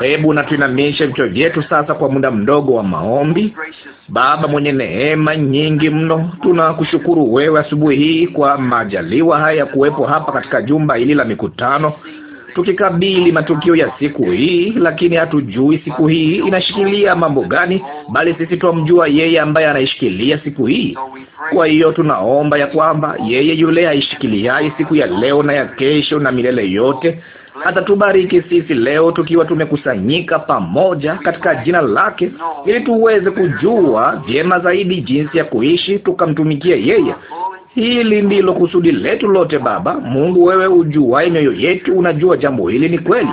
Hebu na tuinamishe vichwa vyetu sasa kwa muda mdogo wa maombi. Baba mwenye neema nyingi mno, tunakushukuru wewe asubuhi hii kwa majaliwa haya ya kuwepo hapa katika jumba hili la mikutano tukikabili matukio ya siku hii, lakini hatujui siku hii inashikilia mambo gani, bali sisi twamjua yeye ambaye anaishikilia siku hii. Kwa hiyo tunaomba ya kwamba yeye yule aishikiliaye siku ya leo na ya kesho na milele yote atatubariki sisi leo tukiwa tumekusanyika pamoja katika jina lake, ili tuweze kujua vyema zaidi jinsi ya kuishi tukamtumikia yeye. Hili ndilo kusudi letu lote. Baba Mungu, wewe ujuaye mioyo yetu, unajua jambo hili ni kweli.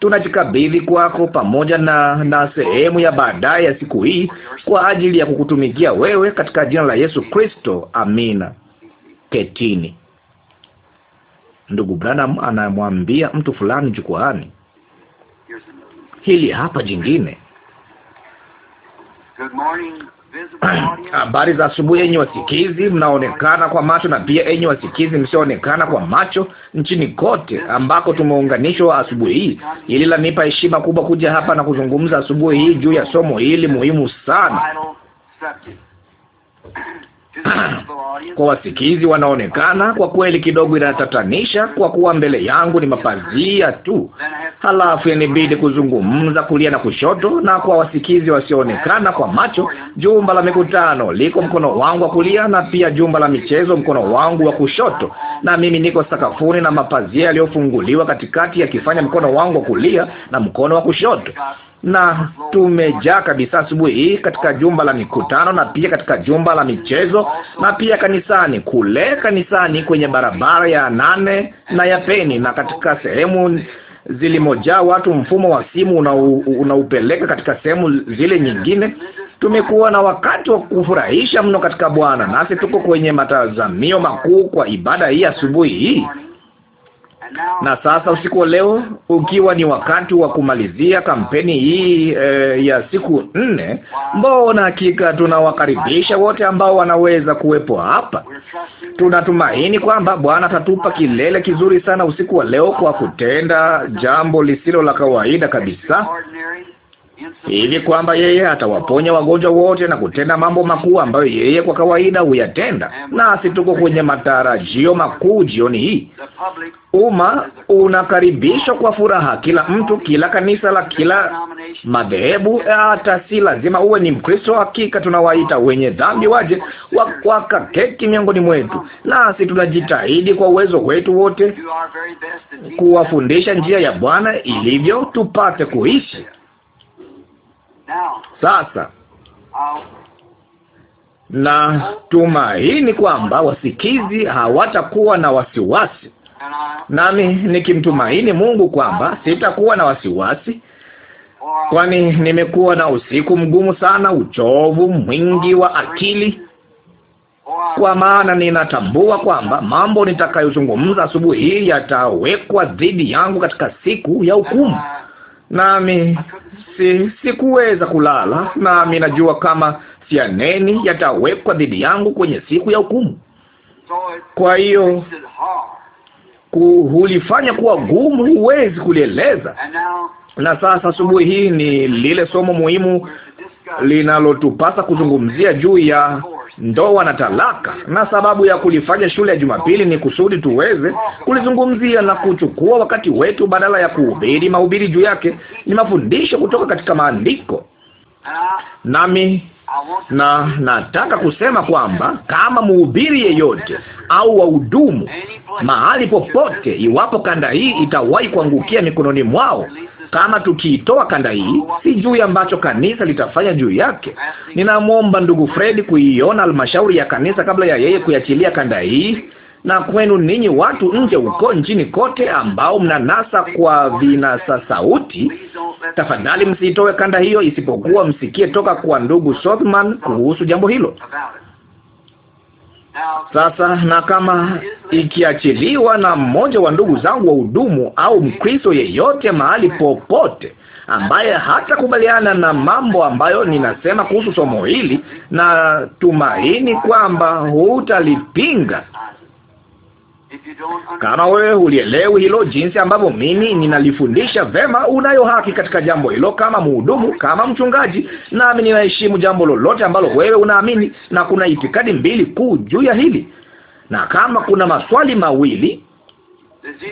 Tunajikabidhi kwako pamoja na na sehemu ya baadaye ya siku hii kwa ajili ya kukutumikia wewe katika jina la Yesu Kristo, amina. Ketini. Ndugu Branham anamwambia mtu fulani jukwaani, hili hapa jingine. Habari za asubuhi, enyi wasikizi mnaonekana kwa macho, na pia enyi wasikizi msioonekana kwa macho, nchini kote ambako tumeunganishwa asubuhi hii. Hili lanipa heshima kubwa kuja hapa na kuzungumza asubuhi hii juu ya somo hili muhimu sana kwa wasikizi wanaonekana kwa kweli kidogo inatatanisha, kwa kuwa mbele yangu ni mapazia tu, halafu yanibidi kuzungumza kulia na kushoto, na kwa wasikizi wasioonekana kwa macho, jumba la mikutano liko mkono wangu wa kulia, na pia jumba la michezo mkono wangu wa kushoto, na mimi niko sakafuni na mapazia yaliyofunguliwa katikati yakifanya mkono wangu wa kulia na mkono wa kushoto na tumejaa kabisa asubuhi hii katika jumba la mikutano na pia katika jumba la michezo na pia kanisani kule kanisani kwenye barabara ya nane na ya Peni na katika sehemu zilimojaa watu. Mfumo wa simu unaupeleka una katika sehemu zile nyingine. Tumekuwa na wakati wa kufurahisha mno katika Bwana, nasi tuko kwenye matazamio makuu kwa ibada hii asubuhi hii. Na sasa usiku wa leo ukiwa ni wakati wa kumalizia kampeni hii e, ya siku nne, mbona hakika tunawakaribisha wote ambao wanaweza kuwepo hapa. Tunatumaini kwamba Bwana atatupa kilele kizuri sana usiku wa leo kwa kutenda jambo lisilo la kawaida kabisa ili kwamba yeye atawaponya wagonjwa wote na kutenda mambo makuu ambayo yeye kwa kawaida huyatenda. Nasi tuko kwenye matarajio makuu jioni hii. Umma unakaribishwa kwa furaha, kila mtu, kila kanisa la kila madhehebu. Hata si lazima uwe ni Mkristo. Hakika tunawaita wenye dhambi waje keki miongoni mwetu, nasi tunajitahidi kwa uwezo wetu wote kuwafundisha njia ya Bwana ilivyo, tupate kuishi sasa na tumaini kwamba wasikizi hawatakuwa na wasiwasi, nami nikimtumaini Mungu kwamba sitakuwa na wasiwasi, kwani nimekuwa na usiku mgumu sana, uchovu mwingi wa akili, kwa maana ninatambua kwamba mambo nitakayozungumza asubuhi hii yatawekwa dhidi yangu katika siku ya hukumu nami si sikuweza kulala, nami najua kama sianeni yatawekwa dhidi yangu kwenye siku ya hukumu. Kwa hiyo hulifanya kuwa gumu, huwezi kulieleza. Na sasa asubuhi hii ni lile somo muhimu linalotupasa kuzungumzia juu ya ndoa na talaka, na sababu ya kulifanya shule ya Jumapili ni kusudi tuweze kulizungumzia na kuchukua wakati wetu, badala ya kuhubiri mahubiri juu yake. Ni mafundisho kutoka katika Maandiko, nami na nataka kusema kwamba kama mhubiri yeyote au wahudumu mahali popote, iwapo kanda hii itawahi kuangukia mikononi mwao, kama tukiitoa kanda hii, si juu ambacho kanisa litafanya juu yake. Ninamwomba ndugu Fred kuiona halmashauri ya kanisa kabla ya yeye kuiachilia kanda hii na kwenu ninyi watu nje huko nchini kote ambao mnanasa kwa vinasa sauti, tafadhali msiitoe kanda hiyo, isipokuwa msikie toka kwa ndugu Sothman kuhusu jambo hilo. Sasa na kama ikiachiliwa na mmoja wa ndugu zangu wa hudumu au Mkristo yeyote mahali popote ambaye hatakubaliana na mambo ambayo ninasema kuhusu somo hili, na tumaini kwamba hutalipinga. Kama wewe hulielewi hilo jinsi ambavyo mimi ninalifundisha vema, unayo haki katika jambo hilo kama mhudumu, kama mchungaji, nami ninaheshimu jambo lolote ambalo wewe unaamini, na kuna itikadi mbili kuu juu ya hili, na kama kuna maswali mawili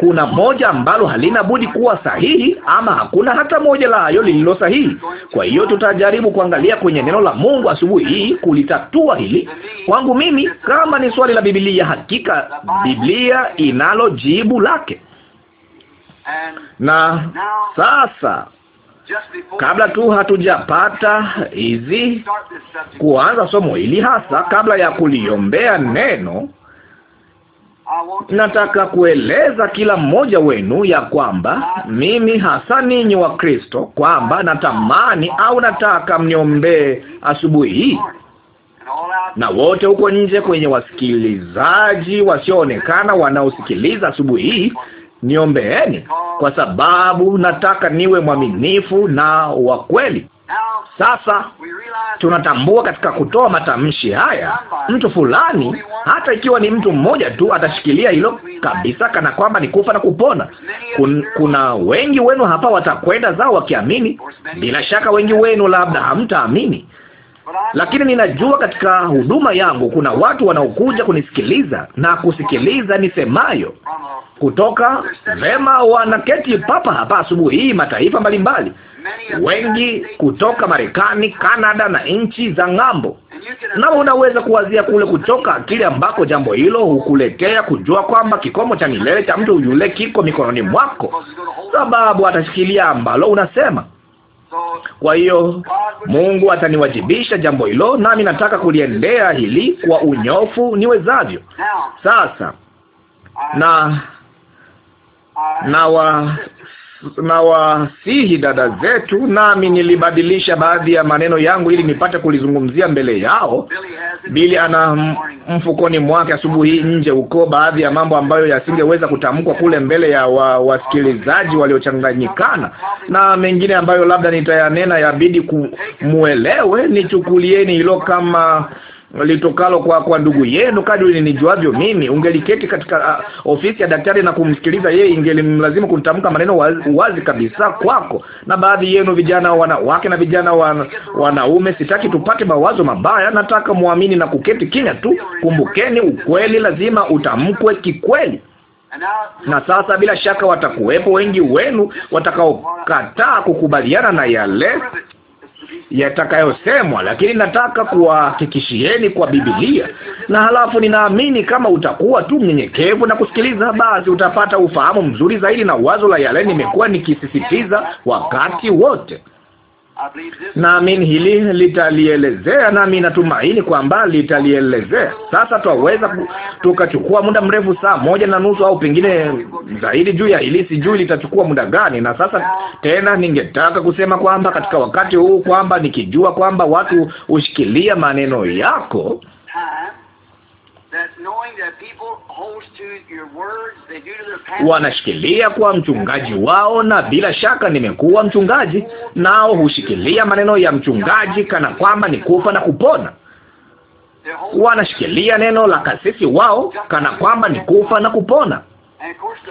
kuna moja ambalo halina budi kuwa sahihi, ama hakuna hata moja la hayo lililo sahihi. Kwa hiyo tutajaribu kuangalia kwenye neno la Mungu asubuhi hii kulitatua hili. Kwangu mimi, kama ni swali la Biblia, hakika Biblia inalo jibu lake. Na sasa kabla tu hatujapata hizi kuanza somo hili hasa, kabla ya kuliombea neno Nataka kueleza kila mmoja wenu ya kwamba mimi hasa ninyi wa Kristo, kwamba natamani au nataka mniombee asubuhi hii na wote huko nje kwenye wasikilizaji wasioonekana wanaosikiliza asubuhi hii, niombeeni, kwa sababu nataka niwe mwaminifu na wa kweli. Sasa tunatambua katika kutoa matamshi haya, mtu fulani, hata ikiwa ni mtu mmoja tu, atashikilia hilo kabisa, kana kwamba ni kufa na kupona. Kun, kuna wengi wenu hapa watakwenda zao wakiamini. Bila shaka wengi wenu labda hamtaamini, lakini ninajua katika huduma yangu kuna watu wanaokuja kunisikiliza na kusikiliza nisemayo kutoka vema, wanaketi papa hapa asubuhi hii, mataifa mbalimbali mbali wengi kutoka Marekani, Kanada na nchi za ng'ambo, na unaweza kuwazia kule kutoka kile ambako jambo hilo hukuletea kujua kwamba kikomo cha milele cha mtu yule kiko mikononi mwako, sababu atashikilia ambalo unasema. Kwa hiyo Mungu ataniwajibisha jambo hilo, nami nataka kuliendea hili kwa unyofu niwezavyo. Sasa na na wa na wasihi dada zetu, nami nilibadilisha baadhi ya maneno yangu ili nipate kulizungumzia mbele yao. Bili ana mfukoni mwake asubuhi nje huko baadhi ya mambo ambayo yasingeweza kutamkwa kule mbele ya wa, wasikilizaji waliochanganyikana, na mengine ambayo labda nitayanena yabidi kumuelewe. Nichukulieni hilo kama litokalo kwa kwa ndugu yenu kadri nijuavyo mimi. Ungeliketi katika uh, ofisi ya daktari na kumsikiliza yeye, ingelimlazimu kutamka maneno wazi, wazi kabisa kwako. Na baadhi yenu vijana wanawake na vijana wana, wanaume, sitaki tupate mawazo mabaya, nataka muamini na kuketi kimya tu. Kumbukeni, ukweli lazima utamkwe kikweli. Na sasa bila shaka watakuwepo wengi wenu watakaokataa kukubaliana na yale yatakayosemwa, lakini nataka kuwahakikishieni kwa Biblia, na halafu ninaamini kama utakuwa tu mnyenyekevu na kusikiliza, basi utapata ufahamu mzuri zaidi na wazo la yale nimekuwa nikisisitiza wakati wote. Naamini hili litalielezea, nami natumaini kwamba litalielezea. Sasa twaweza tukachukua muda mrefu, saa moja na nusu au pengine zaidi, juu ya hili. Sijui litachukua muda gani. Na sasa tena, ningetaka kusema kwamba katika wakati huu, kwamba nikijua kwamba watu hushikilia maneno yako wanashikilia kwa mchungaji wao, na bila shaka nimekuwa mchungaji, nao hushikilia maneno ya mchungaji kana kwamba ni kufa na kupona. Wanashikilia neno la kasisi wao kana kwamba ni kufa na kupona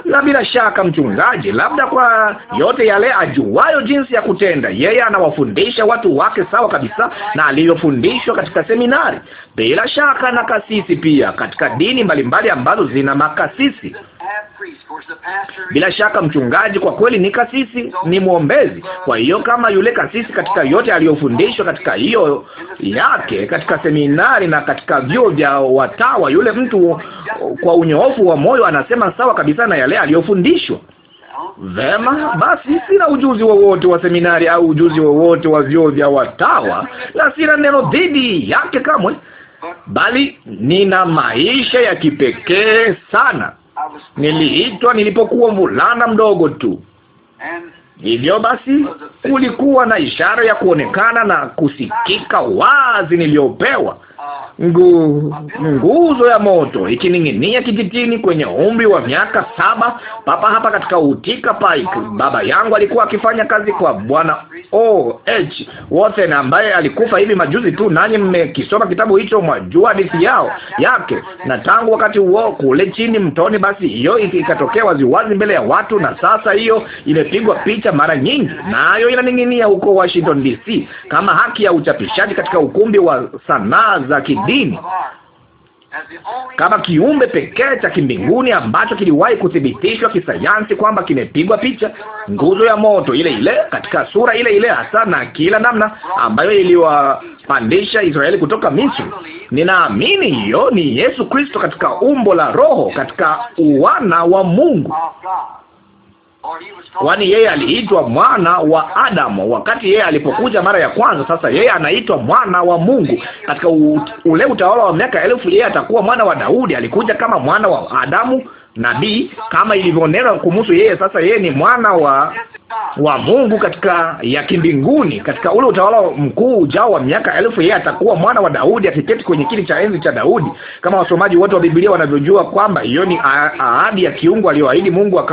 na bila shaka mchungaji, labda kwa yote yale ajuayo jinsi ya kutenda, yeye anawafundisha watu wake sawa kabisa na alivyofundishwa katika seminari, bila shaka na kasisi pia, katika dini mbalimbali ambazo zina makasisi. Bila shaka mchungaji kwa kweli ni kasisi, ni mwombezi. Kwa hiyo kama yule kasisi katika yote aliyofundishwa katika hiyo yake katika seminari na katika vyuo vya watawa, yule mtu kwa unyoofu wa moyo anasema sawa kabisa na yale aliyofundishwa. Vema basi, sina ujuzi wowote wa, wa seminari au ujuzi wowote wa, wa vyuo vya watawa, na sina neno dhidi yake kamwe, bali nina maisha ya kipekee sana Niliitwa nilipokuwa mvulana mdogo tu. Hivyo basi kulikuwa na ishara ya kuonekana na kusikika wazi niliyopewa ngu, nguzo ya moto ikining'inia kijitini kwenye umri wa miaka saba, papa hapa katika Utika Pike. Baba yangu alikuwa akifanya kazi kwa Bwana O H ambaye alikufa hivi majuzi tu, nanyi mmekisoma kitabu hicho, mwajua hadithi yao yake. Na tangu wakati huo kule chini mtoni, basi hiyo ikatokea waziwazi mbele ya watu, na sasa hiyo imepigwa picha mara nyingi, nayo inaning'inia huko Washington DC kama haki ya uchapishaji katika ukumbi wa sanaa za kidini kama kiumbe pekee cha kimbinguni ambacho kiliwahi kuthibitishwa kisayansi kwamba kimepigwa picha, nguzo ya moto ile ile katika sura ile ile hasa na kila namna ambayo iliwapandisha Israeli kutoka Misri. Ninaamini hiyo ni Yesu Kristo katika umbo la Roho, katika uwana wa Mungu kwani yeye aliitwa mwana wa Adamu wakati yeye alipokuja mara ya kwanza. Sasa yeye anaitwa mwana wa Mungu katika ule utawala wa miaka elfu. Yeye atakuwa mwana wa Daudi. Alikuja kama mwana wa Adamu nabii kama ilivyonenwa kumhusu yeye. Sasa yeye ni mwana wa wa Mungu katika ya kimbinguni. Katika ule utawala mkuu ujao wa miaka elfu, yeye atakuwa mwana wa Daudi akiketi kwenye kiti cha enzi cha Daudi, kama wasomaji wote wa Biblia wanavyojua kwamba hiyo ni ahadi ya kiungu aliyoahidi Mungu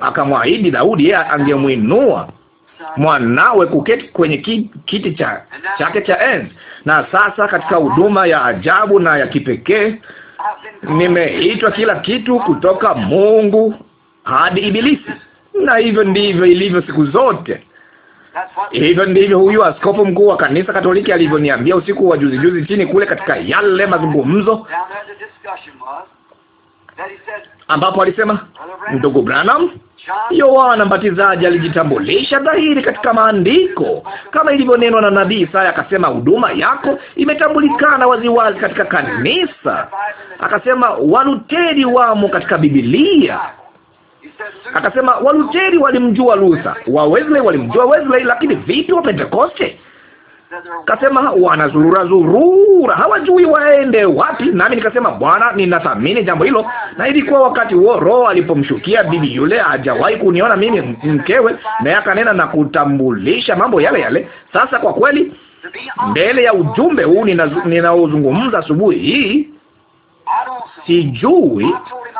akamwahidi Daudi, yeye angemwinua mwanawe kuketi kwenye kiti cha chake cha enzi. Na sasa katika huduma ya ajabu na ya kipekee nimeitwa kila kitu kutoka Mungu hadi Ibilisi, na hivyo ndivyo ilivyo siku zote. Hivyo ndivyo huyu askofu mkuu wa kanisa Katoliki alivyoniambia usiku wa juzi juzi chini kule katika yale mazungumzo ambapo alisema, ndugu Branham Yohana Mbatizaji alijitambulisha dhahiri katika maandiko kama ilivyonenwa na nabii Isaya, akasema huduma yako imetambulikana waziwazi katika kanisa. Akasema Waluteri wamo katika Biblia. Akasema Waluteri walimjua Luther, wa Wesley walimjua Wesley, lakini vipi wa Pentekoste? Kasema wanazurura zurura, hawajui waende wapi. Nami nikasema Bwana, ninathamini jambo hilo. Na ilikuwa wakati huo Roho alipomshukia bibi yule, hajawahi kuniona mimi mkewe, naye akanena na kutambulisha mambo yale yale. Sasa kwa kweli, mbele ya ujumbe huu ninaozungumza asubuhi hii sijui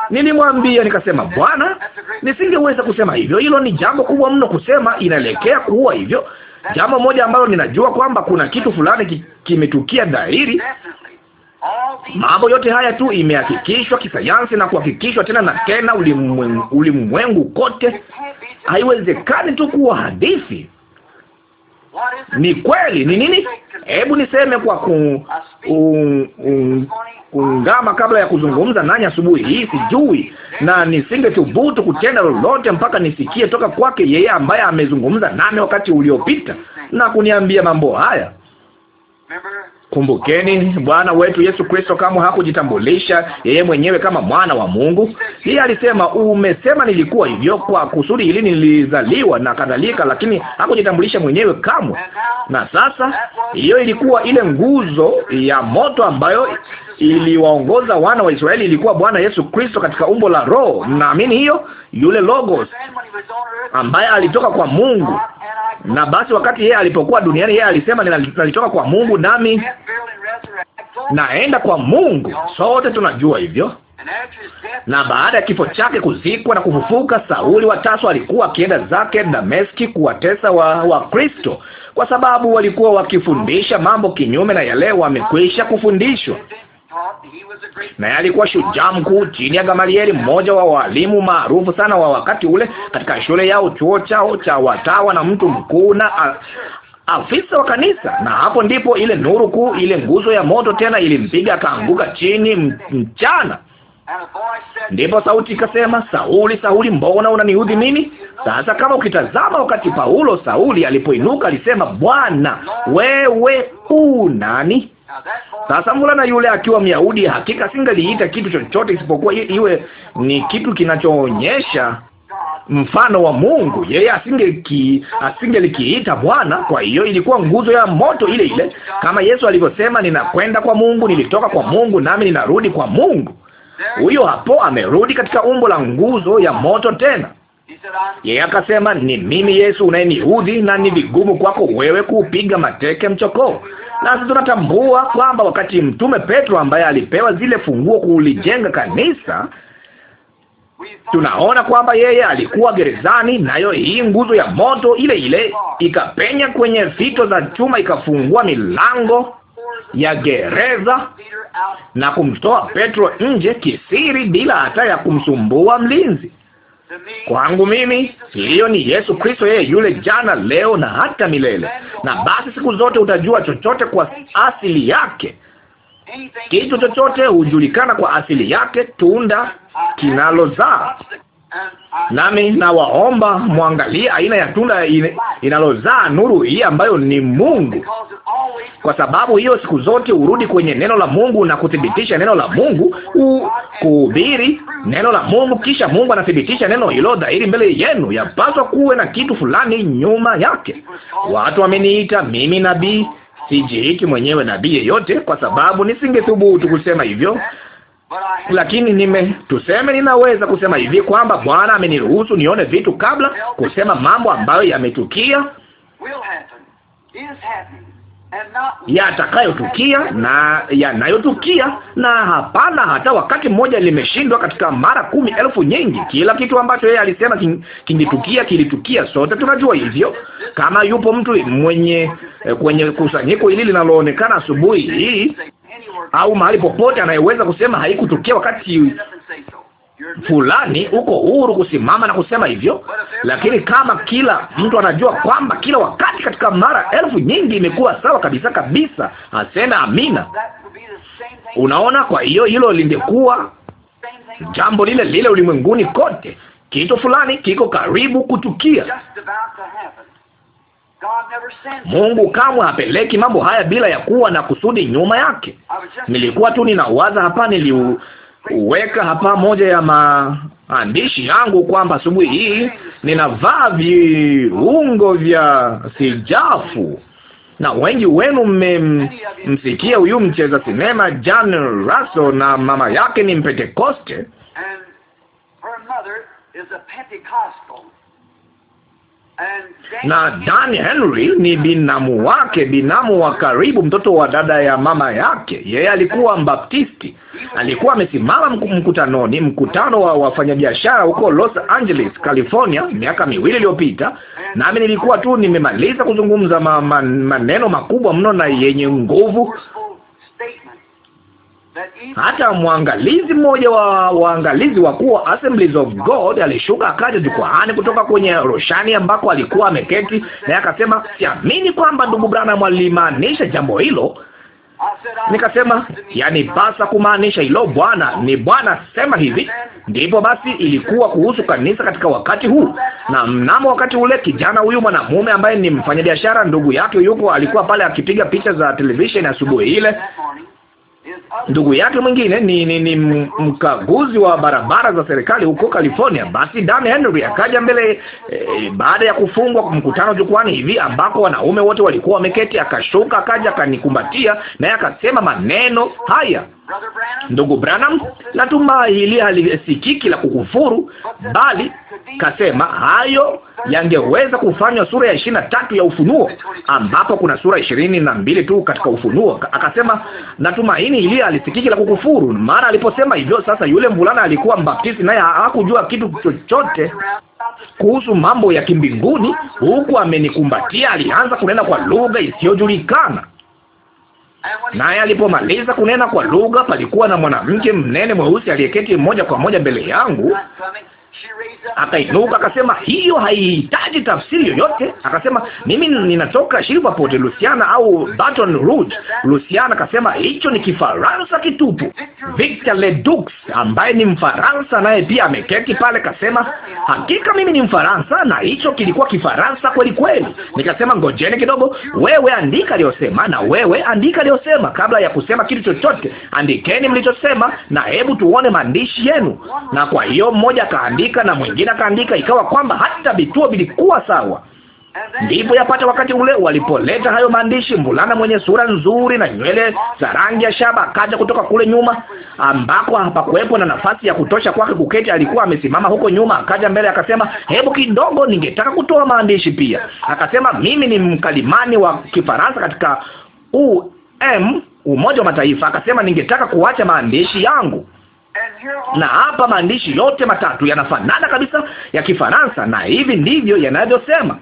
nilimwambia, nikasema Bwana, nisingeweza kusema hivyo. Hilo ni jambo kubwa mno kusema, inaelekea kuwa hivyo. Jambo moja ambalo ninajua kwamba kuna kitu fulani kimetukia dhahiri. Mambo yote haya tu imehakikishwa kisayansi na kuhakikishwa tena na tena ulimwengu kote. Haiwezekani tu kuwa hadithi. Ni kweli ni nini? Hebu niseme kwa ku, un, kabla ya kuzungumza nanyi asubuhi hii, sijui na nisingethubutu kutenda lolote mpaka nisikie toka kwake yeye ambaye amezungumza nami wakati uliopita na kuniambia mambo haya. Kumbukeni, Bwana wetu Yesu Kristo kamwe hakujitambulisha yeye mwenyewe kama mwana wa Mungu. Yeye alisema, umesema nilikuwa hivyo kwa kusudi hili nilizaliwa na kadhalika, lakini hakujitambulisha mwenyewe kamwe. Na sasa hiyo ilikuwa ile nguzo ya moto ambayo iliwaongoza wana wa Israeli ilikuwa Bwana Yesu Kristo katika umbo la roho. Mnaamini hiyo? Yule logos ambaye alitoka kwa Mungu. Na basi wakati yeye alipokuwa duniani, yeye alisema nalitoka kwa Mungu nami naenda kwa Mungu. Sote tunajua hivyo. Na baada ya kifo chake, kuzikwa na kufufuka, Sauli wa Tarso alikuwa akienda zake Dameski kuwatesa wa wa Kristo, kwa sababu walikuwa wakifundisha mambo kinyume na yale wamekwisha kufundishwa naye alikuwa shujaa mkuu chini ya Gamalieli, mmoja wa walimu maarufu sana wa wakati ule katika shule yao, chuo chao cha watawa, na mtu mkuu na afisa wa kanisa. Na hapo ndipo ile nuru kuu, ile nguzo ya moto tena ilimpiga, akaanguka chini mchana. Ndipo sauti ikasema, Sauli, Sauli, mbona unaniudhi mimi? Sasa kama ukitazama, wakati Paulo Sauli alipoinuka alisema, Bwana wewe u nani? Sasa mvulana yule akiwa Myahudi, hakika singaliita kitu chochote isipokuwa iwe ni kitu kinachoonyesha mfano wa Mungu. Yeye asingelikiita Bwana. Kwa hiyo ilikuwa nguzo ya moto ile ile, kama Yesu alivyosema, ninakwenda kwa Mungu, nilitoka kwa Mungu, nami ninarudi kwa Mungu. Huyo hapo amerudi katika umbo la nguzo ya moto tena. Yeye akasema, ni mimi Yesu unayeniudhi, na ni vigumu kwako wewe kuupiga mateke mchokoo. Nasi tunatambua kwamba wakati mtume Petro ambaye alipewa zile funguo kulijenga kanisa, tunaona kwamba yeye alikuwa gerezani, nayo hii nguzo ya moto ile ile ikapenya kwenye fito za chuma ikafungua milango ya gereza na kumtoa Petro nje kisiri bila hata ya kumsumbua mlinzi. Kwangu mimi hiyo ni Yesu Kristo, yeye yule jana, leo na hata milele. Na basi siku zote utajua chochote kwa asili yake. Kitu chochote hujulikana kwa asili yake, tunda kinalozaa. Nami nawaomba mwangalie aina ya tunda in, inalozaa nuru hii ambayo ni Mungu, kwa sababu hiyo siku zote urudi kwenye neno la Mungu na kuthibitisha neno la Mungu, kuhubiri neno la Mungu, kisha Mungu anathibitisha neno hilo dhahiri mbele yenu. Yapaswa kuwe na kitu fulani nyuma yake. Watu wameniita mimi nabii, sijiiki mwenyewe nabii yeyote, kwa sababu nisingethubutu kusema hivyo lakini nime tuseme, ninaweza kusema hivi kwamba Bwana ameniruhusu nione vitu kabla, kusema mambo ambayo yametukia, yatakayotukia na yanayotukia, na hapana hata wakati mmoja limeshindwa katika mara kumi elfu nyingi. Kila kitu ambacho yeye alisema kingetukia kilitukia, sote tunajua hivyo. Kama yupo mtu mwenye eh, kwenye kusanyiko hili linaloonekana asubuhi hii au mahali popote anayeweza kusema haikutukia wakati fulani, uko huru kusimama na kusema hivyo. Lakini kama kila mtu anajua kwamba kila wakati katika mara elfu nyingi imekuwa sawa kabisa kabisa, asema amina. Unaona, kwa hiyo hilo lingekuwa jambo lile lile ulimwenguni kote. Kitu fulani kiko karibu kutukia Mungu kamwe hapeleki mambo haya bila ya kuwa na kusudi nyuma yake. Nilikuwa tu ninawaza hapa, niliweka hapa moja ya maandishi yangu kwamba asubuhi hii ninavaa viungo vya sijafu na wengi wenu mmemsikia huyu mcheza sinema John Russell, na mama yake ni Mpentekoste na Dan Henry ni binamu wake, binamu wa karibu, mtoto wa dada ya mama yake. Yeye alikuwa Mbaptisti, alikuwa amesimama mkutanoni, mkutano wa wafanyabiashara huko Los Angeles, California, miaka miwili iliyopita, nami nilikuwa tu nimemaliza kuzungumza ma, ma, maneno makubwa mno na yenye nguvu hata mwangalizi mmoja wa waangalizi wakuu wa Assemblies of God alishuka akaja jukwaani kutoka kwenye roshani ambako alikuwa ameketi, naye akasema, siamini kwamba ndugu Branham alimaanisha jambo hilo. Nikasema, yani pasa kumaanisha hilo Bwana, ni Bwana sema hivi. Ndipo basi ilikuwa kuhusu kanisa katika wakati huu, na mnamo wakati ule kijana huyu mwanamume ambaye ni mfanyabiashara, ndugu yake yuko, alikuwa pale akipiga picha za televisheni asubuhi ile Ndugu yake mwingine ni, ni, ni mkaguzi wa barabara za serikali huko California. Basi Dan Henry akaja mbele e, baada ya kufungwa mkutano jukwani hivi ambako wanaume wote walikuwa wameketi, akashuka akaja akanikumbatia, naye akasema maneno haya, ndugu Branham, natumai hili halisikiki la kukufuru, bali kasema hayo yangeweza kufanywa sura ya ishirini na tatu ya Ufunuo, ambapo kuna sura ishirini na mbili tu katika Ufunuo. Akasema natumaini ili alisikiki la kukufuru. Mara aliposema hivyo, sasa yule mvulana alikuwa mbaptisti, naye hakujua kitu chochote kuhusu mambo ya kimbinguni. Huku amenikumbatia, alianza kunena kwa lugha isiyojulikana naye alipomaliza kunena kwa lugha, palikuwa na mwanamke mnene mweusi aliyeketi moja kwa moja mbele yangu. Akainuka akasema, hiyo haihitaji tafsiri yoyote. Akasema, mimi ninatoka Shreveport, Louisiana au Baton Rouge, Louisiana. Akasema hicho ni Kifaransa kitupu. Victor Ledoux ambaye ni Mfaransa naye pia ameketi pale, akasema, hakika mimi ni Mfaransa na hicho kilikuwa Kifaransa kweli kweli. Nikasema, ngojeni kidogo, wewe andika aliyosema na wewe andika aliyosema, kabla ya kusema kitu chochote andikeni mlichosema, na hebu tuone maandishi yenu. Na kwa hiyo mmoja akaandika akaandika na mwingine akaandika, ikawa kwamba hata vituo vilikuwa sawa. Ndipo yapata wakati ule walipoleta hayo maandishi, mvulana mwenye sura nzuri na nywele za rangi ya shaba akaja kutoka kule nyuma ambako hapakuwepo na nafasi ya kutosha kwake kuketi. Alikuwa amesimama huko nyuma, akaja mbele akasema, hebu kidogo, ningetaka kutoa maandishi pia. Akasema, mimi ni mkalimani wa Kifaransa katika UM, Umoja wa Mataifa. Akasema, ningetaka kuacha maandishi yangu na hapa maandishi yote matatu yanafanana kabisa ya Kifaransa, na hivi ndivyo yanavyosema.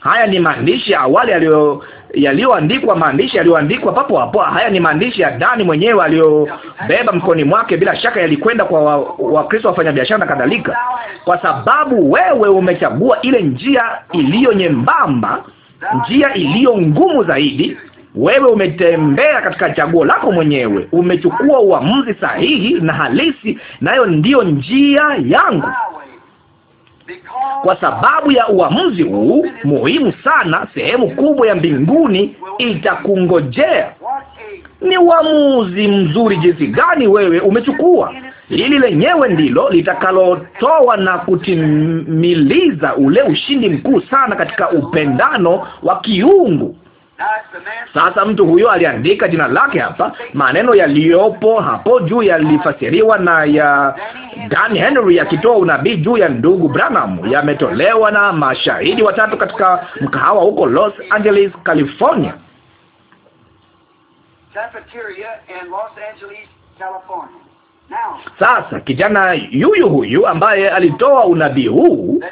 Haya ni maandishi ya awali yaliyo yaliyoandikwa, maandishi yaliyoandikwa papo hapo. Haya ni maandishi ya Dani mwenyewe aliyobeba mkoni mwake. Bila shaka yalikwenda kwa Wakristo wa wafanyabiashara na kadhalika, kwa sababu wewe umechagua ile njia iliyo nyembamba, njia iliyo ngumu zaidi, wewe umetembea katika chaguo lako mwenyewe, umechukua uamuzi sahihi na halisi, nayo ndiyo njia yangu. Kwa sababu ya uamuzi huu muhimu sana, sehemu kubwa ya mbinguni itakungojea. Ni uamuzi mzuri jinsi gani wewe umechukua! Hili lenyewe ndilo litakalotoa na kutimiliza ule ushindi mkuu sana katika upendano wa kiungu. Sasa mtu huyo aliandika jina lake hapa. Maneno yaliyopo hapo juu yalifasiriwa na ya Dan Henry akitoa unabii juu ya ndugu Branham, yametolewa na mashahidi watatu katika mkahawa huko Los Angeles, California. Sasa kijana yuyu huyu ambaye alitoa unabii huu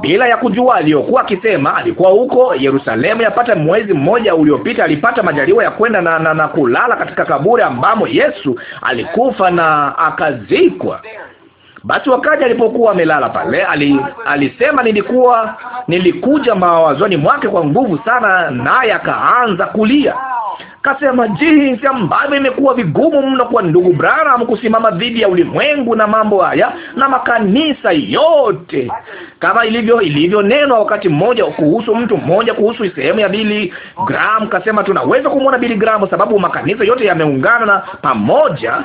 bila ya kujua aliyokuwa akisema. Alikuwa huko Yerusalemu yapata mwezi mmoja uliopita, alipata majaliwa ya kwenda na, na, na kulala katika kaburi ambamo Yesu alikufa na akazikwa. Basi wakati alipokuwa amelala pale, ali, alisema nilikuwa nilikuja mawazoni mwake kwa nguvu sana, naye akaanza kulia. Kasema jinsi ambavyo imekuwa vigumu mno kwa ndugu Branham kusimama dhidi ya ulimwengu na mambo haya na makanisa yote, kama ilivyo ilivyonenwa wakati mmoja kuhusu mtu mmoja, kuhusu sehemu ya Billy Graham. Kasema tunaweza kumwona Billy Graham, sababu makanisa yote yameungana pamoja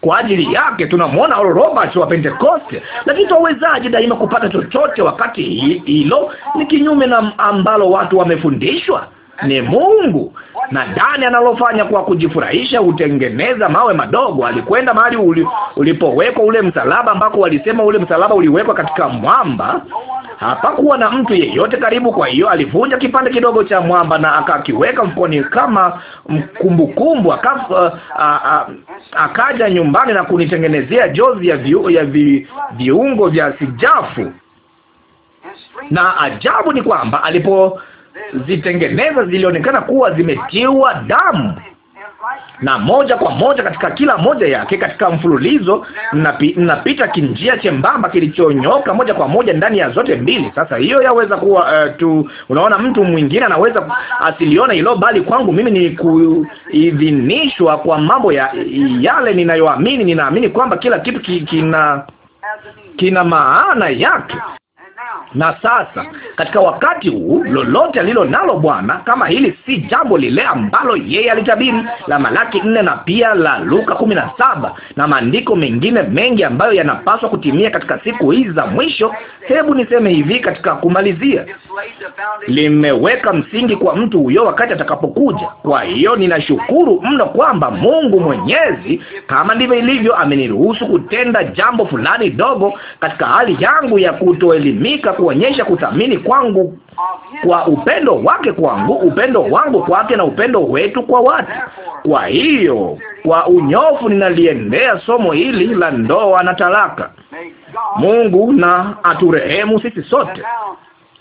kwa ajili yake. Tunamwona Roberts wa Pentekoste, lakini tuwawezaje daima kupata chochote wakati hilo ni kinyume na ambalo watu wamefundishwa? ni Mungu, na dani analofanya kwa kujifurahisha hutengeneza mawe madogo. Alikwenda mahali uli, ulipowekwa ule msalaba, ambako walisema ule msalaba uliwekwa katika mwamba. Hapakuwa na mtu yeyote karibu, kwa hiyo alivunja kipande kidogo cha mwamba na akakiweka mfukoni kama kumbukumbu. Uh, akaja nyumbani na kunitengenezea jozi ya, viu, ya vi, viungo vya sijafu, na ajabu ni kwamba alipo zitengeneza zilionekana kuwa zimetiwa damu na moja kwa moja katika kila moja yake katika mfululizo napita kinjia chembamba kilichonyoka moja kwa moja ndani ya zote mbili. Sasa hiyo yaweza kuwa uh, tu unaona, mtu mwingine anaweza asiliona hilo, bali kwangu mimi ni kuidhinishwa kwa mambo ya yale ninayoamini. Ninaamini kwamba kila kitu kina kina maana yake. Na sasa katika wakati huu, lolote alilo nalo Bwana, kama hili si jambo lile ambalo yeye alitabiri la Malaki nne na pia la Luka kumi na saba na maandiko mengine mengi ambayo yanapaswa kutimia katika siku hizi za mwisho. Hebu niseme hivi katika kumalizia, limeweka msingi kwa mtu huyo wakati atakapokuja. Kwa hiyo ninashukuru mno kwamba Mungu Mwenyezi, kama ndivyo ilivyo, ameniruhusu kutenda jambo fulani dogo katika hali yangu ya kutoelimika kuonyesha kuthamini kwangu kwa upendo wake kwangu, upendo wangu kwake na upendo wetu kwa watu. Kwa hiyo kwa unyofu ninaliendea somo hili la ndoa na talaka. Mungu na aturehemu sisi sote.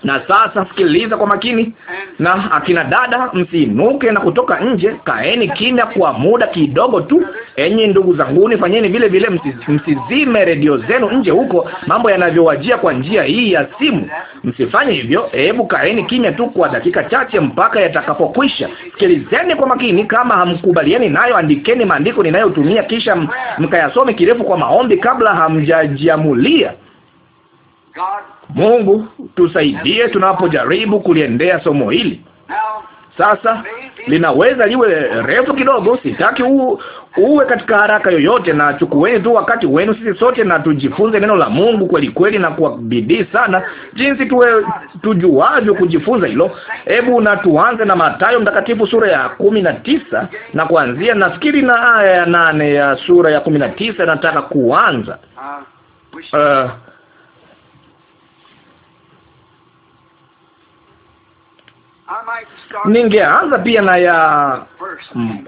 Na sasa sikiliza kwa makini, na akina dada, msiinuke na kutoka nje, kaeni kimya kwa muda kidogo tu. Enyi ndugu zanguni, fanyeni vile vile, msizime redio zenu nje huko, mambo yanavyowajia kwa njia hii ya simu. Msifanye hivyo, hebu kaeni kimya tu kwa dakika chache mpaka yatakapokwisha. Sikilizeni kwa makini, kama hamkubaliani nayo, andikeni maandiko ninayotumia, kisha mkayasome kirefu kwa maombi kabla hamjajiamulia. Mungu tusaidie tunapojaribu kuliendea somo hili. Sasa linaweza liwe refu kidogo, sitaki huu uwe katika haraka yoyote, na chukueni tu wakati wenu sisi sote, na tujifunze neno la Mungu kweli kweli, na kwa bidii sana, jinsi tuwe tujuavyo kujifunza hilo. Hebu na tuanze na Mathayo Mtakatifu sura ya kumi na tisa na kuanzia nafikiri na aya ya nane ya sura ya kumi na tisa nataka kuanza uh, Ningeanza pia na ya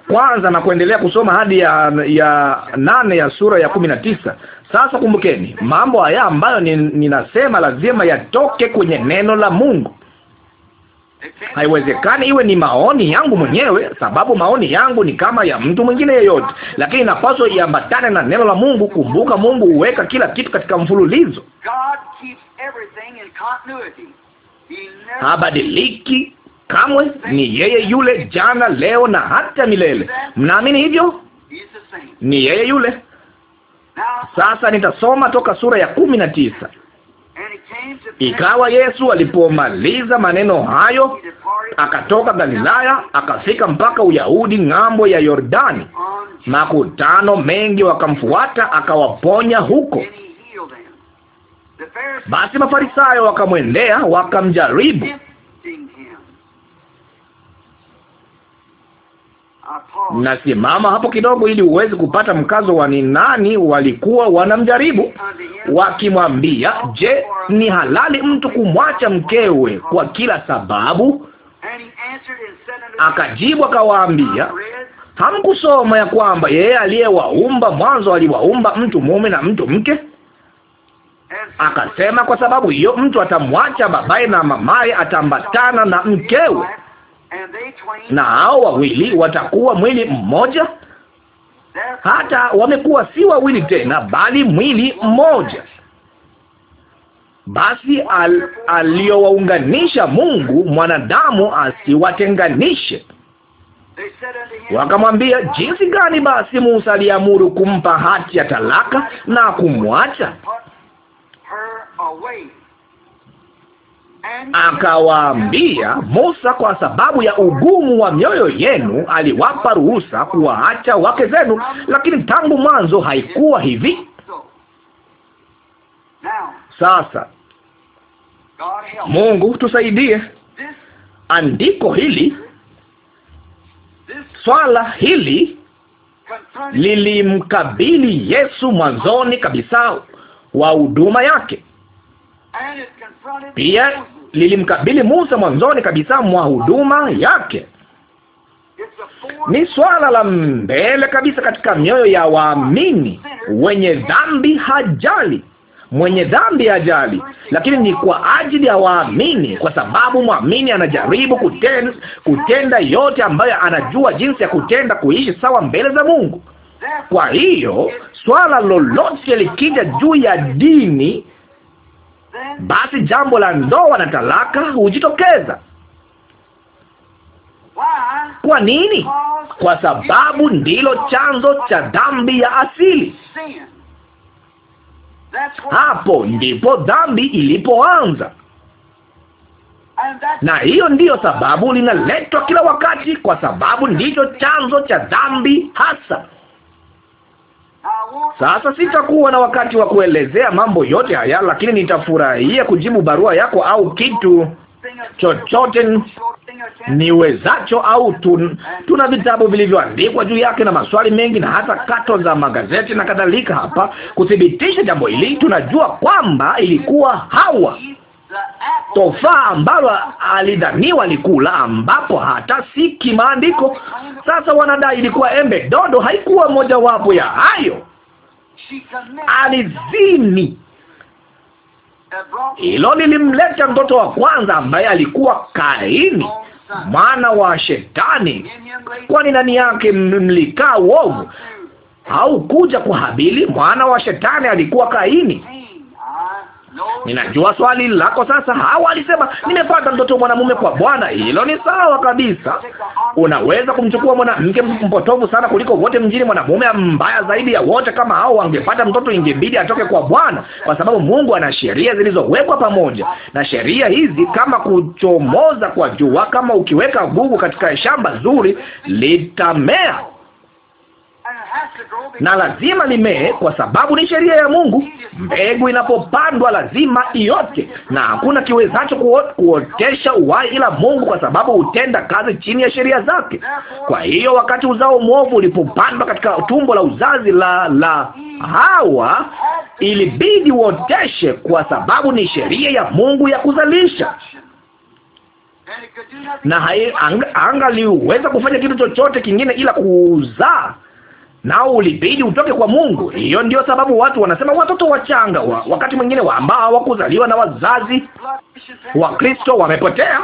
kwanza na kuendelea kusoma hadi ya, ya nane ya sura ya kumi na tisa. Sasa kumbukeni, mambo haya ambayo ninasema lazima yatoke kwenye neno la Mungu. Haiwezekani iwe ni maoni yangu mwenyewe, sababu maoni yangu ni kama ya mtu mwingine yeyote, lakini inapaswa iambatane na neno la Mungu. Kumbuka, Mungu huweka kila kitu katika mfululizo, habadiliki kamwe ni yeye yule jana, leo na hata milele. Mnaamini hivyo? Ni yeye yule. Sasa nitasoma toka sura ya kumi na tisa. Ikawa Yesu alipomaliza maneno hayo, akatoka Galilaya akafika mpaka Uyahudi ng'ambo ya Yordani. Makutano mengi wakamfuata, akawaponya huko. Basi Mafarisayo wakamwendea wakamjaribu Nasimama hapo kidogo ili uweze kupata mkazo wa ni nani walikuwa wanamjaribu, wakimwambia, je, ni halali mtu kumwacha mkewe kwa kila sababu? Akajibu akawaambia, hamkusoma ya kwamba yeye aliyewaumba mwanzo aliwaumba mtu mume na mtu mke? Akasema, kwa sababu hiyo mtu atamwacha babaye na mamaye, atambatana na mkewe na hao wawili watakuwa mwili mmoja. Hata wamekuwa si wawili tena, bali mwili mmoja. Basi al, aliyowaunganisha Mungu mwanadamu asiwatenganishe. Wakamwambia, jinsi gani basi Musa aliamuru kumpa hati ya talaka na kumwacha? akawaambia Musa, kwa sababu ya ugumu wa mioyo yenu aliwapa ruhusa kuwaacha wake zenu, lakini tangu mwanzo haikuwa hivi. Sasa Mungu tusaidie, andiko hili, swala hili lilimkabili Yesu mwanzoni kabisa wa huduma yake, pia lilimkabili Musa mwanzoni kabisa mwa huduma yake. Ni swala la mbele kabisa katika mioyo ya waamini wenye dhambi hajali mwenye dhambi ajali, lakini ni kwa ajili ya waamini, kwa sababu mwamini anajaribu kuten, kutenda yote ambayo anajua jinsi ya kutenda, kuishi sawa mbele za Mungu. Kwa hiyo swala lolote likija juu ya dini basi jambo la ndoa na talaka hujitokeza. Kwa nini? Kwa sababu ndilo chanzo cha dhambi ya asili. Hapo ndipo dhambi ilipoanza, na hiyo ndiyo sababu linaletwa kila wakati, kwa sababu ndicho chanzo cha dhambi hasa. Sasa sitakuwa na wakati wa kuelezea mambo yote haya, lakini nitafurahia kujibu barua yako au kitu chochote niwezacho, au tun, tuna vitabu vilivyoandikwa juu yake na maswali mengi na hata kato za magazeti na kadhalika, hapa kuthibitisha jambo hili. Tunajua kwamba ilikuwa Hawa tofaa ambalo alidhaniwa likula ambapo hata si kimaandiko. Sasa wanadai ilikuwa embe dodo, haikuwa mojawapo ya hayo. Alizini. Hilo lilimleta mtoto wa kwanza ambaye alikuwa Kaini mwana wa Shetani, kwani ndani yake mlikaa uovu. Au kuja kwa Habili mwana wa Shetani alikuwa Kaini. Ninajua swali lako sasa. Hawa alisema nimepata mtoto mwanamume kwa Bwana. Hilo ni sawa kabisa. Unaweza kumchukua mwanamke mpotovu sana kuliko wote mjini, mwanamume mbaya zaidi ya wote. Kama hao wangepata mtoto, ingebidi atoke kwa Bwana, kwa sababu Mungu ana sheria zilizowekwa pamoja na sheria hizi, kama kuchomoza kwa jua. Kama ukiweka gugu katika shamba zuri, litamea na lazima limee, kwa sababu ni sheria ya Mungu. Mbegu inapopandwa lazima iote, na hakuna kiwezacho kuotesha uhai ila Mungu, kwa sababu hutenda kazi chini ya sheria zake. Kwa hiyo wakati uzao mwovu ulipopandwa katika tumbo la uzazi la la Hawa, ilibidi uoteshe, kwa sababu ni sheria ya Mungu ya kuzalisha na hai ang, angaliweza kufanya kitu chochote kingine ila kuzaa nao ulibidi utoke kwa Mungu. Hiyo ndio sababu watu wanasema watoto wachanga wa, wakati mwingine wa ambao hawakuzaliwa na wazazi wa Kristo wamepotea.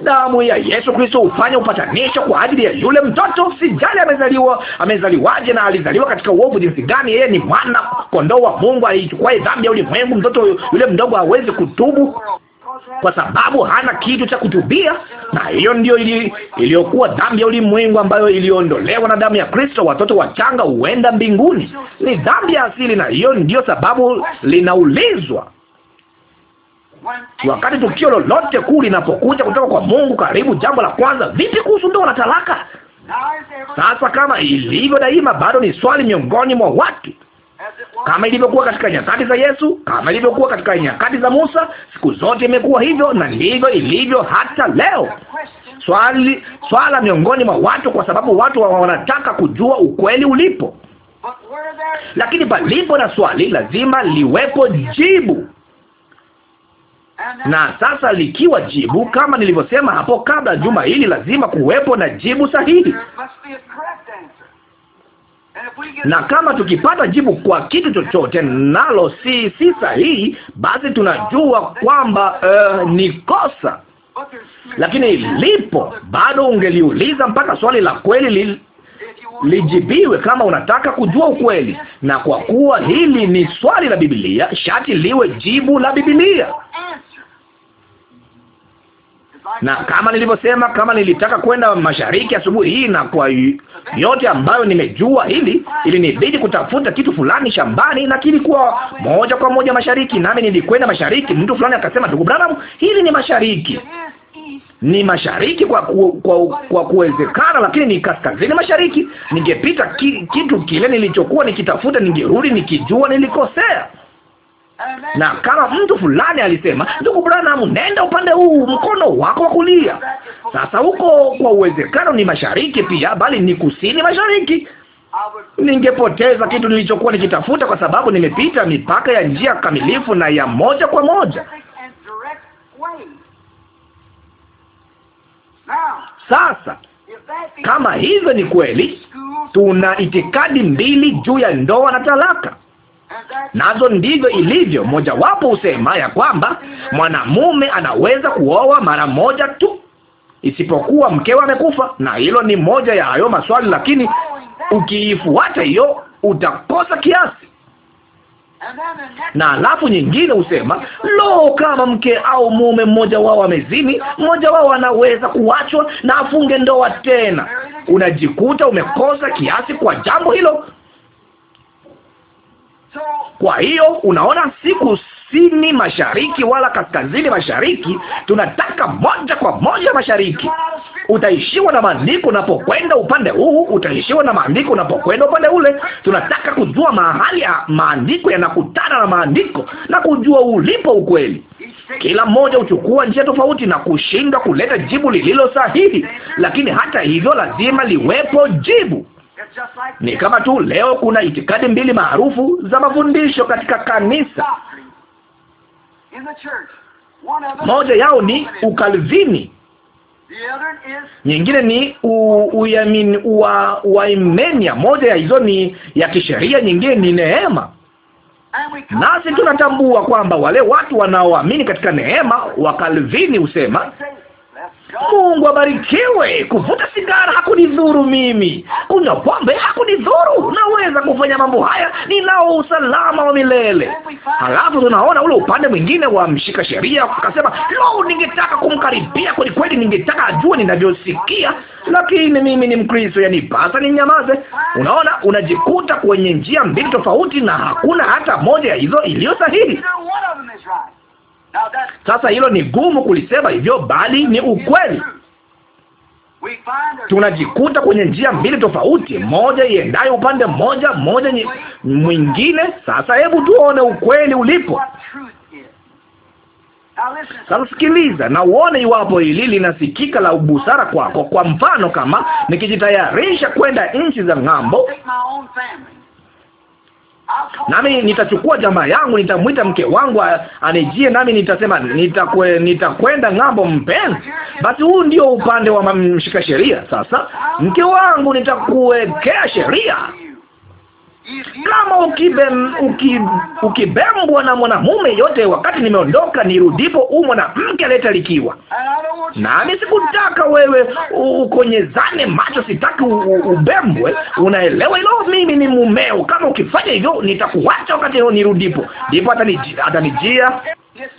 Damu ya Yesu Kristo hufanya upatanisho kwa ajili ya yule mtoto. Sijali amezaliwa amezaliwaje na alizaliwa katika uovu jinsi gani, yeye ni mwana kondoo wa Mungu aliichukua dhambi ya ulimwengu. Mtoto yule mdogo hawezi kutubu kwa sababu hana kitu cha kutubia, na hiyo ndiyo iliyokuwa dhambi ya ulimwengu ambayo iliondolewa na damu ya Kristo. Watoto wachanga huenda mbinguni, ni dhambi ya asili, na hiyo ndiyo sababu linaulizwa wakati tukio lolote kuu linapokuja kutoka kwa Mungu. Karibu jambo la kwanza, vipi kuhusu ndoa na talaka? Sasa kama ilivyo daima, bado ni swali miongoni mwa watu kama ilivyokuwa katika nyakati za Yesu, kama ilivyokuwa katika nyakati za Musa, siku zote imekuwa hivyo na ndivyo ilivyo hata leo. Swali swala miongoni mwa watu, kwa sababu watu wanataka kujua ukweli ulipo, lakini palipo na swali lazima liwepo jibu. Na sasa likiwa jibu, kama nilivyosema hapo kabla, juma hili lazima kuwepo na jibu sahihi na kama tukipata jibu kwa kitu chochote nalo si si sahihi, basi tunajua kwamba uh, ni kosa. Lakini lipo bado, ungeliuliza mpaka swali la kweli li, lijibiwe kama unataka kujua ukweli. Na kwa kuwa hili ni swali la Biblia, shati liwe jibu la Biblia na kama nilivyosema, kama nilitaka kwenda mashariki asubuhi hii, na kwa yote ambayo nimejua hili, ilinibidi kutafuta kitu fulani shambani, na kilikuwa moja kwa moja mashariki, nami nilikwenda mashariki. Mtu fulani akasema, ndugu Branham, hili ni mashariki ni mashariki kwa ku, kwa, kwa kuwezekana, lakini ni kaskazini mashariki. Ningepita ki, kitu kile nilichokuwa nikitafuta, ningerudi nikijua nilikosea na kama mtu fulani alisema, ndugu Branham, nenda upande huu, mkono wako wa kulia. Sasa huko kwa uwezekano ni mashariki pia, bali ni kusini mashariki. Ningepoteza kitu nilichokuwa nikitafuta, kwa sababu nimepita mipaka ya njia kamilifu na ya moja kwa moja. Sasa kama hivyo ni kweli, tuna itikadi mbili juu ya ndoa na talaka. Nazo ndivyo ilivyo. Mojawapo husema ya kwamba mwanamume anaweza kuoa mara moja tu isipokuwa mkewe amekufa, na hilo ni moja ya hayo maswali, lakini ukiifuata hiyo utakosa kiasi na alafu nyingine husema lo, kama mke au mume mmoja wao amezini, mmoja wao anaweza kuachwa na afunge ndoa tena. Unajikuta umekosa kiasi kwa jambo hilo. Kwa hiyo unaona, si kusini mashariki wala kaskazini mashariki, tunataka moja kwa moja mashariki. Utaishiwa na maandiko unapokwenda upande huu, utaishiwa na maandiko unapokwenda upande ule. Tunataka kujua mahali ya maandiko yanakutana na maandiko na kujua ulipo ukweli. Kila mmoja uchukua njia tofauti na kushindwa kuleta jibu lililo sahihi, lakini hata hivyo lazima liwepo jibu. Ni kama tu leo kuna itikadi mbili maarufu za mafundisho katika kanisa. Moja yao ni Ukalvini, nyingine ni uyamin Waimenia. Moja ya hizo ni ya kisheria, nyingine ni neema. Nasi tunatambua kwamba wale watu wanaoamini katika neema wa Kalvini husema Mungu abarikiwe. Kuvuta sigara hakunidhuru mimi, kunywa pombe hakunidhuru. Naweza kufanya mambo haya, ninao usalama wa milele. Halafu tunaona ule upande mwingine wa mshika sheria, akasema lo, ningetaka kumkaribia kweli kweli, ningetaka ajue ninavyosikia, lakini mimi ni Mkristo, yanipasa ninyamaze. Unaona, unajikuta kwenye njia mbili tofauti, na hakuna hata moja ya hizo iliyo sahihi. Sasa hilo ni gumu kulisema hivyo, bali ni ukweli. Tunajikuta kwenye njia mbili tofauti, moja iendayo upande mmoja, moja mwingine. Sasa hebu tuone ukweli ulipo. Sasa sikiliza na uone iwapo hili linasikika la ubusara kwako. Kwa mfano, kama nikijitayarisha kwenda nchi za ng'ambo Nami nitachukua jamaa yangu, nitamwita mke wangu anijie, nami nitasema nitakwe, nitakwenda ng'ambo, mpenzi. Basi huu ndio upande wa mshika sheria. Sasa mke wangu, nitakuwekea sheria kama ukibem, ukib, ukibembwa na mwanamume yote, wakati nimeondoka nirudipo, u mwanamke aleta likiwa nami. Sikutaka wewe ukonyezane macho, sitaki ubembwe. Unaelewa hilo? Mimi ni mumeo. Kama ukifanya hivyo, nitakuacha wakati nirudipo. Ndipo atanijia, atanijia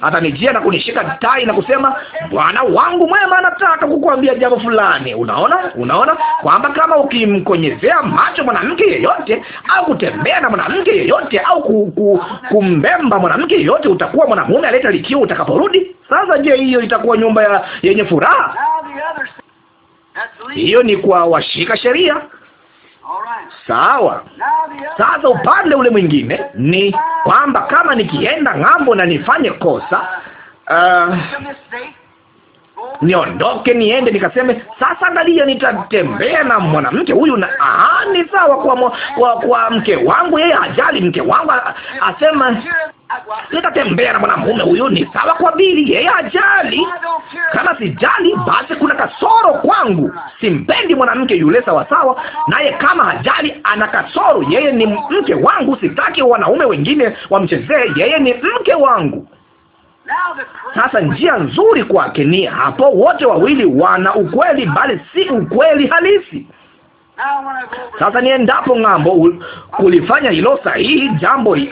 atanijia na kunishika tai na kusema, bwana wangu mwema anataka kukuambia jambo fulani. Unaona, unaona kwamba kama ukimkonyezea macho mwanamke yeyote au kutembea na mwanamke yeyote au ku, ku, kumbemba mwanamke yeyote, utakuwa mwanamume aleta likio utakaporudi. Sasa je, hiyo itakuwa nyumba ya yenye furaha? Hiyo ni kwa washika sheria. Sawa. Sasa upande ule mwingine ni kwamba kama nikienda ng'ambo na nifanye kosa uh, niondoke niende nikaseme, sasa angalia, nitatembea na mwanamke huyu na aha, ni sawa kwa, kwa, kwa mke wangu. Yeye hajali mke wangu, asema nitatembea na mwanamume huyu, ni sawa kwa bili yeye ajali. Kama sijali, basi kuna kasoro kwangu. Simpendi mwanamke yule sawasawa naye, kama hajali, ana kasoro. Yeye ni mke wangu, sitaki wanaume wengine wamchezee. Yeye ni mke wangu. Sasa njia nzuri kwake ni hapo, wote wawili wana ukweli, bali si ukweli halisi. Sasa niendapo ng'ambo, kulifanya hilo sahihi jambo e,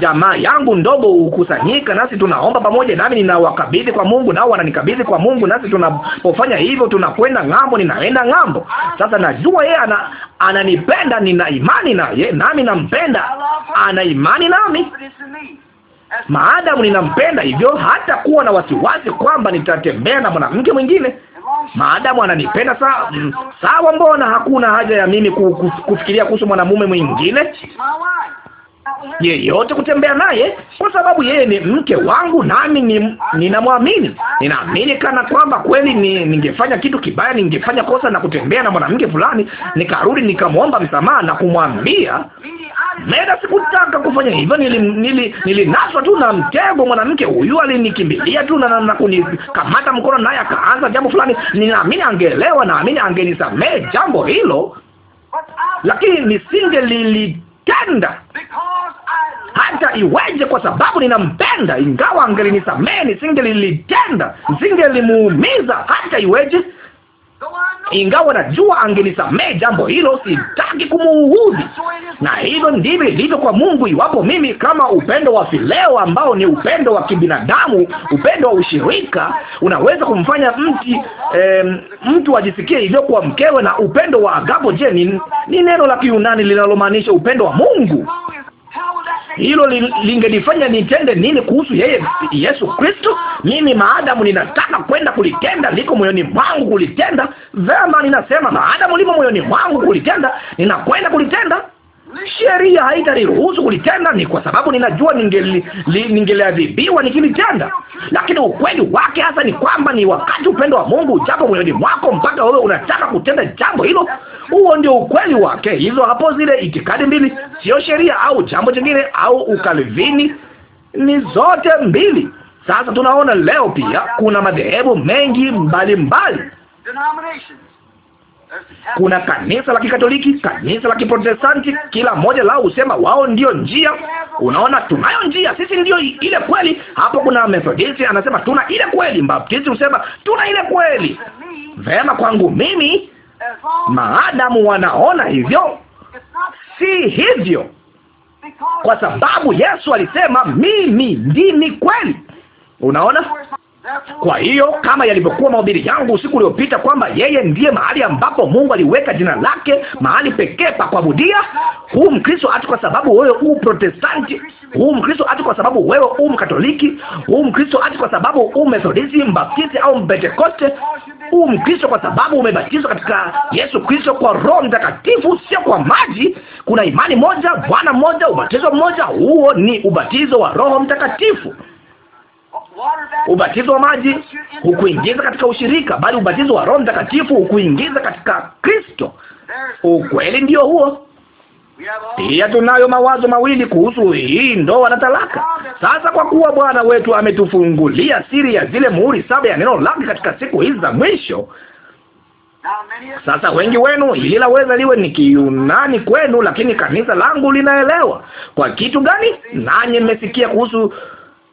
jamaa yangu ndogo hukusanyika nasi tunaomba pamoja, nami ninawakabidhi kwa Mungu nao wananikabidhi kwa Mungu, nasi tunapofanya hivyo tunakwenda ng'ambo, ninaenda ng'ambo. Sasa najua yeye ana ananipenda, nina imani naye, nami nampenda, ana imani nami maadamu ninampenda hivyo, hata kuwa na wasiwasi kwamba nitatembea na mwanamke mwingine maadamu ananipenda sawa, mm, sawa, mbona hakuna haja ya mimi kufikiria kuhusu mwanamume mwingine yeyote kutembea naye, kwa sababu yeye ni mke wangu, nami ninamwamini. Ninaamini kana kwamba kweli ni, ningefanya kitu kibaya, ningefanya kosa na kutembea na mwanamke fulani, nikarudi nikamwomba msamaha na kumwambia Meda sikutaka kufanya hivyo, nilinaswa nili, nili tu na mtego. Mwanamke huyu alinikimbilia tu na, na kunikamata mkono, naye akaanza jambo fulani. Ninaamini angeelewa naamini angenisamehe jambo hilo, lakini nisinge lilitenda hata iweje, kwa sababu ninampenda. Ingawa angelinisamehe, nisinge limuumiza hata iweje ingawa najua angenisamehe jambo hilo, sitaki kumuudhi. Na hivyo ndivyo ilivyo kwa Mungu. Iwapo mimi kama upendo wa fileo, ambao ni upendo wa kibinadamu, upendo wa ushirika, unaweza kumfanya mti e, mtu ajisikie hivyo kwa mkewe, na upendo wa agapo, je, ni, ni neno la Kiunani linalomaanisha upendo wa Mungu hilo lingenifanya nitende nini kuhusu yeye Yesu Kristo? Mimi maadamu ninataka kwenda kulitenda, liko moyoni mwangu kulitenda. Vema, ninasema maadamu limo moyoni mwangu kulitenda, ninakwenda kulitenda sheria haitaniruhusu kulitenda, ni kwa sababu ninajua ningeliadhibiwa nikilitenda. Lakini ukweli wake hasa ni kwamba ni wakati upendo wa Mungu ujapo moyoni mwako mpaka wewe unataka kutenda jambo hilo. Huo ndio ukweli wake. Hizo hapo zile itikadi mbili, sio sheria au jambo jingine au ukalvini, ni zote mbili. Sasa tunaona leo pia kuna madhehebu mengi mbalimbali mbali. Kuna kanisa la Kikatoliki, kanisa la Kiprotestanti, kila moja lao husema wao ndio njia. Unaona, tunayo njia, sisi ndio ile kweli. Hapo kuna Methodisti anasema tuna ile kweli, Baptisti husema tuna ile kweli. Vema kwangu mimi, maadamu wanaona hivyo, si hivyo, kwa sababu Yesu alisema mimi ndimi kweli. Unaona, kwa hiyo kama yalivyokuwa mahubiri yangu usiku uliopita, kwamba yeye ndiye mahali ambapo Mungu aliweka jina lake, mahali pekee pa kuabudia. Huu Mkristo ati kwa sababu wewe u Protestanti, huu Mkristo ati kwa sababu wewe u Mkatoliki, huu Mkristo ati kwa sababu u Methodisti, Mbaptisti au Mpentekoste, huu Mkristo kwa sababu umebatizwa katika Yesu Kristo kwa Roho Mtakatifu, sio kwa maji. Kuna imani moja, Bwana mmoja, ubatizo mmoja. Huo ni ubatizo wa Roho Mtakatifu. Ubatizo wa maji hukuingiza katika ushirika, bali ubatizo wa Roho Mtakatifu hukuingiza katika Kristo. Ukweli ndio huo. Pia tunayo mawazo mawili kuhusu hii ndoa na talaka. Sasa kwa kuwa Bwana wetu ametufungulia siri ya zile muhuri saba ya neno lake katika siku hizi za mwisho, sasa wengi wenu hili laweza liwe ni kiunani kwenu, lakini kanisa langu linaelewa. Kwa kitu gani? Nanyi mmesikia kuhusu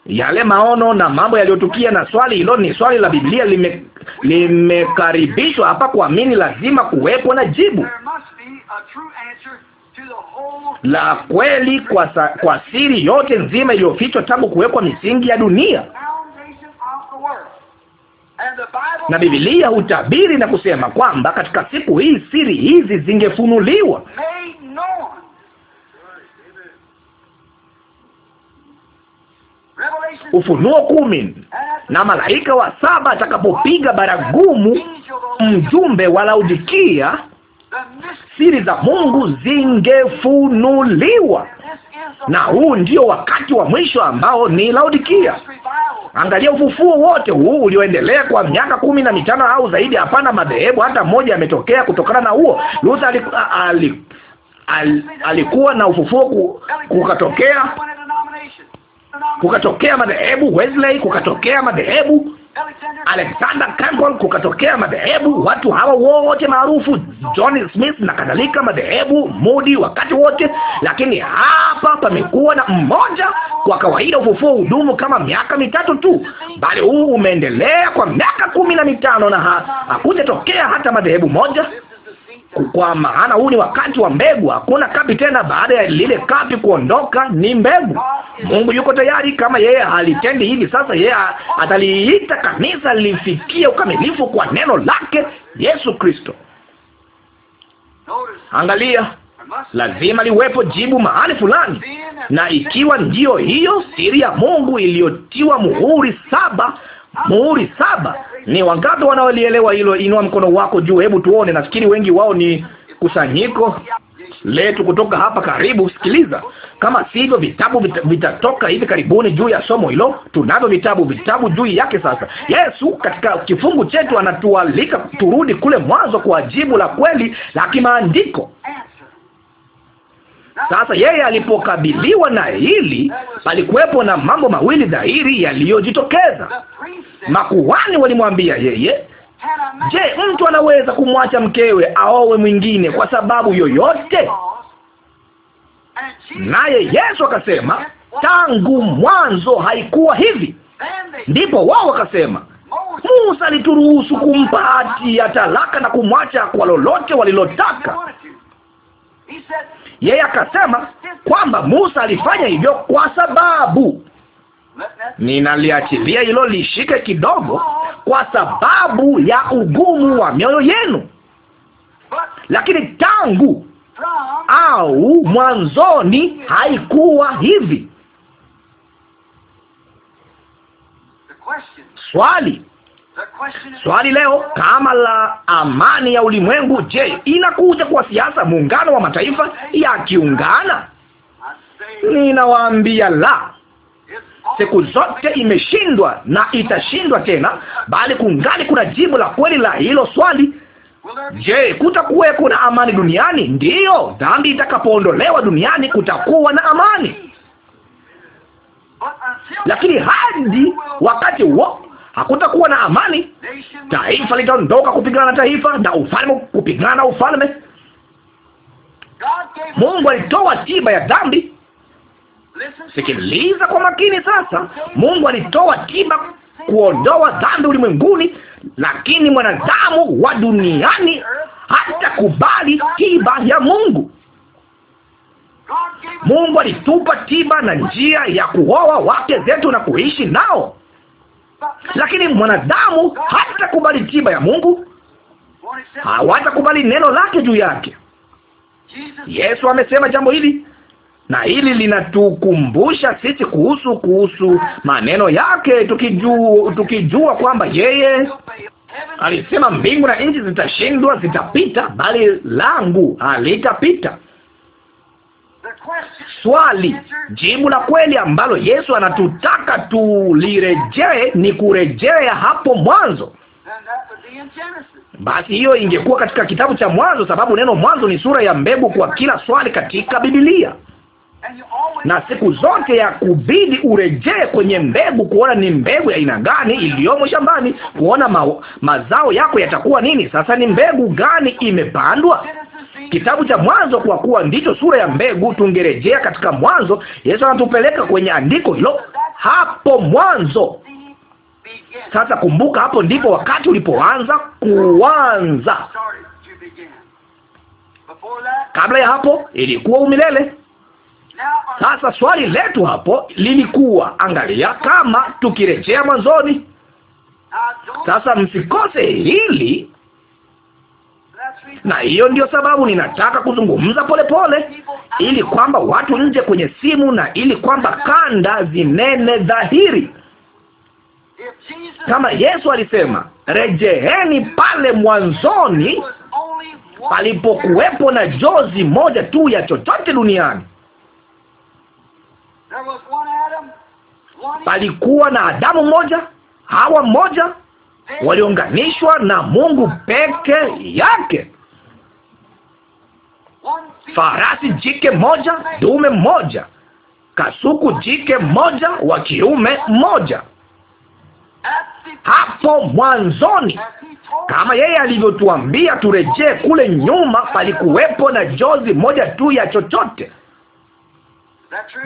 yale maono na mambo yaliyotukia. Na swali hilo ni swali la Biblia, lime- limekaribishwa hapa kuamini. Lazima kuwepo na jibu la kweli kwa, sa, kwa siri yote nzima iliyofichwa tangu kuwekwa misingi ya dunia na Biblia hutabiri na kusema kwamba katika siku hii siri hizi zingefunuliwa Ufunuo kumi. Na malaika wa saba atakapopiga baragumu, mjumbe wa Laodikia, siri za Mungu zingefunuliwa. Na huu ndio wakati wa mwisho ambao ni Laodikia. Angalia ufufuo wote huu ulioendelea kwa miaka kumi na mitano au zaidi, hapana madhehebu hata mmoja yametokea kutokana na huo. Luther alikuwa na ufufuo kukatokea kukatokea madhehebu Wesley, kukatokea madhehebu Alexander Campbell, kukatokea madhehebu watu hawa wote maarufu, John Smith na kadhalika, madhehebu Moody, wakati wote. Lakini hapa pamekuwa na mmoja. Kwa kawaida ufufuo hudumu kama miaka mitatu tu, bali huu umeendelea kwa miaka kumi na mitano na hakujatokea hata madhehebu moja kwa maana huu ni wakati wa mbegu. Hakuna kapi tena, baada ya lile kapi kuondoka ni mbegu. Mungu yuko tayari, kama yeye alitendi hivi sasa, yeye ataliita kanisa lifikie ukamilifu kwa neno lake Yesu Kristo. Angalia, lazima liwepo jibu mahali fulani, na ikiwa ndiyo hiyo siri ya Mungu iliyotiwa muhuri saba muhuri saba. Ni wangapi wanaolielewa hilo? Inua mkono wako juu, hebu tuone. Nafikiri wengi wao ni kusanyiko letu kutoka hapa karibu. Sikiliza, kama sivyo vitabu vita, vitatoka hivi karibuni juu ya somo hilo. Tunavyo vitabu vitabu juu yake. Sasa Yesu katika kifungu chetu anatualika turudi kule mwanzo kwa jibu la kweli la kimaandiko. Sasa yeye alipokabiliwa na hili, palikuwepo na mambo mawili dhahiri yaliyojitokeza. Makuhani walimwambia yeye, je, mtu anaweza kumwacha mkewe aowe mwingine kwa sababu yoyote? Naye Yesu akasema tangu mwanzo haikuwa hivi. Ndipo wao wakasema Musa alituruhusu kumpa hati ya talaka na kumwacha kwa lolote walilotaka. Yeye akasema kwamba Musa alifanya hivyo kwa sababu ninaliachilia hilo lishike kidogo, kwa sababu ya ugumu wa mioyo yenu. Lakini tangu au mwanzoni haikuwa hivi. Swali swali leo kama la amani ya ulimwengu, je, inakuja kwa siasa? Muungano wa mataifa yakiungana, ninawaambia la siku zote imeshindwa na itashindwa tena, bali kungali kuna jibu la kweli la hilo swali. Je, kutakuweko na amani duniani? Ndiyo, dhambi itakapoondolewa duniani kutakuwa na amani, lakini hadi wakati huo hakutakuwa na amani. Taifa litaondoka kupigana na taifa na ufalme kupigana na ufalme. Mungu alitoa tiba ya dhambi Sikiliza kwa makini sasa. Mungu alitoa tiba kuondoa dhambi ulimwenguni, lakini mwanadamu wa duniani hatakubali tiba ya Mungu. Mungu alitupa tiba na njia ya kuoa wake zetu na kuishi nao, lakini mwanadamu hatakubali tiba ya Mungu, hawatakubali neno lake juu yake. Yesu amesema jambo hili na hili linatukumbusha sisi kuhusu kuhusu maneno yake, tukijua, tukijua kwamba yeye alisema mbingu na nchi zitashindwa, zitapita, bali langu halitapita. Swali jibu la kweli ambalo Yesu anatutaka tulirejee ni kurejea hapo mwanzo. Basi hiyo ingekuwa katika kitabu cha Mwanzo, sababu neno mwanzo ni sura ya mbegu kwa kila swali katika Biblia na siku zote ya kubidi urejee kwenye mbegu, kuona ni mbegu ya aina gani iliyomo shambani, kuona ma mazao yako yatakuwa nini. Sasa ni mbegu gani imepandwa? Kitabu cha Mwanzo, kwa kuwa ndicho sura ya mbegu. Tungerejea katika Mwanzo. Yesu anatupeleka kwenye andiko hilo, hapo mwanzo. Sasa kumbuka, hapo ndipo wakati ulipoanza kuanza. Kabla ya hapo ilikuwa umilele. Sasa swali letu hapo lilikuwa, angalia, kama tukirejea mwanzoni sasa, msikose hili na hiyo ndio sababu ninataka kuzungumza polepole pole, ili kwamba watu nje kwenye simu na ili kwamba kanda zinene dhahiri. Kama Yesu alisema rejeeni pale mwanzoni palipokuwepo na jozi moja tu ya chochote duniani, palikuwa na Adamu mmoja, Hawa mmoja, waliunganishwa na Mungu peke yake, farasi jike moja, dume mmoja, kasuku jike mmoja, wa kiume mmoja. Hapo mwanzoni, kama yeye alivyotuambia turejee kule nyuma, palikuwepo na jozi moja tu ya chochote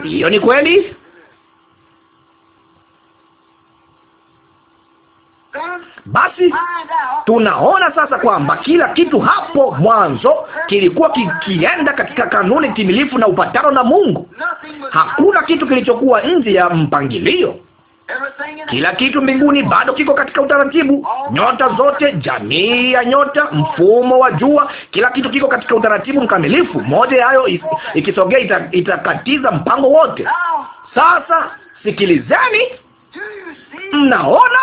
hiyo ni kweli. Basi tunaona sasa kwamba kila kitu hapo mwanzo kilikuwa kikienda katika kanuni timilifu na upatano na Mungu. Hakuna kitu kilichokuwa nje ya mpangilio. Kila kitu mbinguni bado kiko katika utaratibu, nyota zote, jamii ya nyota, mfumo wa jua, kila kitu kiko katika utaratibu mkamilifu. Moja yayo ikisogea ita, itakatiza mpango wote. Sasa sikilizeni, mnaona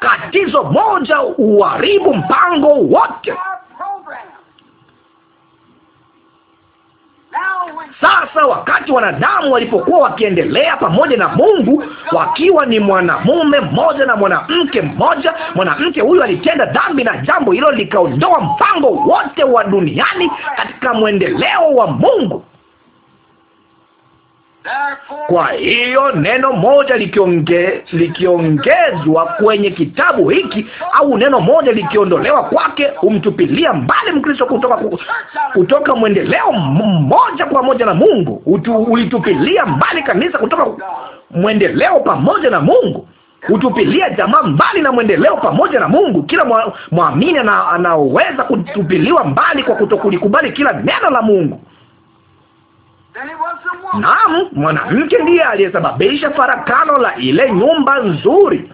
katizo moja uharibu mpango wote. Sasa wakati wanadamu walipokuwa wakiendelea pamoja na Mungu, wakiwa ni mwanamume mmoja na mwanamke mmoja, mwanamke huyu alitenda dhambi, na jambo hilo likaondoa mpango wote wa duniani katika mwendeleo wa Mungu. Kwa hiyo neno moja likionge, likiongezwa kwenye kitabu hiki au neno moja likiondolewa kwake humtupilia mbali Mkristo kutoka, kutoka mwendeleo mmoja moja na Mungu. Utu, ulitupilia mbali kanisa kutoka mwendeleo pamoja na Mungu hutupilia jamaa mbali na mwendeleo pamoja na Mungu. Kila mwamini anaweza kutupiliwa mbali kwa kutokulikubali kila neno la Mungu. Naam, mwanamke ndiye aliyesababisha farakano la ile nyumba nzuri,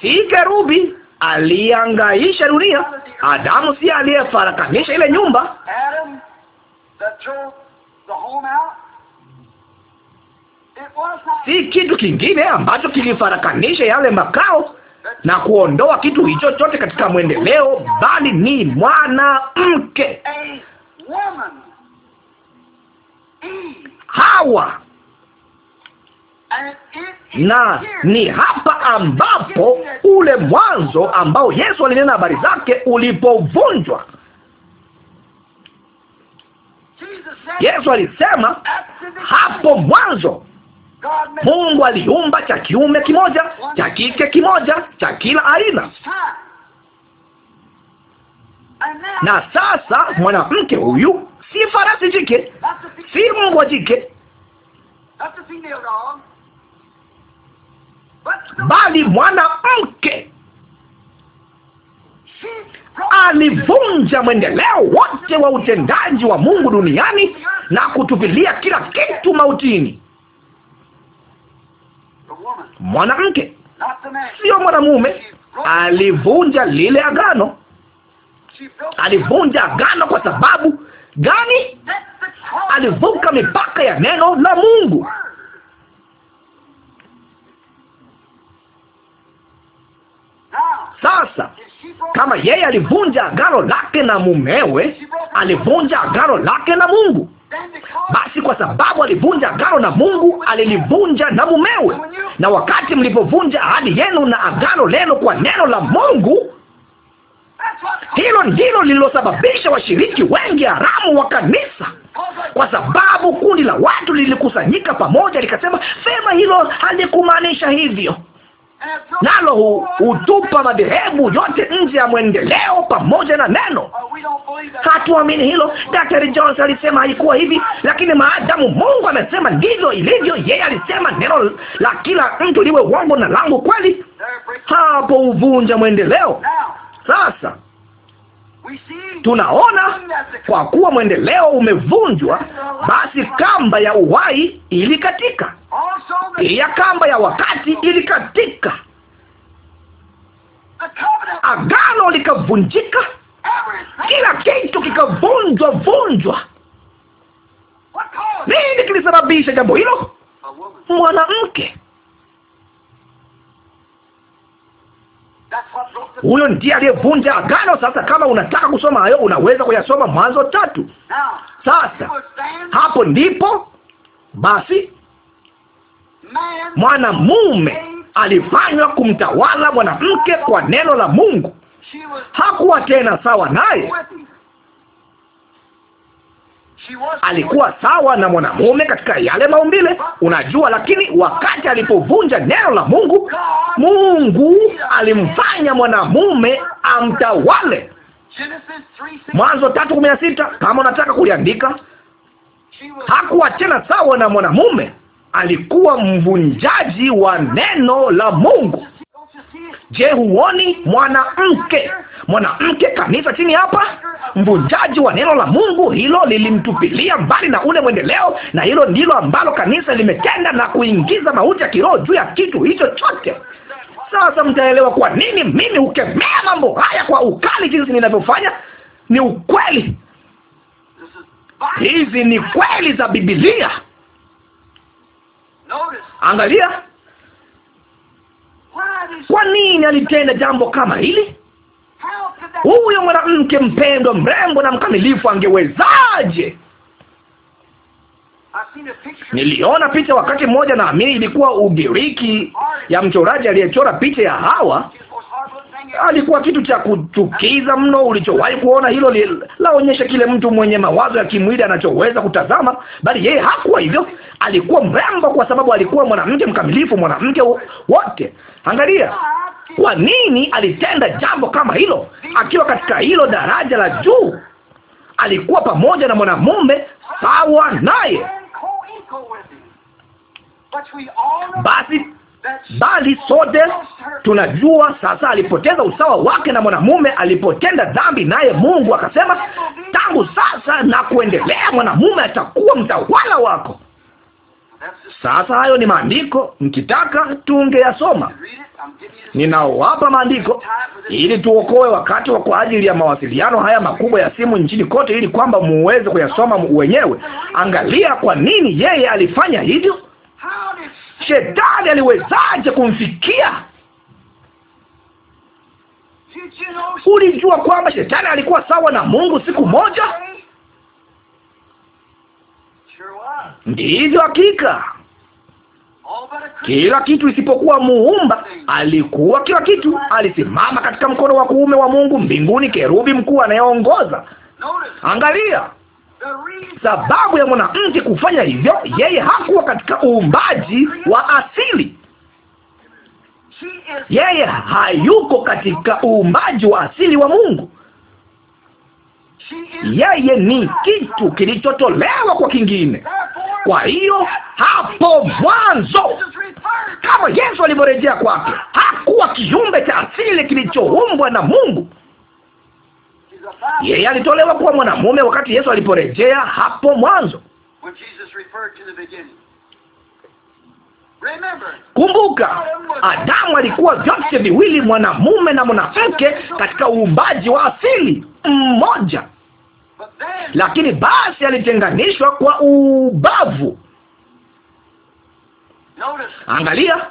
si kerubi aliangaisha dunia. Adamu si aliyefarakanisha ile nyumba. Si kitu kingine ambacho kilifarakanisha yale makao na kuondoa kitu hicho chote katika mwendeleo, bali ni mwanamke hawa na ni hapa ambapo ule mwanzo ambao Yesu alinena habari zake ulipovunjwa. Yesu alisema hapo mwanzo Mungu aliumba cha kiume kimoja, cha kike kimoja, cha kila aina. Na sasa mwanamke huyu si farasi jike, si mbwa jike, bali mwanamke alivunja mwendeleo wote wa utendaji wa Mungu duniani na kutupilia kila kitu mautini. Mwanamke, sio mwanamume, alivunja lile agano, alivunja agano kwa sababu gani? Alivuka mipaka ya neno la Mungu. Sasa kama yeye alivunja agano lake na mumewe, alivunja agano lake na Mungu. Basi kwa sababu alivunja agano na Mungu, alilivunja na mumewe. Na wakati mlipovunja ahadi yenu na agano lenu kwa neno la Mungu, hilo ndilo lililosababisha washiriki wengi haramu wa kanisa, kwa sababu kundi la watu lilikusanyika pamoja likasema, sema hilo halikumaanisha hivyo, nalo hutupa madhehebu yote nje ya mwendeleo pamoja na neno. Hatuamini hilo. Dr. Jones alisema haikuwa hivi, lakini maadamu Mungu amesema ndivyo ilivyo, yeye alisema neno la kila mtu liwe uongo na langu kweli, hapo uvunja mwendeleo. Sasa tunaona kwa kuwa mwendeleo umevunjwa, basi kamba ya uhai ilikatika, pia kamba ya wakati ilikatika, agano likavunjika, kila kitu kikavunjwa vunjwa. Nini kilisababisha jambo hilo? Mwanamke Huyo ndiye aliyevunja agano. Sasa kama unataka kusoma hayo, unaweza kuyasoma Mwanzo tatu. Sasa hapo ndipo basi mwanamume alifanywa kumtawala mwanamke kwa neno la Mungu. Hakuwa tena sawa naye, alikuwa sawa na mwanamume katika yale maumbile, unajua. Lakini wakati alipovunja neno la Mungu, Mungu alimfanya mwanamume amtawale. Mwanzo tatu kumi na sita kama unataka kuliandika. Hakuwa tena sawa na mwanamume, alikuwa mvunjaji wa neno la Mungu. Je, huoni mwanamke mwanamke kanisa chini hapa, mvunjaji wa neno la Mungu? Hilo lilimtupilia mbali na ule mwendeleo, na hilo ndilo ambalo kanisa limetenda na kuingiza mauti ya kiroho juu ya kitu hicho chote. Sasa mtaelewa kwa nini mimi hukemea mambo haya kwa ukali jinsi ninavyofanya. Ni ukweli, hizi ni kweli za Biblia. Angalia kwa nini alitenda jambo kama hili? Huyo mwanamke mpendwa, mrembo na mkamilifu, angewezaje? Niliona picha wakati mmoja, naamini ilikuwa Ugiriki, ya mchoraji aliyechora picha ya Hawa. Alikuwa kitu cha kuchukiza mno ulichowahi kuona. Hilo laonyesha kile mtu mwenye mawazo ya kimwili anachoweza kutazama, bali yeye hakuwa hivyo. Alikuwa mrembo kwa sababu alikuwa mwanamke mkamilifu, mwanamke wote. Angalia, kwa nini alitenda jambo kama hilo? Akiwa katika hilo daraja la juu, alikuwa pamoja na mwanamume sawa naye. Basi bali sote tunajua sasa alipoteza usawa wake na mwanamume alipotenda dhambi, naye Mungu akasema, tangu sasa na kuendelea mwanamume atakuwa mtawala wako. Sasa hayo ni maandiko, mkitaka tungeyasoma. ninaowapa maandiko ili tuokoe wakati wa kwa ajili ya mawasiliano haya makubwa ya simu nchini kote, ili kwamba muweze kuyasoma wenyewe. Angalia kwa nini yeye alifanya hivyo. Shetani aliwezaje kumfikia? Ulijua kwamba shetani alikuwa sawa na Mungu siku moja? Ndivyo hakika, kila kitu isipokuwa muumba alikuwa kila kitu. Alisimama katika mkono wa kuume wa Mungu mbinguni, kerubi mkuu anayeongoza. Angalia sababu ya mwanamke kufanya hivyo, yeye hakuwa katika uumbaji wa asili yeye hayuko katika uumbaji wa asili wa Mungu. Yeye ni kitu kilichotolewa kwa kingine. Kwa hiyo hapo mwanzo, kama Yesu alivyorejea kwake, hakuwa kiumbe cha asili kilichoumbwa na Mungu. Yeye alitolewa kuwa mwanamume wakati Yesu aliporejea hapo mwanzo. Kumbuka, Adamu alikuwa vyote viwili, mwanamume na mwanamke, katika uumbaji wa asili mmoja lakini basi alitenganishwa kwa ubavu. Angalia,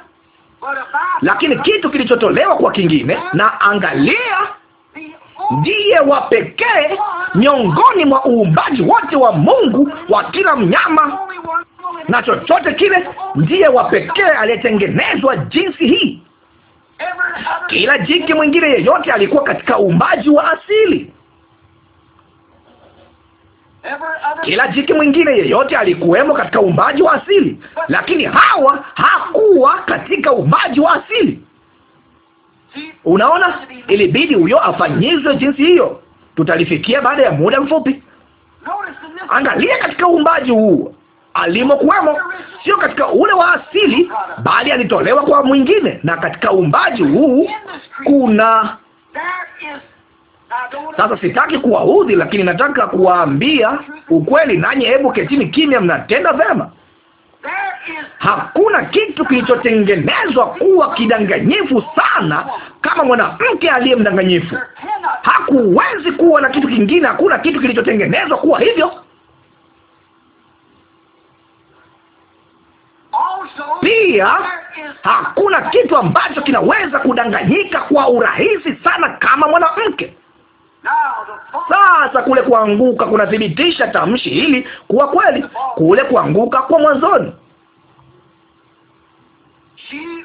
lakini kitu kilichotolewa kwa kingine, na angalia, ndiye wa pekee miongoni mwa uumbaji wote wa Mungu wa kila mnyama na chochote kile, ndiye wa pekee aliyetengenezwa jinsi hii. Kila jiki mwingine yeyote alikuwa katika uumbaji wa asili kila jiki mwingine yeyote alikuwemo katika uumbaji wa asili, lakini Hawa hakuwa katika uumbaji wa asili. Unaona, ilibidi huyo afanyizwe jinsi hiyo. Tutalifikia baada ya muda mfupi. Angalia katika uumbaji huu alimokuwemo, sio katika ule wa asili, bali alitolewa kwa mwingine. Na katika uumbaji huu kuna sasa sitaki kuwaudhi, lakini nataka kuwaambia ukweli, nanyi hebu ketini kimya. Mnatenda vema. Hakuna kitu kilichotengenezwa kuwa kidanganyifu sana kama mwanamke aliye mdanganyifu. Hakuwezi kuwa na kitu kingine. Hakuna kitu kilichotengenezwa kuwa hivyo. Pia hakuna kitu ambacho kinaweza kudanganyika kwa urahisi sana kama mwanamke. Sasa kule kuanguka kunathibitisha tamshi hili kuwa kweli, kule kuanguka kwa mwanzoni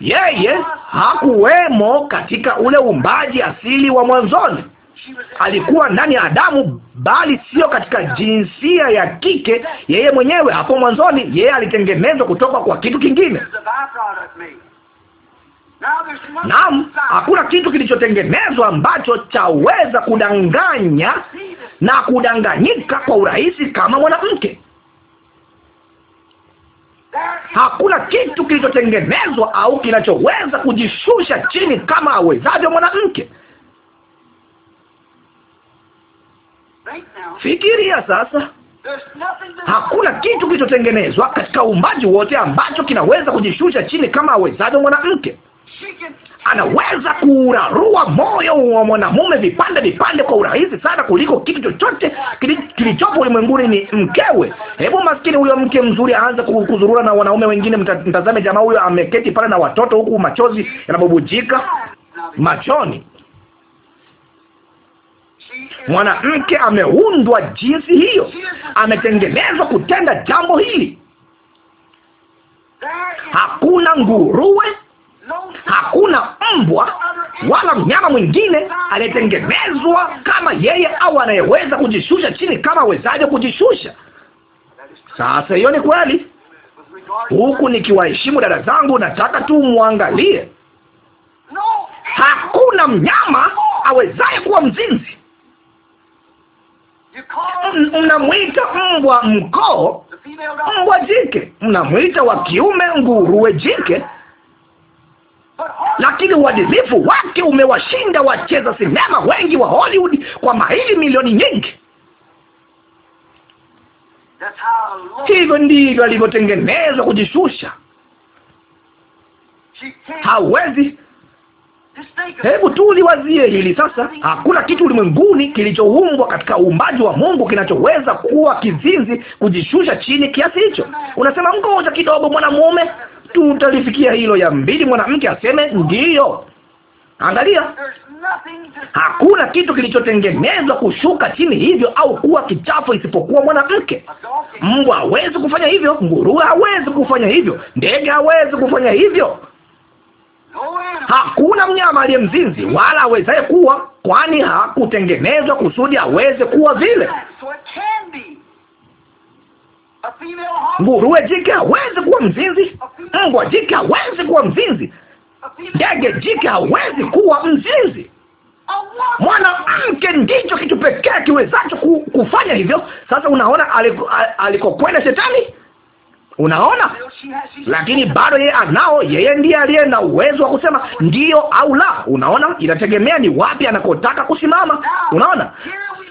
yeye hakuwemo katika ule uumbaji asili wa mwanzoni. Alikuwa ndani ya Adamu, bali sio katika jinsia ya kike. Yeye mwenyewe hapo mwanzoni, yeye alitengenezwa kutoka kwa kitu kingine. Naam, hakuna kitu kilichotengenezwa ambacho chaweza kudanganya na kudanganyika kwa urahisi kama mwanamke. Hakuna kitu kilichotengenezwa au kinachoweza kujishusha chini kama awezavyo mwanamke. Fikiria sasa, hakuna kitu kilichotengenezwa katika uumbaji wote ambacho kinaweza kujishusha chini kama awezavyo mwanamke anaweza kuurarua moyo wa mwanamume vipande vipande kwa urahisi sana kuliko kitu chochote kilichopo ulimwenguni. Ni mkewe. Hebu maskini huyo mke mzuri aanze kuzurura na wanaume wengine. Mtazame jamaa huyo ameketi pale na watoto, huku machozi yanabubujika machoni. Mwanamke ameundwa jinsi hiyo, ametengenezwa kutenda jambo hili. Hakuna nguruwe hakuna mbwa wala mnyama mwingine aliyetengenezwa kama yeye au anayeweza kujishusha chini kama awezaje kujishusha. Sasa hiyo ni kweli. Huku nikiwaheshimu dada zangu, nataka tu muangalie, hakuna mnyama awezaye kuwa mzinzi. Mnamwita mbwa mkoo mbwa jike, mnamwita wa kiume nguruwe jike lakini uadilifu wake umewashinda wacheza sinema wengi wa Hollywood kwa maili milioni nyingi. Hivyo ndivyo alivyotengenezwa kujishusha, hawezi Hebu tu liwazie hili sasa. Hakuna kitu ulimwenguni kilichoumbwa katika uumbaji wa Mungu kinachoweza kuwa kizinzi, kujishusha chini kiasi hicho. Unasema ngoja kidogo, mwanamume tutalifikia hilo. Ya mbili mwanamke aseme ndiyo. Angalia, hakuna kitu kilichotengenezwa kushuka chini hivyo au kuwa kichafu isipokuwa mwanamke. Mbwa hawezi kufanya hivyo, nguruwe hawezi kufanya hivyo, ndege hawezi kufanya hivyo. Hakuna mnyama aliye mzinzi wala awezaye kuwa, kwani hakutengenezwa kusudi aweze kuwa vile. Nguruwe jike hawezi kuwa mzinzi, Mbwa jike hawezi kuwa mzinzi. Ndege jike hawezi kuwa mzinzi. Mwanamke ndicho kitu pekee kiwezacho kufanya hivyo. Sasa unaona alikokwenda Shetani, unaona. Lakini bado yeye anao, yeye ndiye aliye na uwezo wa kusema ndiyo au la. Unaona, inategemea ni wapi anakotaka kusimama. Unaona.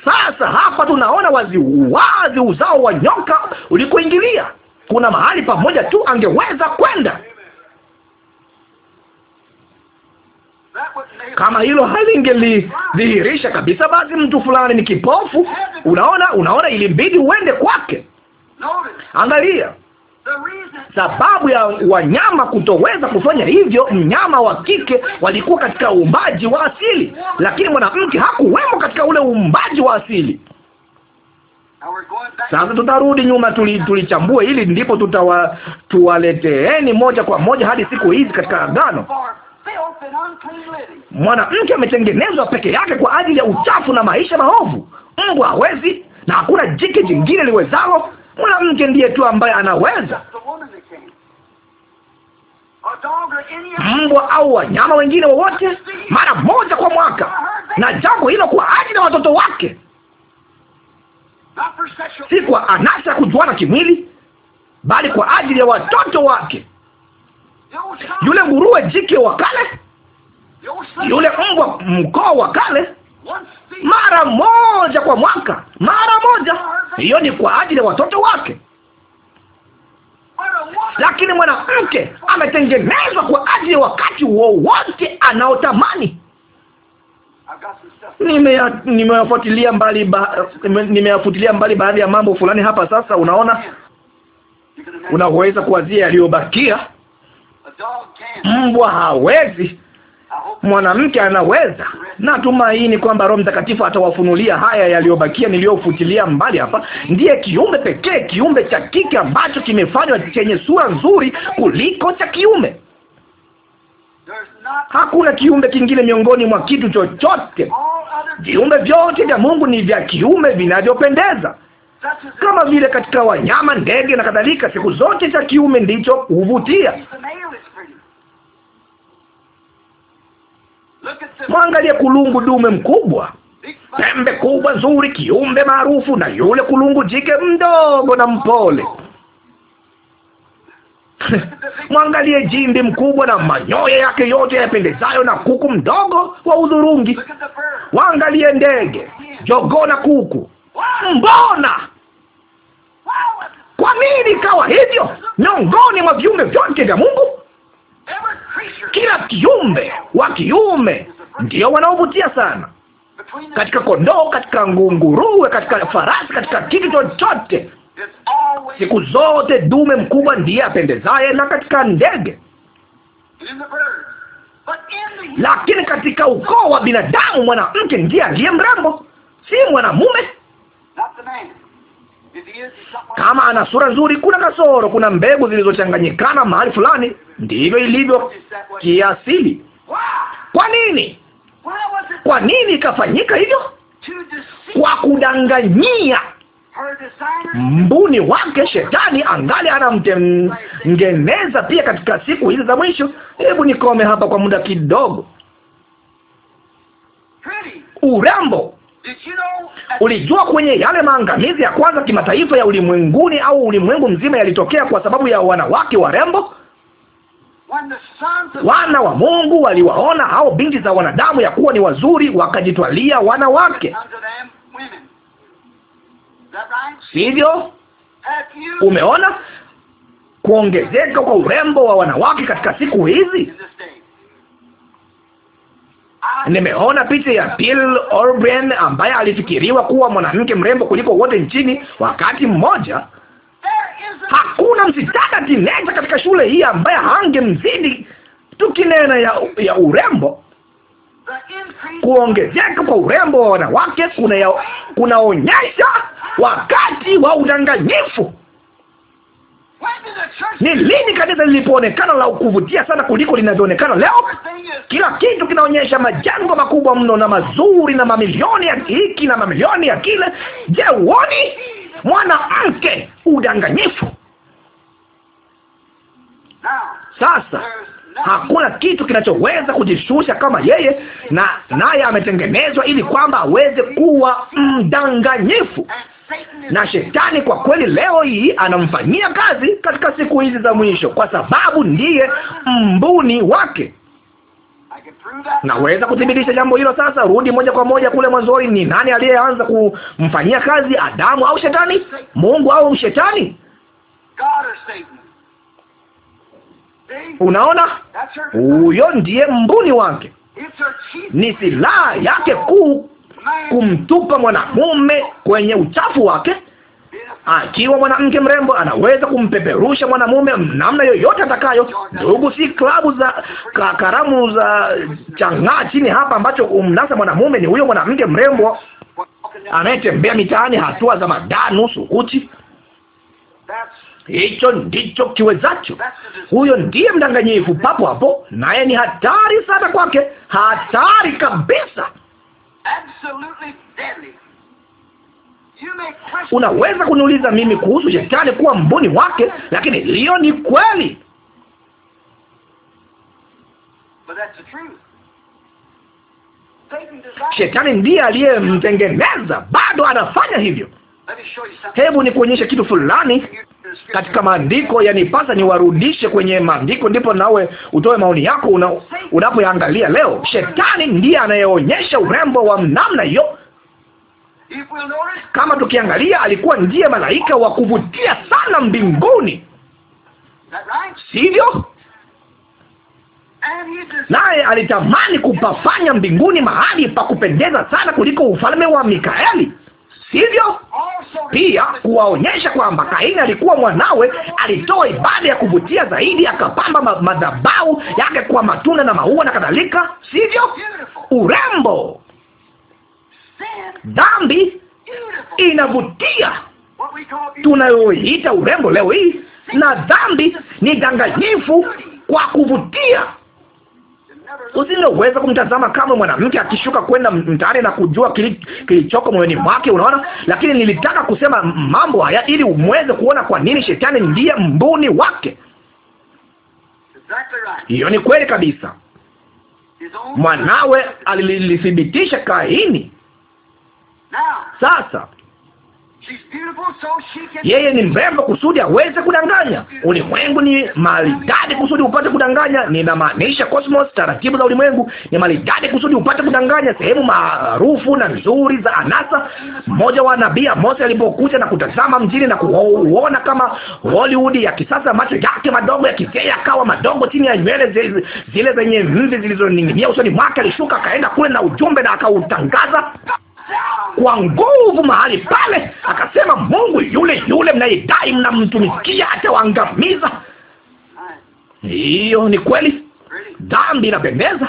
Sasa hapa tunaona wazi wazi uzao wa nyoka ulikuingilia kuna mahali pamoja tu angeweza kwenda. Kama hilo halingelidhihirisha kabisa, basi mtu fulani ni kipofu. Unaona, unaona, ilimbidi uende kwake. Angalia sababu ya wanyama kutoweza kufanya hivyo. Mnyama wa kike walikuwa katika uumbaji wa asili, lakini mwanamke hakuwemo katika ule uumbaji wa asili. Sasa tutarudi nyuma, tulichambue tuli hili, ndipo tutawa tuwaleteeni moja kwa moja hadi siku hizi katika Agano. Mwanamke ametengenezwa peke yake kwa ajili ya uchafu na maisha maovu. Mbwa hawezi na hakuna jike jingine liwezalo. Mwanamke ndiye tu ambaye anaweza. Mbwa au wanyama wengine wowote, mara moja kwa mwaka, na jambo hilo kwa ajili ya watoto wake si kwa anasa kujuana kimwili, bali kwa ajili ya watoto wake. Yule nguruwe jike wa kale, yule mbwa mkoo wa kale, mara moja kwa mwaka, mara moja. Hiyo ni kwa ajili ya watoto wake. Lakini mwanamke ametengenezwa kwa ajili ya wakati wowote anaotamani nimeyafuatilia mbali ba, nimeyafuatilia mbali baadhi ya mambo fulani hapa sasa. Unaona, unaweza kuwazia yaliyobakia. Mbwa hawezi, mwanamke anaweza. Natumaini kwamba Roho Mtakatifu atawafunulia haya yaliyobakia niliyofutilia mbali hapa. Ndiye kiumbe pekee, kiumbe cha kike ambacho kimefanywa chenye sura nzuri kuliko cha kiume Hakuna kiumbe kingine miongoni mwa kitu chochote. Viumbe vyote vya Mungu ni vya kiume vinavyopendeza, kama vile katika wanyama, ndege na kadhalika. Siku zote cha kiume ndicho huvutia. Mwangalie kulungu dume mkubwa, pembe kubwa nzuri, kiumbe maarufu, na yule kulungu jike mdogo na mpole Mwangalie jimbi mkubwa na manyoya yake yote yapendezayo, na kuku mdogo wa udhurungi. Waangalie ndege, jogoo na kuku. Mbona kwa nini kawa hivyo miongoni mwa viumbe vyote vya Mungu? Kila kiumbe wa kiume ndio wanaovutia sana, katika kondoo, katika nguruwe, katika farasi, katika kitu chochote Siku zote dume mkubwa ndiye apendezaye, na katika ndege lakini katika ukoo wa binadamu mwanamke ndiye aliye mrembo, si mwanamume. Kama ana sura nzuri, kuna kasoro, kuna mbegu zilizochanganyikana mahali fulani. Ndivyo ilivyo kiasili. Kwa nini? Kwa nini ikafanyika hivyo? Kwa kudanganyia mbuni wake shetani angali anamtengeneza pia katika siku hizi za mwisho. Hebu nikome hapa kwa muda kidogo. Urembo, ulijua kwenye yale maangamizi ya kwanza kimataifa ya ulimwenguni au ulimwengu mzima yalitokea kwa sababu ya wanawake warembo. Wana wa Mungu waliwaona hao binti za wanadamu ya kuwa ni wazuri, wakajitwalia wanawake Sivyo? Umeona kuongezeka kwa urembo wa wanawake katika siku hizi. Nimeona picha ya Bill O'Brien ambaye alifikiriwa kuwa mwanamke mrembo kuliko wote nchini wakati mmoja. Hakuna msichana tineja katika shule hii ambaye hangemzidi, tukinena ya, ya urembo. Kuongezeka kwa urembo wa wanawake kunaonyesha kuna wakati wa udanganyifu. Ni lini kanisa lilipoonekana la kuvutia sana kuliko linavyoonekana leo? Kila kitu kinaonyesha majengo makubwa mno na mazuri na mamilioni ya hiki na mamilioni ya kile. Je, uoni mwanamke? Udanganyifu. Sasa Hakuna kitu kinachoweza kujishusha kama yeye, na naye ametengenezwa ili kwamba aweze kuwa mdanganyifu, na shetani kwa kweli leo hii anamfanyia kazi katika siku hizi za mwisho, kwa sababu ndiye mbuni wake. Naweza kuthibitisha jambo hilo. Sasa rudi moja kwa moja kule mwanzoni. Ni nani aliyeanza kumfanyia kazi, Adamu au shetani? Mungu au shetani? Unaona, huyo ndiye mbuni wake, ni silaha yake kuu kumtupa mwanamume kwenye uchafu wake. Akiwa mwanamke mrembo, anaweza kumpeperusha mwanamume namna yoyote atakayo. Ndugu, si klabu za ka, karamu za chang'aa chini hapa ambacho umnasa mwanamume ni huyo mwanamke mrembo anayetembea mitaani, hatua za madaa, nusu uchi hicho ndicho kiwezacho. Huyo ndiye mdanganyifu papo hapo, naye ni hatari sana kwake, hatari kabisa. Unaweza kuniuliza mimi kuhusu shetani kuwa mbuni wake, lakini hiyo ni kweli. Shetani ndiye aliyemtengeneza, bado anafanya hivyo. Hebu nikuonyeshe kitu fulani katika maandiko. Yanipasa niwarudishe kwenye maandiko, ndipo nawe utoe maoni yako una, unapoyaangalia leo. Shetani ndiye anayeonyesha urembo wa namna hiyo. Kama tukiangalia, alikuwa ndiye malaika wa kuvutia sana mbinguni, sivyo? Naye alitamani kupafanya mbinguni mahali pa kupendeza sana kuliko ufalme wa Mikaeli sivyo? Pia kuwaonyesha kwamba Kaini alikuwa mwanawe, alitoa ibada ya kuvutia zaidi, akapamba madhabahu yake kwa matunda na maua na kadhalika, sivyo? Urembo. Dhambi inavutia, tunayoita urembo leo hii, na dhambi ni danganyifu kwa kuvutia usingeweza kumtazama kama mwanamke akishuka kwenda mtaani na kujua kilichoko moyoni mwake, unaona. Lakini nilitaka kusema mambo haya ili umweze kuona kwa nini shetani ndiye mbuni wake. Hiyo ni kweli kabisa. Mwanawe alilithibitisha Kaini. Sasa yeye ni mrembo kusudi aweze kudanganya. Ulimwengu ni maridadi kusudi upate kudanganya. Ninamaanisha cosmos, taratibu za ulimwengu ni maridadi kusudi upate kudanganya, sehemu maarufu na nzuri za anasa. Mmoja wa nabii mose alipokuja na kutazama mjini na kuona kama Hollywood ya kisasa, macho yake madogo yakizea akawa madogo chini ya nywele zile, zile zenye mvi zilizoning'inia usoni mwake, alishuka akaenda kule na ujumbe na akautangaza kwa nguvu mahali pale, akasema, Mungu yule yule mnayedai mnamtumikia atawaangamiza. Hiyo ni kweli, dhambi inapendeza.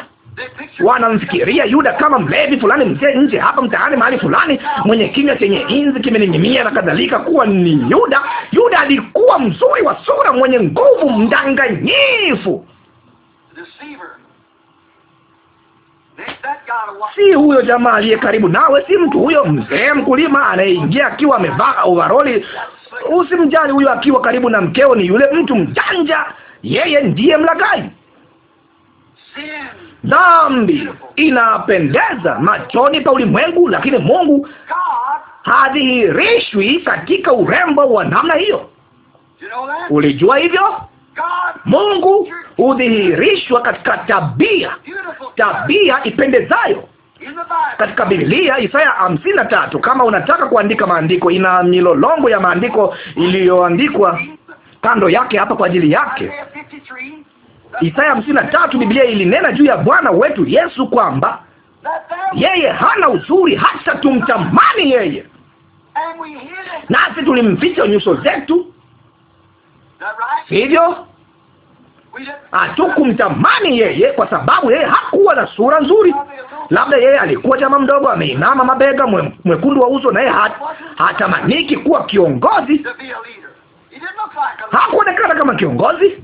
Wanamfikiria Yuda kama mlevi fulani, mzee nje hapa mtaani, mahali fulani, mwenye kinywa chenye inzi kimening'inia na kadhalika, kuwa ni Yuda. Yuda alikuwa mzuri wa sura, mwenye nguvu, mdanganyifu si huyo jamaa aliye karibu nawe, si mtu huyo mzee mkulima anayeingia akiwa amevaa ovaroli. Usimjali huyo akiwa karibu na mkeo, ni yule mtu mjanja, yeye ndiye mlagai. Dhambi inapendeza machoni pa ulimwengu, lakini Mungu hadhihirishwi katika urembo wa namna hiyo. Ulijua hivyo? Mungu hudhihirishwa katika tabia, tabia ipendezayo katika Biblia. Isaya hamsini na tatu. Kama unataka kuandika maandiko, ina milolongo ya maandiko iliyoandikwa kando yake hapa kwa ajili yake. Isaya hamsini na tatu, Biblia ilinena juu ya Bwana wetu Yesu kwamba yeye hana uzuri hata tumtamani yeye, nasi tulimficha nyuso zetu sivyo? Hatukumtamani yeye kwa sababu yeye hakuwa na sura nzuri. Labda yeye alikuwa jamaa mdogo, ameinama mabega, mwekundu wa uso, yeye hatamaniki kuwa kiongozi hakuonekana kama kiongozi,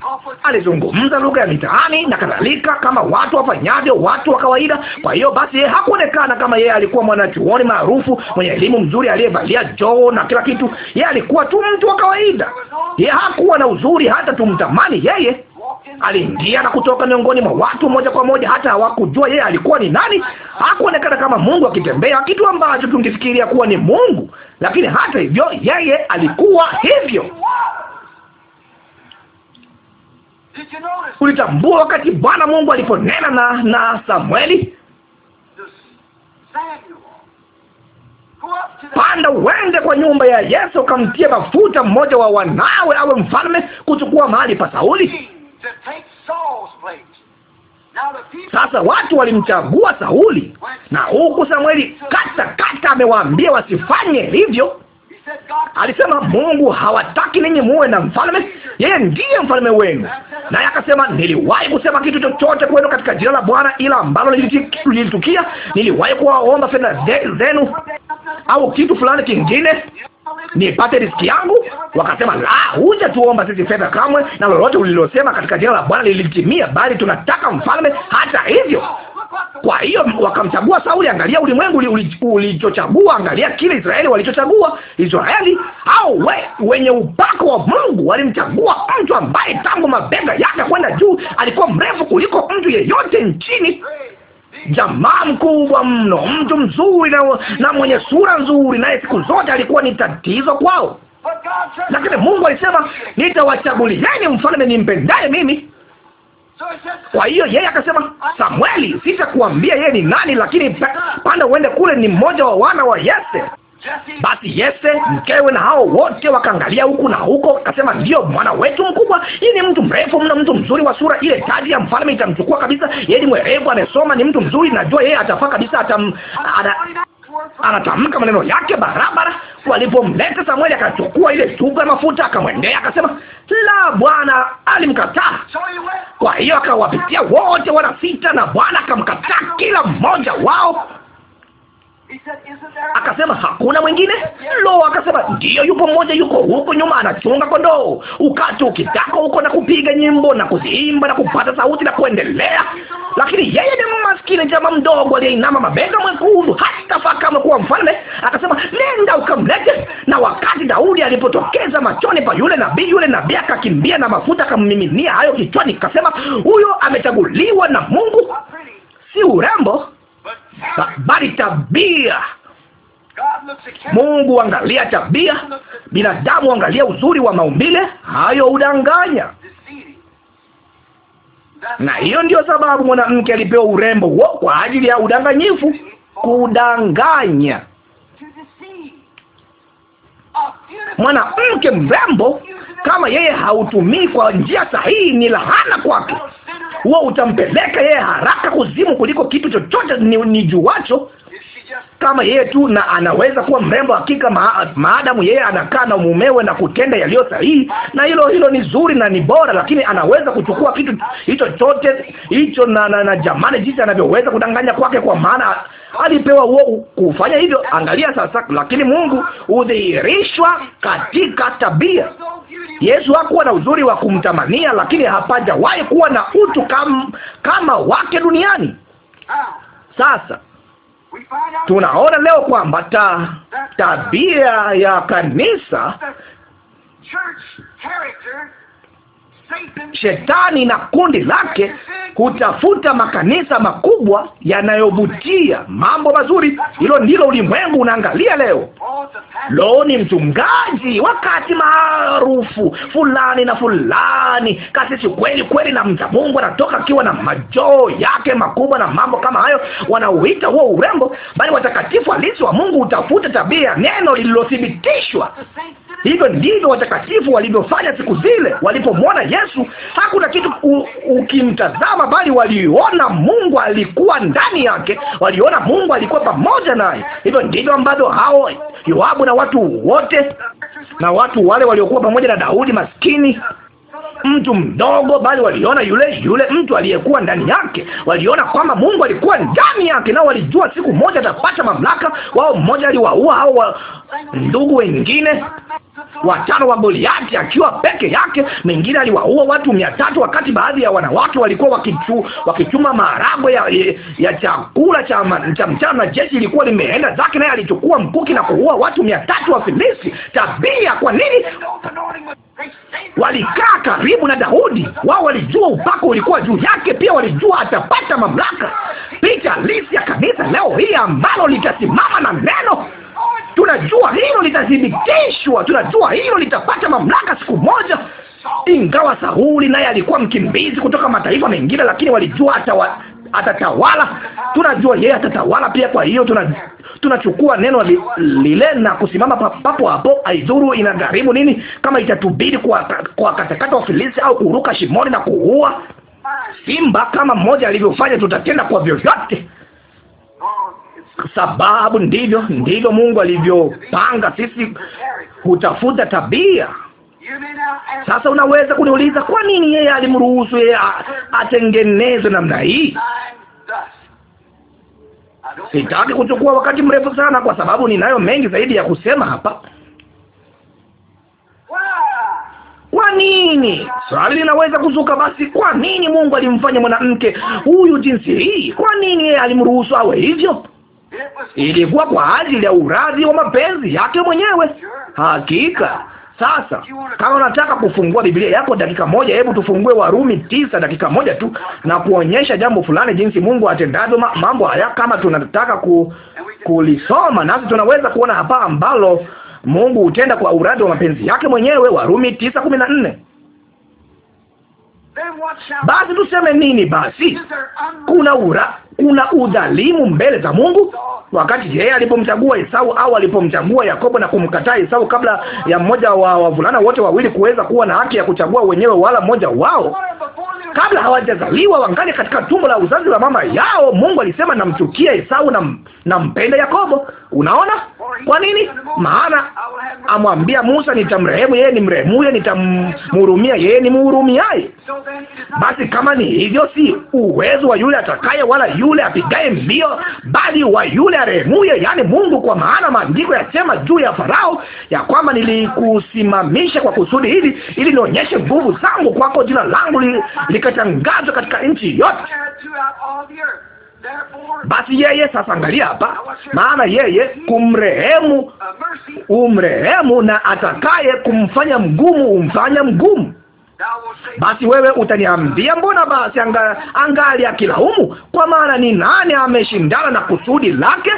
alizungumza lugha ya mitaani na kadhalika, kama watu wafanyavyo watu wa kawaida. Kwa hiyo basi, yeye hakuonekana kama yeye alikuwa mwanachuoni maarufu mwenye elimu mzuri aliyevalia joo na kila kitu. Yeye alikuwa tu mtu wa kawaida, yeye hakuwa na uzuri hata tumtamani yeye aliingia na kutoka miongoni mwa watu moja kwa moja, hata hawakujua yeye alikuwa ni nani. Hakuonekana kama Mungu akitembea, kitu ambacho tungifikiria kuwa ni Mungu, lakini hata hivyo yeye alikuwa hivyo. Ulitambua wakati Bwana Mungu aliponena na na Samweli, panda uende kwa nyumba ya Yesu ukamtie mafuta mmoja wa wanawe awe mfalme kuchukua mahali pa Sauli. Sasa watu walimchagua Sauli, na huku samweli kata kata amewaambia wasifanye hivyo. Alisema Mungu hawataki ninyi muwe na mfalme, yeye ndiye mfalme wenu. Naye akasema, niliwahi kusema kitu chochote kwenu katika jina la Bwana ila ambalo lilitukia, niliwahi kuwaomba fedha zenu au kitu fulani kingine nipate riziki yangu. Wakasema, la, tuomba sisi fedha kamwe, na lolote ulilosema katika jina la Bwana lilitimia, bali tunataka mfalme. Hata hivyo kwa hiyo wakamchagua Sauli. Angalia ulimwengu ulichochagua, angalia kile Israeli walichochagua. Israeli au we, wenye upako wa Mungu walimchagua mtu ambaye tangu mabega yake kwenda juu alikuwa mrefu kuliko mtu yeyote nchini, jamaa mkubwa mno, mtu mzuri na, na mwenye sura nzuri, naye siku zote alikuwa ni tatizo kwao. Lakini Mungu alisema, nitawachagulieni mfalme nimpendaye mimi kwa hiyo yeye akasema, Samueli, sitakuambia yeye ni nani, lakini panda uende kule, ni mmoja wa wana wa Yese. Basi Yese mkewe na hao wote wakaangalia huku na huko, akasema ndiyo, mwana wetu mkubwa. Yeye ni mtu mrefu mna, mtu mzuri wa sura, ile taji ya mfalme itamchukua kabisa. Yeye ni mwerevu, amesoma, ni mtu mzuri, najua yeye atafaa kabisa, atam, anatamka maneno yake barabara. Walipomleta Samueli, akachukua ile chupa ya mafuta akamwendea, akasema la, Bwana alimkataa. Kwa hiyo akawapitia wote wana sita, na Bwana akamkataa kila mmoja wao. Akasema hakuna mwingine? Lo, akasema ndiyo, yupo mmoja, yuko huko nyuma anachunga kondoo. Ukati ukitaka huko na kupiga nyimbo na kuziimba na kupata sauti na kuendelea, lakini yeye ni maskini jamaa mdogo aliyeinama mabega mwekundu, hatafaa kama kuwa mfalme. Akasema nenda ukamlete. Na wakati Daudi alipotokeza machoni pa yule nabii, yule nabii akakimbia na mafuta akammiminia hayo kichwani, kasema huyo amechaguliwa na Mungu, si urembo bali tabia. Mungu angalia tabia, binadamu angalia uzuri wa maumbile hayo, udanganya na hiyo ndio sababu mwanamke alipewa urembo huo kwa ajili ya udanganyifu, kudanganya. Mwanamke mrembo kama yeye hautumii kwa njia sahihi, ni lahana kwake huo utampeleka yeye haraka kuzimu kuliko kitu chochote ni, ni juacho kama yeye tu, na anaweza kuwa mrembo hakika, ma maadamu yeye anakaa na mumewe na kutenda yaliyo sahihi, na hilo hilo ni zuri na ni bora, lakini anaweza kuchukua kitu hicho chote hicho na, na, na jamani, jinsi anavyoweza kudanganya kwake, kwa maana alipewa huo kufanya hivyo. Angalia sasa, lakini Mungu hudhihirishwa katika tabia Yesu hakuwa na uzuri wa kumtamania, lakini hapajawahi kuwa na utu kam, kama wake duniani. Sasa tunaona leo kwamba ta, tabia ya kanisa Shetani na kundi lake hutafuta makanisa makubwa yanayovutia mambo mazuri. Hilo ndilo ulimwengu unaangalia leo. Lo, ni mchungaji wakati maarufu fulani na fulani, kasisi kweli kweli na mcha Mungu, anatoka akiwa na majoo yake makubwa na mambo kama hayo, wanauita huo urembo, bali watakatifu halisi wa Mungu hutafuta tabia ya neno lililothibitishwa. Hivyo ndivyo watakatifu walivyofanya siku zile walipomwona Yesu hakuna kitu ukimtazama, bali waliona Mungu alikuwa ndani yake, waliona Mungu alikuwa pamoja naye. Hivyo ndivyo ambavyo hao Yoabu na watu wote na watu wale waliokuwa pamoja na Daudi maskini mtu mdogo, bali waliona yule yule mtu aliyekuwa ndani yake. Waliona kwamba Mungu alikuwa ndani yake, nao walijua siku moja atapata mamlaka wao. Mmoja aliwaua hao wa ndugu wengine, watano wa Goliati akiwa peke yake. mengine aliwaua watu mia tatu wakati baadhi ya wanawake walikuwa wakichu, wakichuma maharagwe ya, ya, ya chakula cha mchana, na jeshi lilikuwa limeenda zake, naye alichukua mkuki na kuua watu mia tatu wa Filisti. Tabia kwa nini? Walikaa karibu na Daudi, wao walijua upako ulikuwa juu yake, pia walijua atapata mamlaka. Picha halisi ya kanisa leo hii ambalo litasimama na neno tunajua hilo litathibitishwa, tunajua hilo litapata mamlaka siku moja. Ingawa Sauli naye alikuwa mkimbizi kutoka mataifa mengine, lakini walijua atawa, atatawala. Tunajua yeye atatawala pia. Kwa hiyo tuna tunachukua neno li, lile na kusimama papo hapo, aidhuru inagharimu nini, kama itatubidi kwa, kwa katakata wa au kuruka shimoni na kuua simba kama mmoja alivyofanya, tutatenda kwa vyovyote sababu ndivyo ndivyo Mungu alivyopanga sisi kutafuta tabia. Sasa unaweza kuniuliza kwa nini yeye alimruhusu yeye atengenezwe namna hii? Sitaki kuchukua wakati mrefu sana, kwa sababu ninayo mengi zaidi ya kusema hapa. Kwa nini? Swali linaweza kuzuka basi, kwa nini Mungu alimfanya mwanamke huyu jinsi hii? Kwa nini yeye alimruhusu awe hivyo? ilikuwa kwa ajili ya uradhi wa mapenzi yake mwenyewe. Hakika. Sasa kama unataka kufungua Biblia yako dakika moja, hebu tufungue Warumi tisa dakika moja tu, na kuonyesha jambo fulani, jinsi Mungu atendavyo mambo haya. Kama tunataka ku, kulisoma nasi tunaweza kuona hapa ambalo Mungu hutenda kwa uradhi wa mapenzi yake mwenyewe, Warumi tisa kumi na nne. Basi tuseme nini? Basi kuna ura kuna udhalimu mbele za Mungu. Wakati yeye alipomchagua Esau au alipomchagua Yakobo na kumkataa Esau kabla ya mmoja wa wavulana wote wawili kuweza kuwa na haki ya kuchagua wenyewe wala mmoja wao, kabla hawajazaliwa wangali katika tumbo la uzazi wa mama yao, Mungu alisema namchukia Esau na nampenda Yakobo. Unaona kwa nini? Maana amwambia Musa, nitamrehemu yeye nimrehemuye, nitamhurumia yeye nimhurumiaye. Basi kama ni hivyo, si uwezo wa yule atakaye wala yule apigaye mbio, bali wa yule arehemuye, yaani Mungu. Kwa maana maandiko yasema juu ya Farao ya kwamba nilikusimamisha kwa kusudi hili, ili nionyeshe nguvu zangu kwako, jina langu likatangazwa katika nchi yote. Basi yeye sasa, angalia hapa, maana yeye kumrehemu umrehemu, na atakaye kumfanya mgumu umfanya mgumu. Basi wewe utaniambia, mbona basi anga, angali akilaumu? Kwa maana ni nani ameshindana na kusudi lake?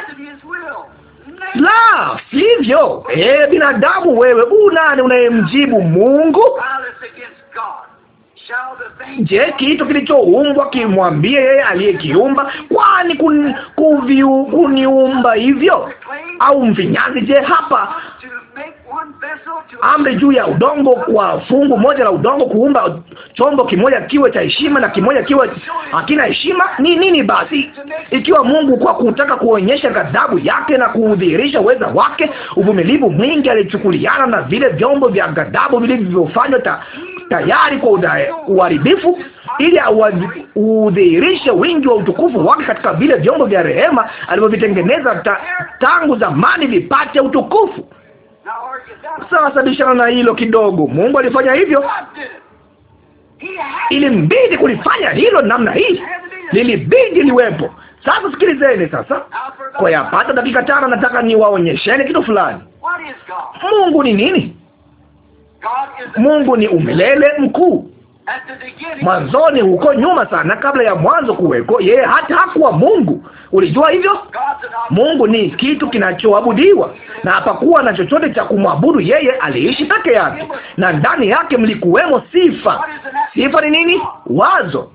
La sivyo, ee binadamu, wewe unani unayemjibu Mungu? Je, kitu kilichoumbwa kimwambie yeye aliyekiumba, kwani kuniumba hivyo? Au mfinyanzi, je, hapa amri juu ya udongo, kwa fungu moja la udongo kuumba chombo kimoja kiwe cha heshima na kimoja kiwe hakina heshima? Ni nini basi, ikiwa Mungu kwa kutaka kuonyesha ghadhabu yake na kuudhihirisha uweza wake, uvumilivu mwingi alichukuliana na vile vyombo vya ghadhabu vilivyofanywa tayari kwa uharibifu, ili audhihirishe wingi wa utukufu wake katika vile vyombo vya rehema alivyovitengeneza ta, tangu zamani vipate utukufu. Sasa bishana na hilo kidogo. Mungu alifanya hivyo, ilimbidi kulifanya hilo namna hii, lilibidi liwepo. Sasa sikilizeni sasa, kwa yapata dakika tano nataka niwaonyesheni kitu fulani. Mungu ni nini? Mungu ni umilele mkuu. Mwanzoni huko nyuma sana, kabla ya mwanzo kuweko, yeye hata hakuwa Mungu. Ulijua hivyo? Mungu ni kitu kinachoabudiwa na hapakuwa na chochote cha kumwabudu yeye, aliishi peke yake, na ndani yake mlikuwemo sifa. Sifa ni nini? Wazo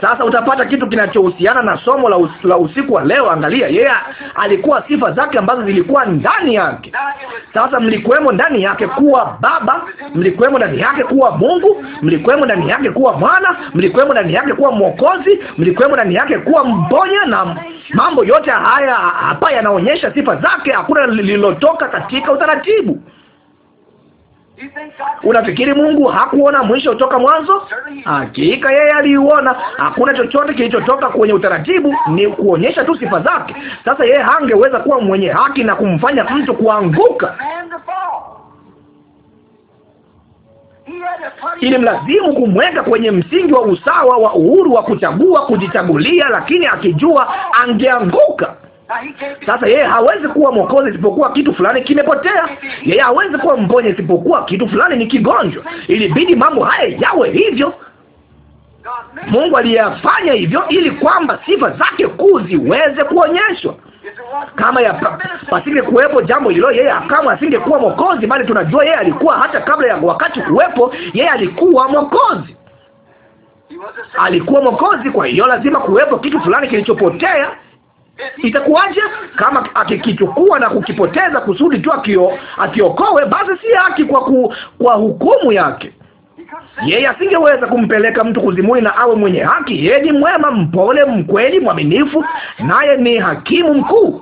sasa utapata kitu kinachohusiana na somo la, us, la usiku wa leo. Angalia yeye, yeah, alikuwa sifa zake ambazo zilikuwa ndani yake. Sasa mlikuwemo ndani yake kuwa Baba, mlikuwemo ndani yake kuwa Mungu, mlikuwemo ndani yake kuwa Mwana, mlikuwemo ndani yake kuwa Mwokozi, mlikuwemo ndani yake kuwa mponya, na mambo yote haya hapa yanaonyesha sifa zake. Hakuna lililotoka katika utaratibu. Unafikiri Mungu hakuona mwisho toka mwanzo? Hakika yeye aliuona. Hakuna chochote kilichotoka kwenye utaratibu, ni kuonyesha tu sifa zake. Sasa yeye hangeweza kuwa mwenye haki na kumfanya mtu kuanguka. Ilimlazimu kumweka kwenye msingi wa usawa wa uhuru wa kuchagua, kujichagulia, lakini akijua angeanguka. Sasa yeye hawezi kuwa mwokozi isipokuwa kitu fulani kimepotea. Yeye hawezi kuwa mponye isipokuwa kitu fulani ni kigonjwa. Ilibidi mambo haya yawe hivyo. Mungu aliyafanya hivyo ili kwamba sifa zake kuu ziweze kuonyeshwa. Kama ya pa, pasinge kuwepo jambo hilo, yeye akamwe asingekuwa mwokozi, bali tunajua yeye alikuwa hata kabla ya wakati kuwepo, yeye alikuwa mwokozi alikuwa mwokozi. Kwa hiyo lazima kuwepo kitu fulani kilichopotea. Itakuwaje kama akikichukua na kukipoteza kusudi tu akio akiokoe? Basi si haki kwa, ku, kwa hukumu yake. Yeye asingeweza kumpeleka mtu kuzimuni na awe mwenye haki. Yeye ni mwema, mpole, mkweli, mwaminifu, naye ni hakimu mkuu.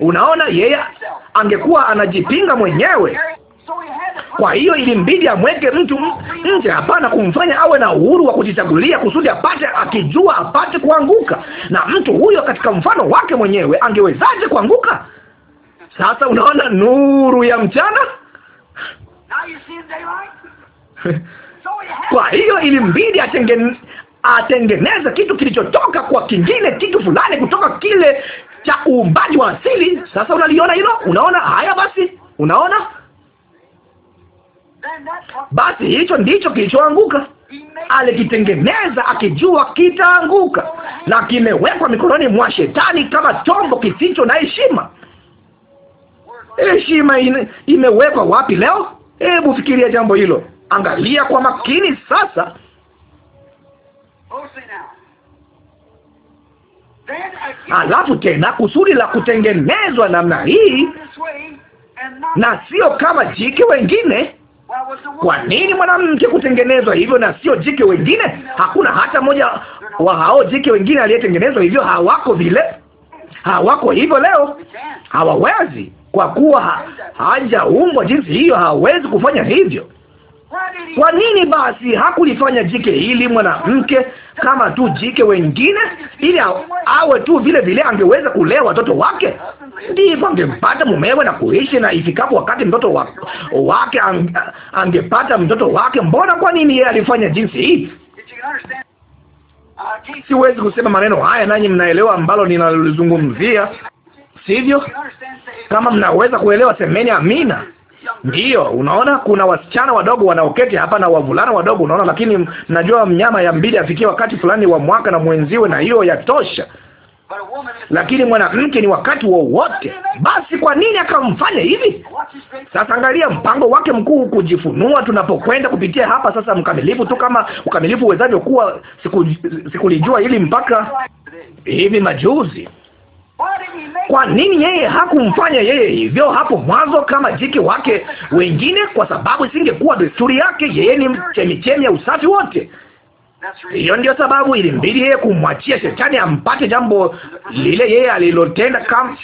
Unaona, yeye angekuwa anajipinga mwenyewe. Kwa hiyo ilimbidi amweke mtu nje, hapana kumfanya awe na uhuru wa kujichagulia, kusudi apate, akijua apate kuanguka. Na mtu huyo katika mfano wake mwenyewe angewezaje kuanguka? Sasa unaona nuru ya mchana. Kwa hiyo ilimbidi mbidi atengeneze kitu kilichotoka kwa kingine, kitu fulani kutoka kile cha uumbaji wa asili. Sasa unaliona hilo? Unaona haya basi, unaona basi hicho ndicho kilichoanguka. Alikitengeneza akijua kitaanguka, na kimewekwa mikononi mwa shetani kama chombo kisicho na heshima. Heshima imewekwa wapi leo? Hebu fikiria jambo hilo, angalia kwa makini sasa. Alafu tena kusudi la kutengenezwa namna hii na sio kama jike wengine kwa nini mwanamke kutengenezwa hivyo na sio jike wengine? Hakuna hata mmoja wa hao jike wengine aliyetengenezwa hivyo. Hawako vile, hawako hivyo leo, hawawezi. Kwa kuwa hajaumbwa jinsi hiyo, hawezi kufanya hivyo. Kwa nini basi hakulifanya jike hili mwanamke kama tu jike wengine, ili awe tu vile vile angeweza kulea watoto wake? ndipo angempata mumewe na kuishi, na ifikapo wakati mtoto wa, wake angepata mtoto wake. Mbona, kwa nini yeye alifanya jinsi hii? Siwezi kusema maneno haya, nanyi mnaelewa ambalo ninalizungumzia, sivyo? Kama mnaweza kuelewa, semeni amina. Ndiyo, unaona kuna wasichana wadogo wanaoketi hapa na wavulana wadogo, unaona. Lakini mnajua mnyama ya mbili afikie wakati fulani wa mwaka na mwenziwe, na hiyo yatosha. Lakini mwanamke ni wakati wowote basi. Kwa nini akamfanya hivi? Sasa angalia mpango wake mkuu, kujifunua tunapokwenda kupitia hapa sasa, mkamilifu tu kama ukamilifu uwezavyo kuwa. Siku sikulijua hili mpaka hivi majuzi. Kwa nini yeye hakumfanya yeye hivyo hapo mwanzo kama jike wake wengine? Kwa sababu isingekuwa desturi yake. Yeye ni chemichemi ya usafi wote. Hiyo ndio sababu ilimbidi yeye kumwachia shetani ampate jambo lile yeye alilotenda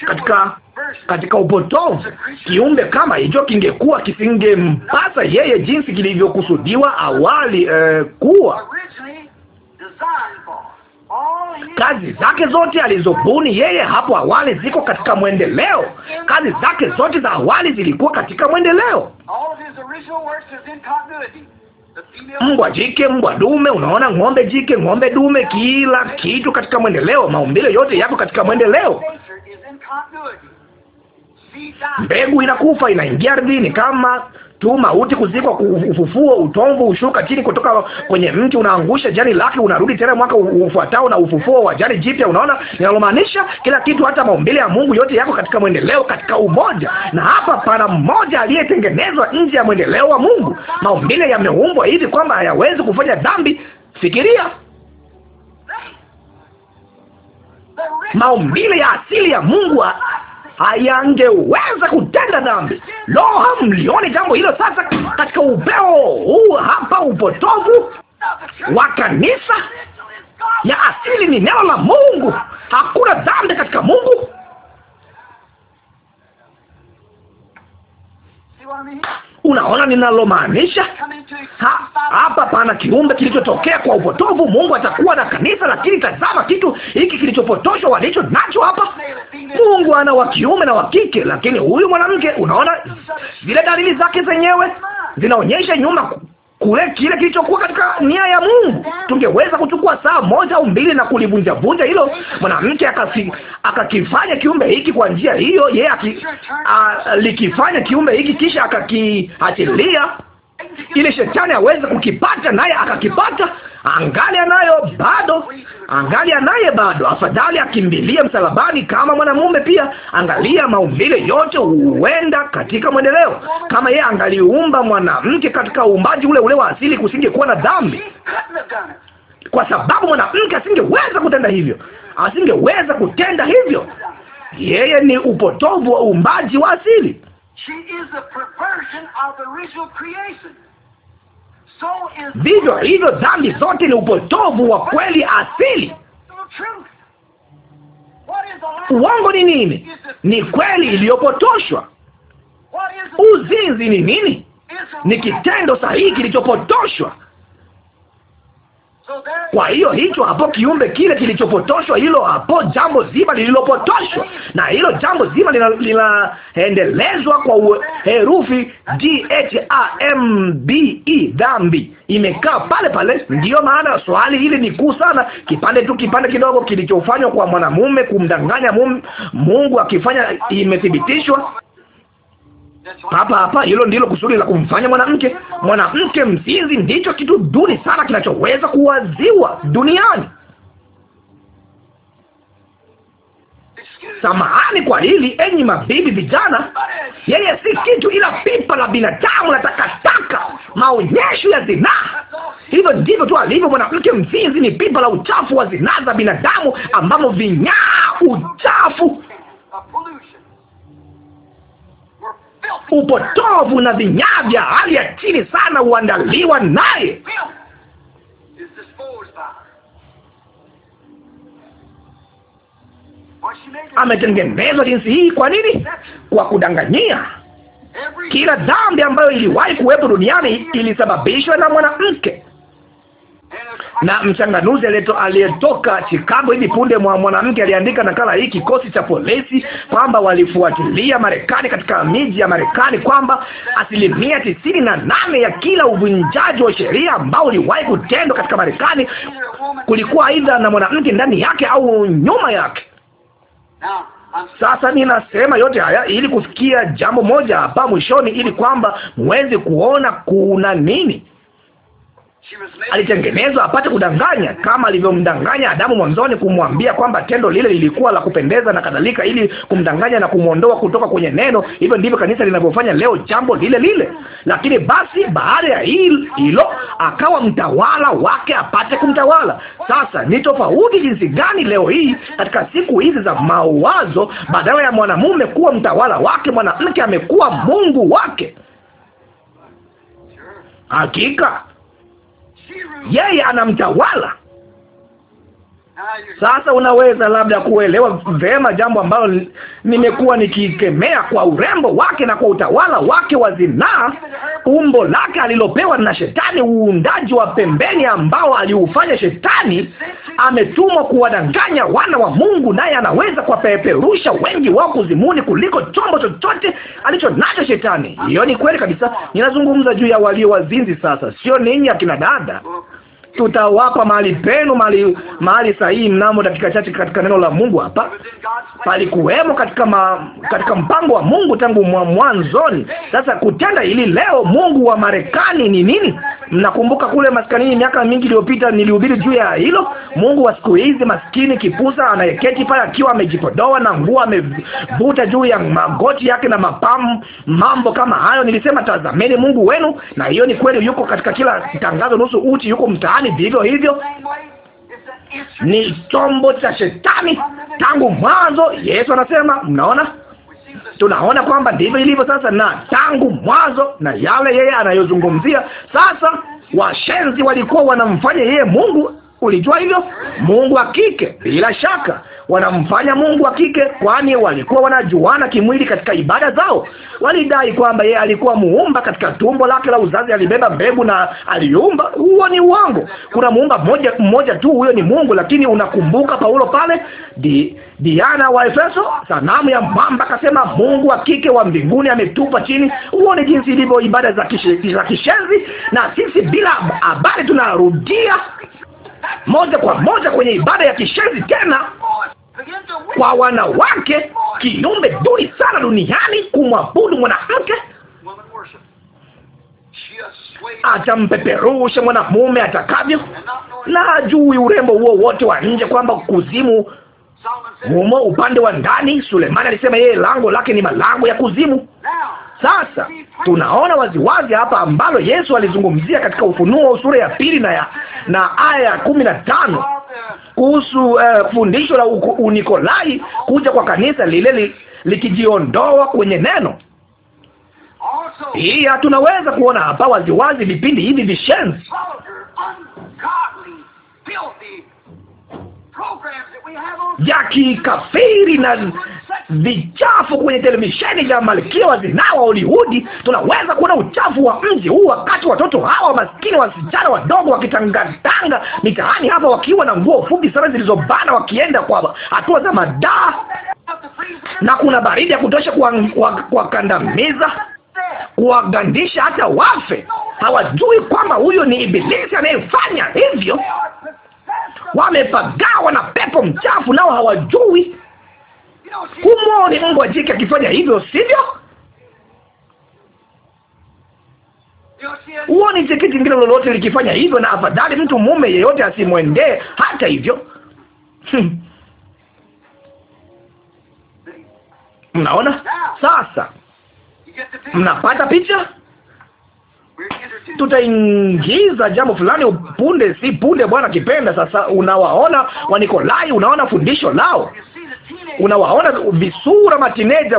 katika katika upotovu. Kiumbe kama hicho kingekuwa kisingempasa yeye jinsi kilivyokusudiwa awali eh, kuwa Kazi zake zote alizobuni yeye hapo awali ziko katika mwendeleo. Kazi zake zote za awali zilikuwa katika mwendeleo. Mbwa jike, mbwa dume, unaona, ng'ombe jike, ng'ombe dume, kila kitu katika mwendeleo. Maumbile yote yako katika mwendeleo. Mbegu inakufa, inaingia ardhini kama tu mauti, kuzikwa, ufufuo, utomvu, ushuka chini kutoka kwenye mti, unaangusha jani lake, unarudi tena mwaka ufuatao na ufufuo wa jani jipya. Unaona ninalomaanisha? Kila kitu, hata maumbile ya Mungu, yote yako katika mwendeleo, katika umoja. Na hapa pana mmoja aliyetengenezwa nje ya mwendeleo wa Mungu. Maumbile yameumbwa hivi kwamba hayawezi kufanya dhambi. Fikiria maumbile ya asili ya Mungu hayangeweza kutenda dhambi. Lo, hamlioni jambo hilo sasa katika upeo huu hapa, upotovu wa kanisa ya asili ni neno la Mungu. Hakuna dhambi katika Mungu. Unaona ninalomaanisha? Ha, hapa pana kiumbe kilichotokea kwa upotovu. Mungu atakuwa na kanisa, lakini tazama kitu hiki kilichopotoshwa walicho nacho hapa. Mungu ana wa kiume na wa kike, lakini huyu mwanamke, unaona zile dalili zake zenyewe zinaonyesha nyuma kule kile kilichokuwa katika nia ya Mungu. Tungeweza kuchukua saa moja au mbili na kulivunja vunja hilo. Mwanamke akakifanya kiumbe hiki kwa njia hiyo, yeye alikifanya kiumbe hiki, kisha akakiachilia ili shetani aweze kukipata, naye akakipata angali anayo bado, angali anaye bado. Afadhali akimbilie msalabani kama mwanamume. Pia angalia maumbile yote, huenda katika mwendeleo. Kama yeye angaliumba mwanamke katika uumbaji ule ule wa asili, kusingekuwa na dhambi, kwa sababu mwanamke asingeweza kutenda hivyo, asingeweza kutenda hivyo. Yeye ni upotovu wa uumbaji wa asili. Vivyo hivyo dhambi zote ni upotovu wa kweli asili. Uongo ni nini? Ni kweli iliyopotoshwa. Uzinzi ni nini? Ni kitendo sahihi kilichopotoshwa. Kwa hiyo hicho hapo kiumbe kile kilichopotoshwa, hilo hapo jambo zima lililopotoshwa, na hilo jambo zima linaendelezwa kwa herufi D H A M B E, dhambi imekaa pale pale. Ndiyo maana swali hili ni kuu sana. Kipande tu kipande kidogo kilichofanywa kwa mwanamume kumdanganya Mungu akifanya, imethibitishwa papa hapa, hilo ndilo kusudi la kumfanya mwanamke. Mwanamke mzinzi ndicho kitu duni sana kinachoweza kuwaziwa duniani. Samahani kwa hili, enyi mabibi vijana, yeye si kitu ila pipa la binadamu la takataka, maonyesho ya zinaa. Hivyo ndivyo tu alivyo mwanamke mzinzi, ni pipa la uchafu wa zinaa za binadamu, ambamo vinyaa uchafu upotovu na vinyaa vya hali ya chini sana huandaliwa naye. Ametengenezwa jinsi hii. Kwa nini? Kwa kudanganyia. Kila dhambi ambayo iliwahi kuwepo duniani ilisababishwa na mwanamke na mchanganuzi aliyetoka Chicago hivi punde, mwa mwanamke aliandika nakala hii, kikosi cha polisi, kwamba walifuatilia Marekani katika miji ya Marekani, kwamba asilimia tisini na nane ya kila uvunjaji wa sheria ambao uliwahi kutendwa katika Marekani kulikuwa aidha na mwanamke ndani yake au nyuma yake. Sasa ninasema yote haya ili kufikia jambo moja hapa mwishoni, ili kwamba muweze kuona kuna nini alitengenezwa apate kudanganya, kama alivyomdanganya Adamu mwanzoni, kumwambia kwamba tendo lile lilikuwa la kupendeza na kadhalika, ili kumdanganya na kumwondoa kutoka kwenye neno. Hivyo ndivyo kanisa linavyofanya leo, jambo lile lile. Lakini basi baada ya hilo akawa mtawala wake apate kumtawala. Sasa ni tofauti jinsi gani leo hii katika siku hizi za mauazo, badala ya mwanamume kuwa mtawala wake, mwanamke amekuwa Mungu wake. Hakika yeye anamtawala. Sasa unaweza labda kuelewa vema jambo ambalo nimekuwa nikikemea kwa urembo wake na kwa utawala wake wa zinaa, umbo lake alilopewa na Shetani, uundaji wa pembeni ambao aliufanya Shetani. Ametumwa kuwadanganya wana wa Mungu, naye anaweza kuwapeperusha wengi wao kuzimuni kuliko chombo chochote alicho nacho Shetani. Hiyo ni kweli kabisa. Ninazungumza juu ya walio wazinzi sasa, sio ninyi akina dada tutawapa mahali penu mahali, mahali sahihi mnamo dakika chache katika neno la Mungu. Hapa palikuwemo katika ma, katika mpango wa Mungu tangu mwanzoni. Sasa kutenda hili leo, Mungu wa Marekani ni nini? Mnakumbuka kule maskanini miaka mingi iliyopita nilihubiri juu ya hilo. Mungu wa siku hizi maskini kipusa anayeketi pale akiwa amejipodoa na nguo amevuta juu ya magoti yake na mapamu, mambo kama hayo. Nilisema tazameni Mungu wenu, na hiyo ni kweli, yuko katika kila tangazo, nusu uchi, yuko mtaani shetani, vivyo hivyo ni chombo cha shetani tangu mwanzo. Yesu anasema, mnaona, tunaona kwamba ndivyo ilivyo sasa na tangu mwanzo, na yale yeye anayozungumzia sasa. Washenzi walikuwa wanamfanya yeye Mungu. Ulijua hivyo, Mungu wa kike, bila shaka wanamfanya Mungu wa kike, kwani walikuwa wanajuana kimwili katika ibada zao. Walidai kwamba yeye alikuwa muumba, katika tumbo lake la uzazi alibeba mbegu na aliumba. Huo ni uongo. Kuna muumba mmoja mmoja tu, huyo ni Mungu. Lakini unakumbuka Paulo pale di, Diana wa Efeso, sanamu ya mamba, akasema Mungu wa kike wa mbinguni ametupa chini. ni jinsi ilivyo ibada za kishenzi, na sisi bila habari tunarudia moja kwa moja kwenye ibada ya kishenzi tena kwa wanawake, kiumbe duni sana duniani kumwabudu mwanamke. Atampeperusha mwanamume atakavyo, na ajui urembo huo wote wa nje, kwamba kuzimu humo upande wa ndani. Sulemani alisema yeye lango lake ni malango ya kuzimu. Sasa tunaona waziwazi hapa ambalo Yesu alizungumzia katika Ufunuo sura ya pili na ya na aya ya kumi na tano kuhusu uh, fundisho la Unikolai kuja kwa kanisa lile li, likijiondoa kwenye neno. Pia tunaweza kuona hapa waziwazi vipindi hivi vishenzi vya kikafiri na vichafu kwenye televisheni ya malkia wa zinaa wa Hollywood. Tunaweza kuona uchafu wa mji huu wakati watoto hawa maskini wasichana wadogo wakitangatanga mitaani hapa wakiwa na nguo fupi sana zilizobana, wakienda kwa hatua za madaa, na kuna baridi ya kutosha kuwakandamiza kuwagandisha hata wafe. Hawajui kwamba huyo ni Ibilisi anayefanya hivyo wamepagawa na pepo mchafu, nao hawajui. Humwoni mbwa jike akifanya hivyo, sivyo? Huoni tikiti lingine lolote likifanya hivyo, na afadhali mtu mume yeyote asimwendee hata hivyo. Hmm. Mnaona sasa, mnapata picha? tutaingiza jambo fulani punde si punde, Bwana kipenda. Sasa unawaona Wanikolai, unaona fundisho lao, unawaona visura matineja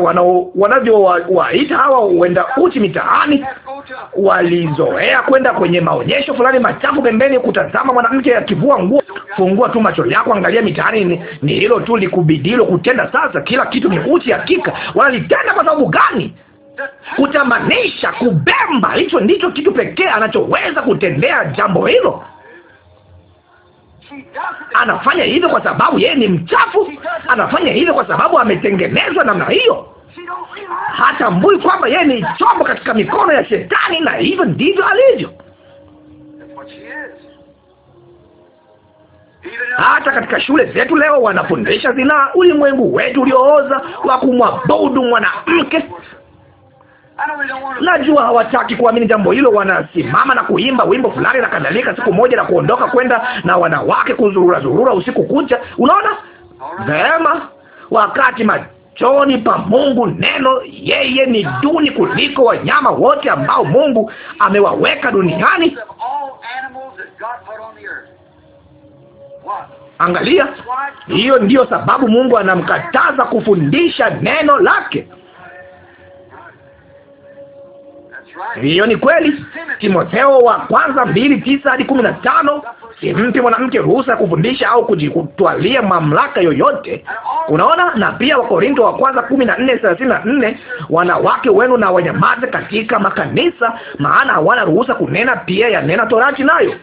wanavyowaita hawa uenda uchi mitaani. Walizoea kwenda kwenye maonyesho fulani machafu pembeni, kutazama mwanamke akivua nguo. Fungua tu macho yako, angalia mitaani, ni, ni hilo tu likubidilo kutenda. Sasa kila kitu ni uchi. Hakika wanalitenda kwa sababu gani? kutamanisha, kubemba. Hicho ndicho kitu pekee anachoweza kutendea jambo hilo. Anafanya hivyo kwa sababu yeye ni mchafu. Anafanya hivyo kwa sababu ametengenezwa namna hiyo. Hatambui kwamba yeye ni chombo katika mikono ya Shetani, na hivyo ndivyo alivyo. Hata katika shule zetu leo wanafundisha zinaa, ulimwengu wetu uliooza wa kumwabudu mwanamke. Najua hawataki kuamini jambo hilo. Wanasimama na kuimba wimbo fulani na kadhalika, siku moja na kuondoka kwenda na wanawake kuzurura zurura usiku kucha. Unaona vema, wakati machoni pa Mungu neno yeye ni duni kuliko wanyama wote ambao Mungu amewaweka duniani. Angalia, hiyo ndiyo sababu Mungu anamkataza kufundisha neno lake. Hiyo ni kweli. Timotheo wa kwanza mbili tisa hadi kumi na tano. Simpi mwanamke ruhusa ya kufundisha au kujikutwalia mamlaka yoyote, unaona. Na pia Wakorinto wa kwanza kumi na nne thelathini na nne wanawake wenu na wanyamaze katika makanisa, maana hawana ruhusa kunena, pia yanena Torati nayo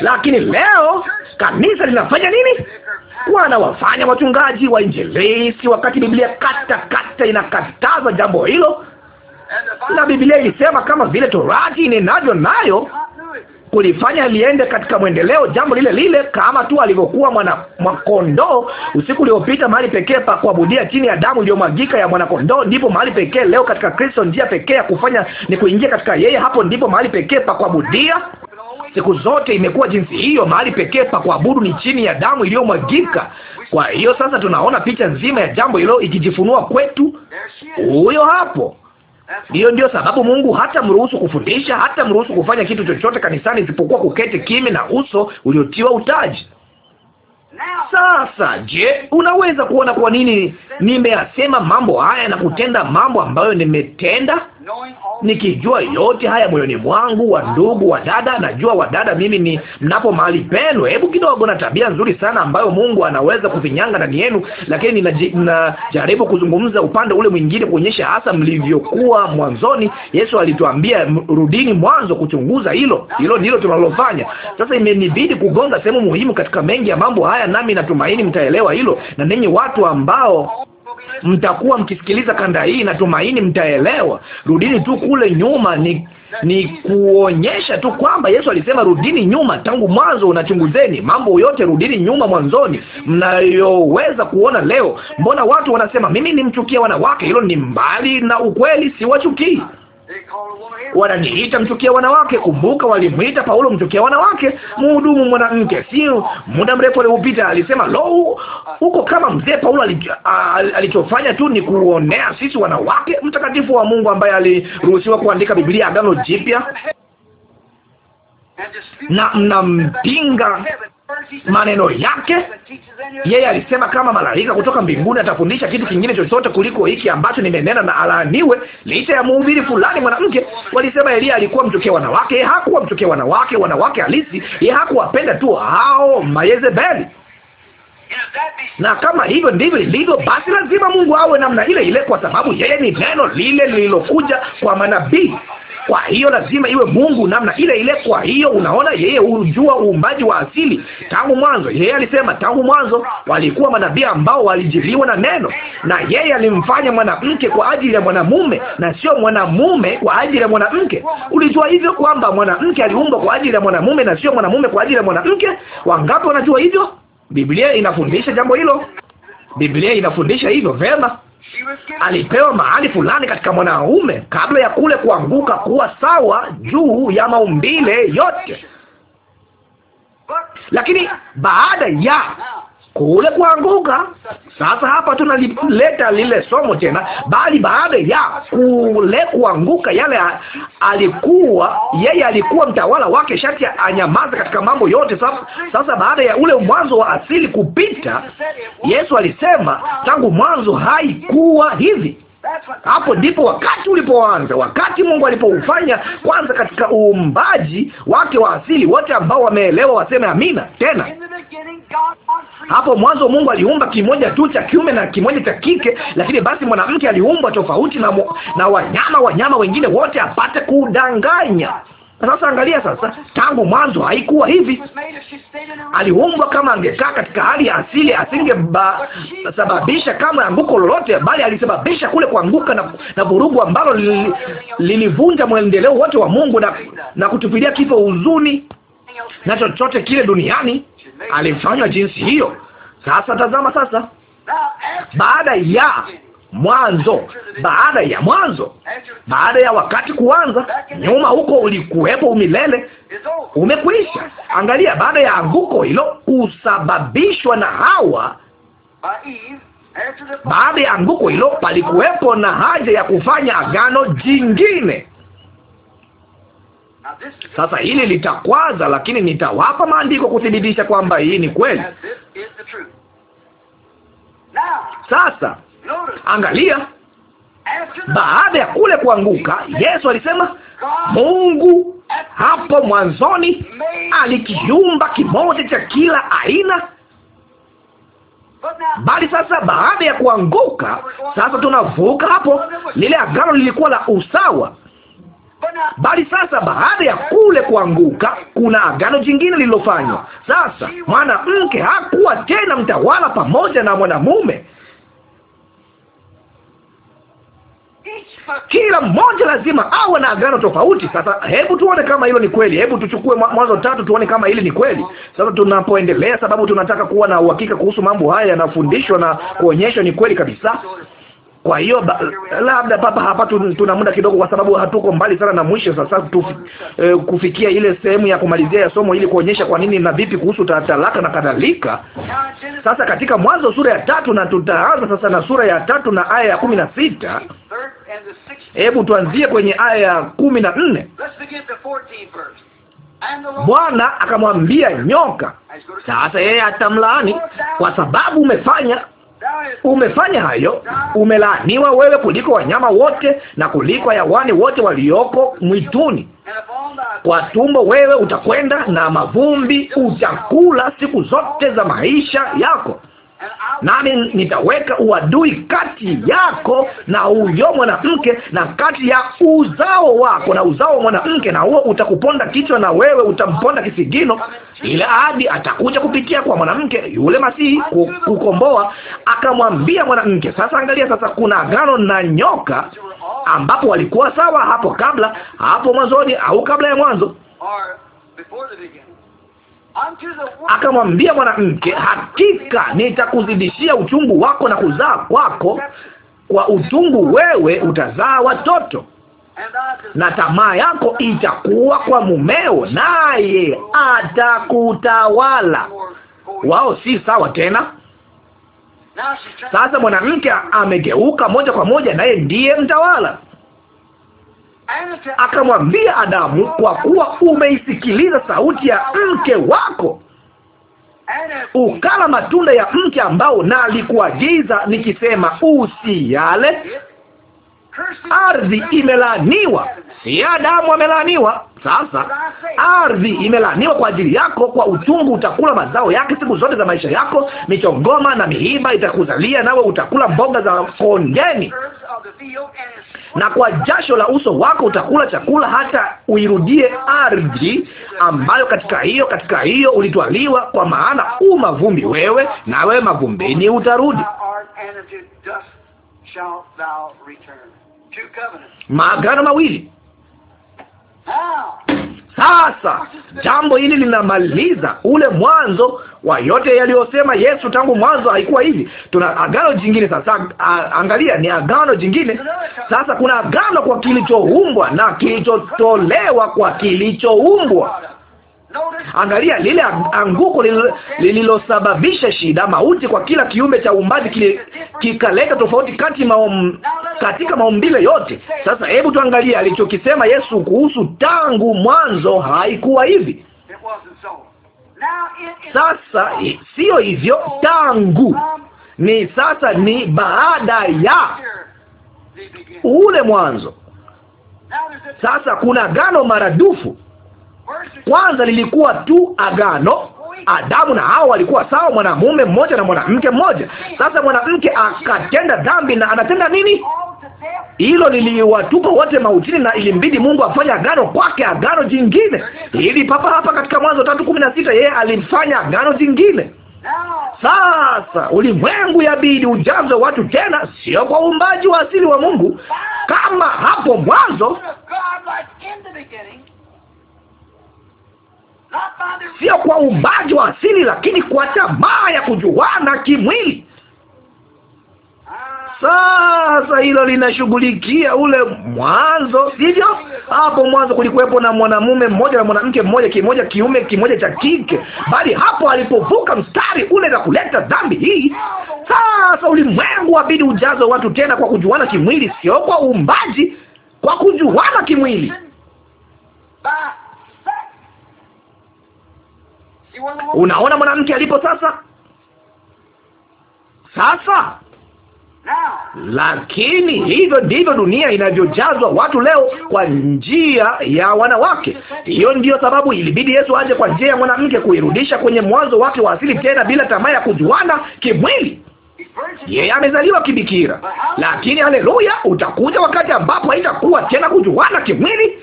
lakini leo kanisa linafanya nini? wanawafanya wachungaji wainjilisi wakati Biblia kata kata inakataza jambo hilo, na Biblia ilisema kama vile Torati inenavyo nayo kulifanya liende katika mwendeleo jambo lile lile, kama tu alivyokuwa mwana mwanakondoo usiku uliopita. Mahali pekee pa kuabudia chini ya damu iliyomwagika ya mwanakondoo, ndipo mahali pekee leo katika Kristo. Njia pekee ya kufanya ni kuingia katika yeye, hapo ndipo mahali pekee pa kuabudia. Siku zote imekuwa jinsi hiyo. Mahali pekee pa kuabudu ni chini ya damu iliyomwagika. Kwa hiyo sasa tunaona picha nzima ya jambo hilo ikijifunua kwetu. Huyo hapo. Hiyo ndio sababu Mungu hata mruhusu kufundisha, hata mruhusu kufanya kitu chochote kanisani isipokuwa kuketi kimya na uso uliotiwa utaji. Sasa je, unaweza kuona kwa nini nimeyasema mambo haya na kutenda mambo ambayo nimetenda, nikijua yote haya moyoni mwangu? Wa ndugu wa dada, najua wa dada, mimi ni mnapo mahali penu. Hebu kidogo, na tabia nzuri sana ambayo Mungu anaweza kufinyanga ndani yenu, lakini ninajaribu kuzungumza upande ule mwingine, kuonyesha hasa mlivyokuwa mwanzoni. Yesu alituambia rudini mwanzo kuchunguza hilo. Hilo ndilo tunalofanya sasa. Imenibidi kugonga sehemu muhimu katika mengi ya mambo haya, nami natumaini mtaelewa hilo, na ninyi watu ambao mtakuwa mkisikiliza kanda hii, natumaini mtaelewa. Rudini tu kule nyuma, ni ni kuonyesha tu kwamba Yesu alisema rudini nyuma, tangu mwanzo, unachunguzeni mambo yote, rudini nyuma mwanzoni, mnayoweza kuona leo. Mbona watu wanasema mimi nimchukia wanawake? Hilo ni mbali na ukweli, siwachukii wananiita mchukia wanawake. Kumbuka walimwita Paulo mchukia wanawake, mhudumu mwanamke. Si muda mrefu aliopita alisema, lo, huko kama mzee Paulo alichofanya tu ni kuonea sisi wanawake. Mtakatifu wa Mungu ambaye aliruhusiwa kuandika Biblia Agano Jipya na mnampinga maneno yake. Yeye alisema kama malaika kutoka mbinguni atafundisha kitu kingine chochote kuliko hiki ambacho nimenena, na alaaniwe. Licha ya mhubiri fulani mwanamke, walisema Elia alikuwa mchoke wanawake. Yeye hakuwa mchoke wanawake, wanawake halisi. Yeye hakuwapenda tu hao Mayezebeli na kama hivyo ndivyo ilivyo, basi lazima Mungu awe namna ile ile, kwa sababu yeye ni neno lile lililokuja kwa manabii. Kwa hiyo lazima iwe Mungu namna ile ile. Kwa hiyo unaona, yeye hujua uumbaji wa asili tangu mwanzo. Yeye alisema tangu mwanzo walikuwa manabii ambao walijiliwa na neno, na yeye alimfanya mwanamke kwa ajili ya mwanamume na sio mwanamume kwa ajili ya mwanamke. Ulijua hivyo kwamba mwanamke aliumbwa kwa ajili ya mwanamume na sio mwanamume kwa ajili ya mwanamke? Wangapi wanajua hivyo? Biblia inafundisha jambo hilo. Biblia inafundisha hivyo vema alipewa mahali fulani katika mwanaume kabla ya kule kuanguka kuwa sawa juu ya maumbile yote, lakini baada ya kule kuanguka. Sasa hapa tunalileta lile somo tena, bali baada ya kule kuanguka, yale alikuwa yeye alikuwa mtawala wake, sharti anyamaze katika mambo yote. Sasa, sasa baada ya ule mwanzo wa asili kupita, Yesu alisema tangu mwanzo haikuwa hivi. Hapo ndipo wakati ulipoanza, wakati Mungu alipoufanya kwanza katika uumbaji wake wa asili. Wote ambao wameelewa waseme amina. Tena hapo mwanzo Mungu aliumba kimoja tu cha kiume na kimoja cha kike, lakini basi mwanamke aliumbwa tofauti na, na wanyama wanyama wengine wote apate kudanganya sasa angalia sasa, tangu mwanzo haikuwa hivi. Aliumbwa kama angekaa katika hali ya asili, asingesababisha kama anguko lolote, bali alisababisha kule kuanguka na, na vurugu ambalo lilivunja li, mwendeleo wote wa Mungu na, na kutupilia kifo huzuni na chochote kile duniani. Alifanywa jinsi hiyo. Sasa tazama sasa, baada ya mwanzo, baada ya mwanzo, baada ya wakati kuanza. Nyuma huko ulikuwepo umilele, umekwisha. Angalia, baada ya anguko hilo kusababishwa na Hawa, baada ya anguko hilo palikuwepo na haja ya kufanya agano jingine. Sasa hili litakwaza, lakini nitawapa maandiko kuthibitisha kwamba hii ni kweli. Sasa Angalia, baada ya kule kuanguka, Yesu alisema Mungu hapo mwanzoni alikiumba kimoja cha kila aina. Bali sasa baada ya kuanguka, sasa tunavuka hapo. Lile agano lilikuwa la usawa, bali sasa baada ya kule kuanguka, kuna agano jingine lililofanywa. Sasa mwanamke hakuwa tena mtawala pamoja na mwanamume Kila mmoja lazima awe na agano tofauti. Sasa hebu tuone kama hilo ni kweli. Hebu tuchukue Mwanzo tatu tuone kama hili ni kweli. Sasa tunapoendelea, sababu tunataka kuwa na uhakika kuhusu mambo haya yanafundishwa na kuonyeshwa ni kweli kabisa. Kwa hiyo labda papa hapa tu, tuna muda kidogo, kwa sababu hatuko mbali sana na mwisho. Sasa tufi, e, kufikia ile sehemu ya kumalizia ya somo ili kuonyesha kwa nini na vipi kuhusu talaka na kadhalika. Sasa katika Mwanzo sura ya tatu, na tutaanza sasa na sura ya tatu na aya ya kumi na sita. Hebu tuanzie kwenye aya ya kumi na nne. Bwana akamwambia nyoka, sasa yeye atamlaani kwa sababu umefanya umefanya hayo, umelaaniwa wewe kuliko wanyama wote na kuliko hayawani wote walioko mwituni. Kwa tumbo wewe utakwenda na mavumbi utakula siku zote za maisha yako nami nitaweka uadui kati yako na huyo mwanamke na kati ya uzao wako na uzao wa mwanamke, na huo utakuponda kichwa na wewe utamponda kisigino. Ile ahadi atakuja kupitia kwa mwanamke yule Masihi kukomboa. Akamwambia mwanamke, sasa angalia, sasa kuna agano na nyoka, ambapo walikuwa sawa hapo kabla, hapo mwanzoni au kabla ya mwanzo Akamwambia mwanamke, hakika nitakuzidishia uchungu wako na kuzaa kwako, kwa uchungu wewe utazaa watoto na tamaa yako itakuwa kwa mumeo, naye atakutawala. Wao si sawa tena. Sasa mwanamke amegeuka moja kwa moja, naye ndiye mtawala akamwambia Adamu, kwa kuwa umeisikiliza sauti ya mke wako ukala matunda ya mti ambao nalikuagiza nikisema, usiale. Ardhi imelaaniwa, si Adamu amelaaniwa. Sasa ardhi imelaaniwa kwa ajili yako, kwa uchungu utakula mazao yake siku zote za maisha yako, michongoma na miiba itakuzalia, nawe utakula mboga za kondeni na kwa jasho la uso wako utakula chakula hata uirudie ardhi ambayo katika hiyo katika hiyo ulitwaliwa, kwa maana u mavumbi wewe, nawe mavumbini utarudi. Maagano mawili sasa jambo hili linamaliza ule mwanzo wa yote yaliyosema Yesu tangu mwanzo. Haikuwa hivi. Tuna agano jingine sasa. Angalia, ni agano jingine sasa. Kuna agano kwa kilichoumbwa na kilichotolewa kwa kilichoumbwa. Angalia lile anguko lililosababisha shida, mauti kwa kila kiumbe cha uumbaji, kikaleta tofauti kati maum, katika maumbile yote. Sasa hebu tuangalie alichokisema Yesu kuhusu tangu mwanzo haikuwa hivi. Sasa siyo hivyo, tangu ni sasa, ni baada ya ule mwanzo. Sasa kuna gano maradufu kwanza lilikuwa tu agano. Adamu na Hawa walikuwa sawa, mwanamume mmoja na mwanamke mmoja. Sasa mwanamke akatenda dhambi, na anatenda nini? Hilo liliwatupa wote mautini, na ilimbidi Mungu afanye agano kwake, agano jingine. Hili papa hapa katika Mwanzo tatu kumi na sita yeye alifanya agano jingine. Sasa ulimwengu yabidi ujazwe watu tena, sio kwa uumbaji wa asili wa Mungu kama hapo mwanzo sio kwa uumbaji wa asili, lakini kwa tamaa ya kujuana kimwili. Sasa hilo linashughulikia ule mwanzo, sivyo? Hapo mwanzo kulikuwepo na mwanamume mmoja na mwanamke mmoja, kimoja kiume, kimoja cha kike, bali hapo alipovuka mstari ule na kuleta dhambi hii, sasa ulimwengu wabidi ujazo watu tena kwa kujuana kimwili, sio kwa uumbaji, kwa kujuana kimwili Unaona mwanamke alipo sasa. Sasa lakini hivyo ndivyo dunia inavyojazwa watu leo kwa njia ya wanawake. Hiyo ndiyo sababu ilibidi Yesu aje kwa njia ya mwanamke kuirudisha kwenye mwanzo wake wa asili tena, bila tamaa ya kujuana kimwili. Yeye amezaliwa kibikira, lakini haleluya, utakuja wakati ambapo haitakuwa tena kujuana kimwili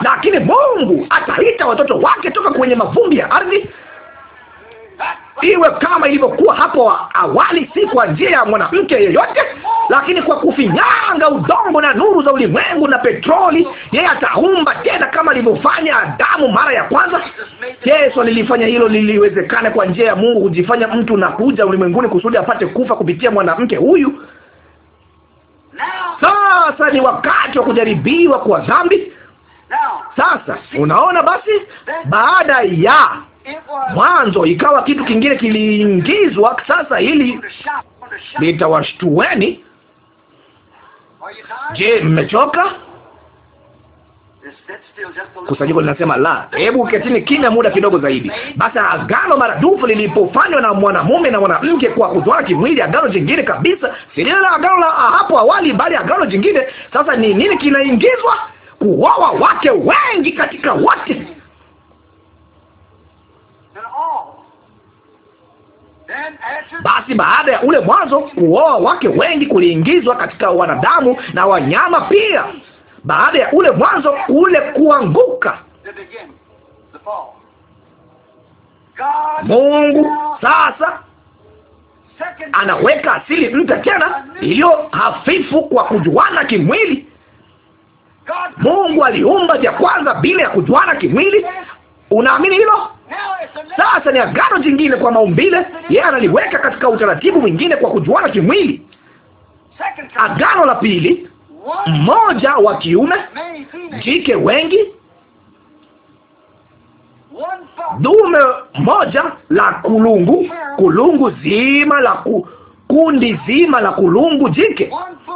lakini Mungu ataita watoto wake toka kwenye mavumbi ya ardhi, iwe kama ilivyokuwa hapo awali, si kwa njia ya mwanamke yeyote, lakini kwa kufinyanga udongo na nuru za ulimwengu na petroli. Yeye ataumba tena kama alivyofanya Adamu mara ya kwanza. Yesu alilifanya hilo liliwezekana kwa njia ya Mungu kujifanya mtu na kuja ulimwenguni kusudi apate kufa kupitia mwanamke huyu. Sasa ni wakati wa kujaribiwa kwa dhambi. Sasa unaona, basi baada ya mwanzo ikawa kitu kingine kiliingizwa. Sasa ili litawashtueni. Je, mmechoka? Kusanyiko linasema la. Hebu ketini kimya muda kidogo zaidi. Basi agano maradufu lilipofanywa na mwanamume na mwanamke kwa kuzwana kimwili, agano jingine kabisa, si lile la agano la hapo awali, bali agano jingine. Sasa ni nini kinaingizwa? kuwawa wake wengi katika wote. Basi baada ya ule mwanzo, kuoa wake wengi kuliingizwa katika wanadamu na wanyama pia. Baada ya ule mwanzo, ule kuanguka Mungu sasa anaweka asili mpya tena iliyo hafifu kwa kujuana kimwili. Mungu aliumba vya kwanza bila ya kujuana kimwili. Unaamini hilo? Sasa ni agano jingine kwa maumbile. Yeye analiweka katika utaratibu mwingine kwa kujuana kimwili. Agano la pili, mmoja wa kiume, jike wengi, dume moja la kulungu, kulungu zima la ku, kundi zima la kulungu jike.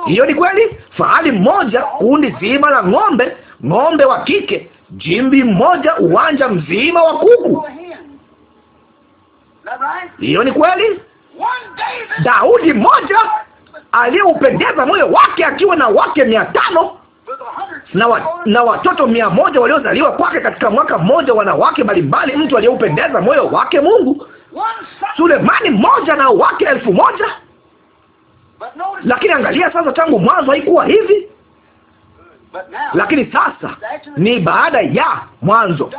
Hiyo ni kweli, fahali mmoja, kundi zima la ng'ombe, ng'ombe wa kike, jimbi mmoja, uwanja mzima wa kuku. Hiyo ni kweli. Daudi mmoja aliyeupendeza moyo wake akiwa na wake mia tano na, wa, na watoto mia moja waliozaliwa kwake katika mwaka mmoja, wanawake mbalimbali, mtu aliyeupendeza moyo wake Mungu. Sulemani mmoja na wake elfu moja lakini angalia sasa, tangu mwanzo haikuwa hivi, lakini sasa ni baada ya mwanzo.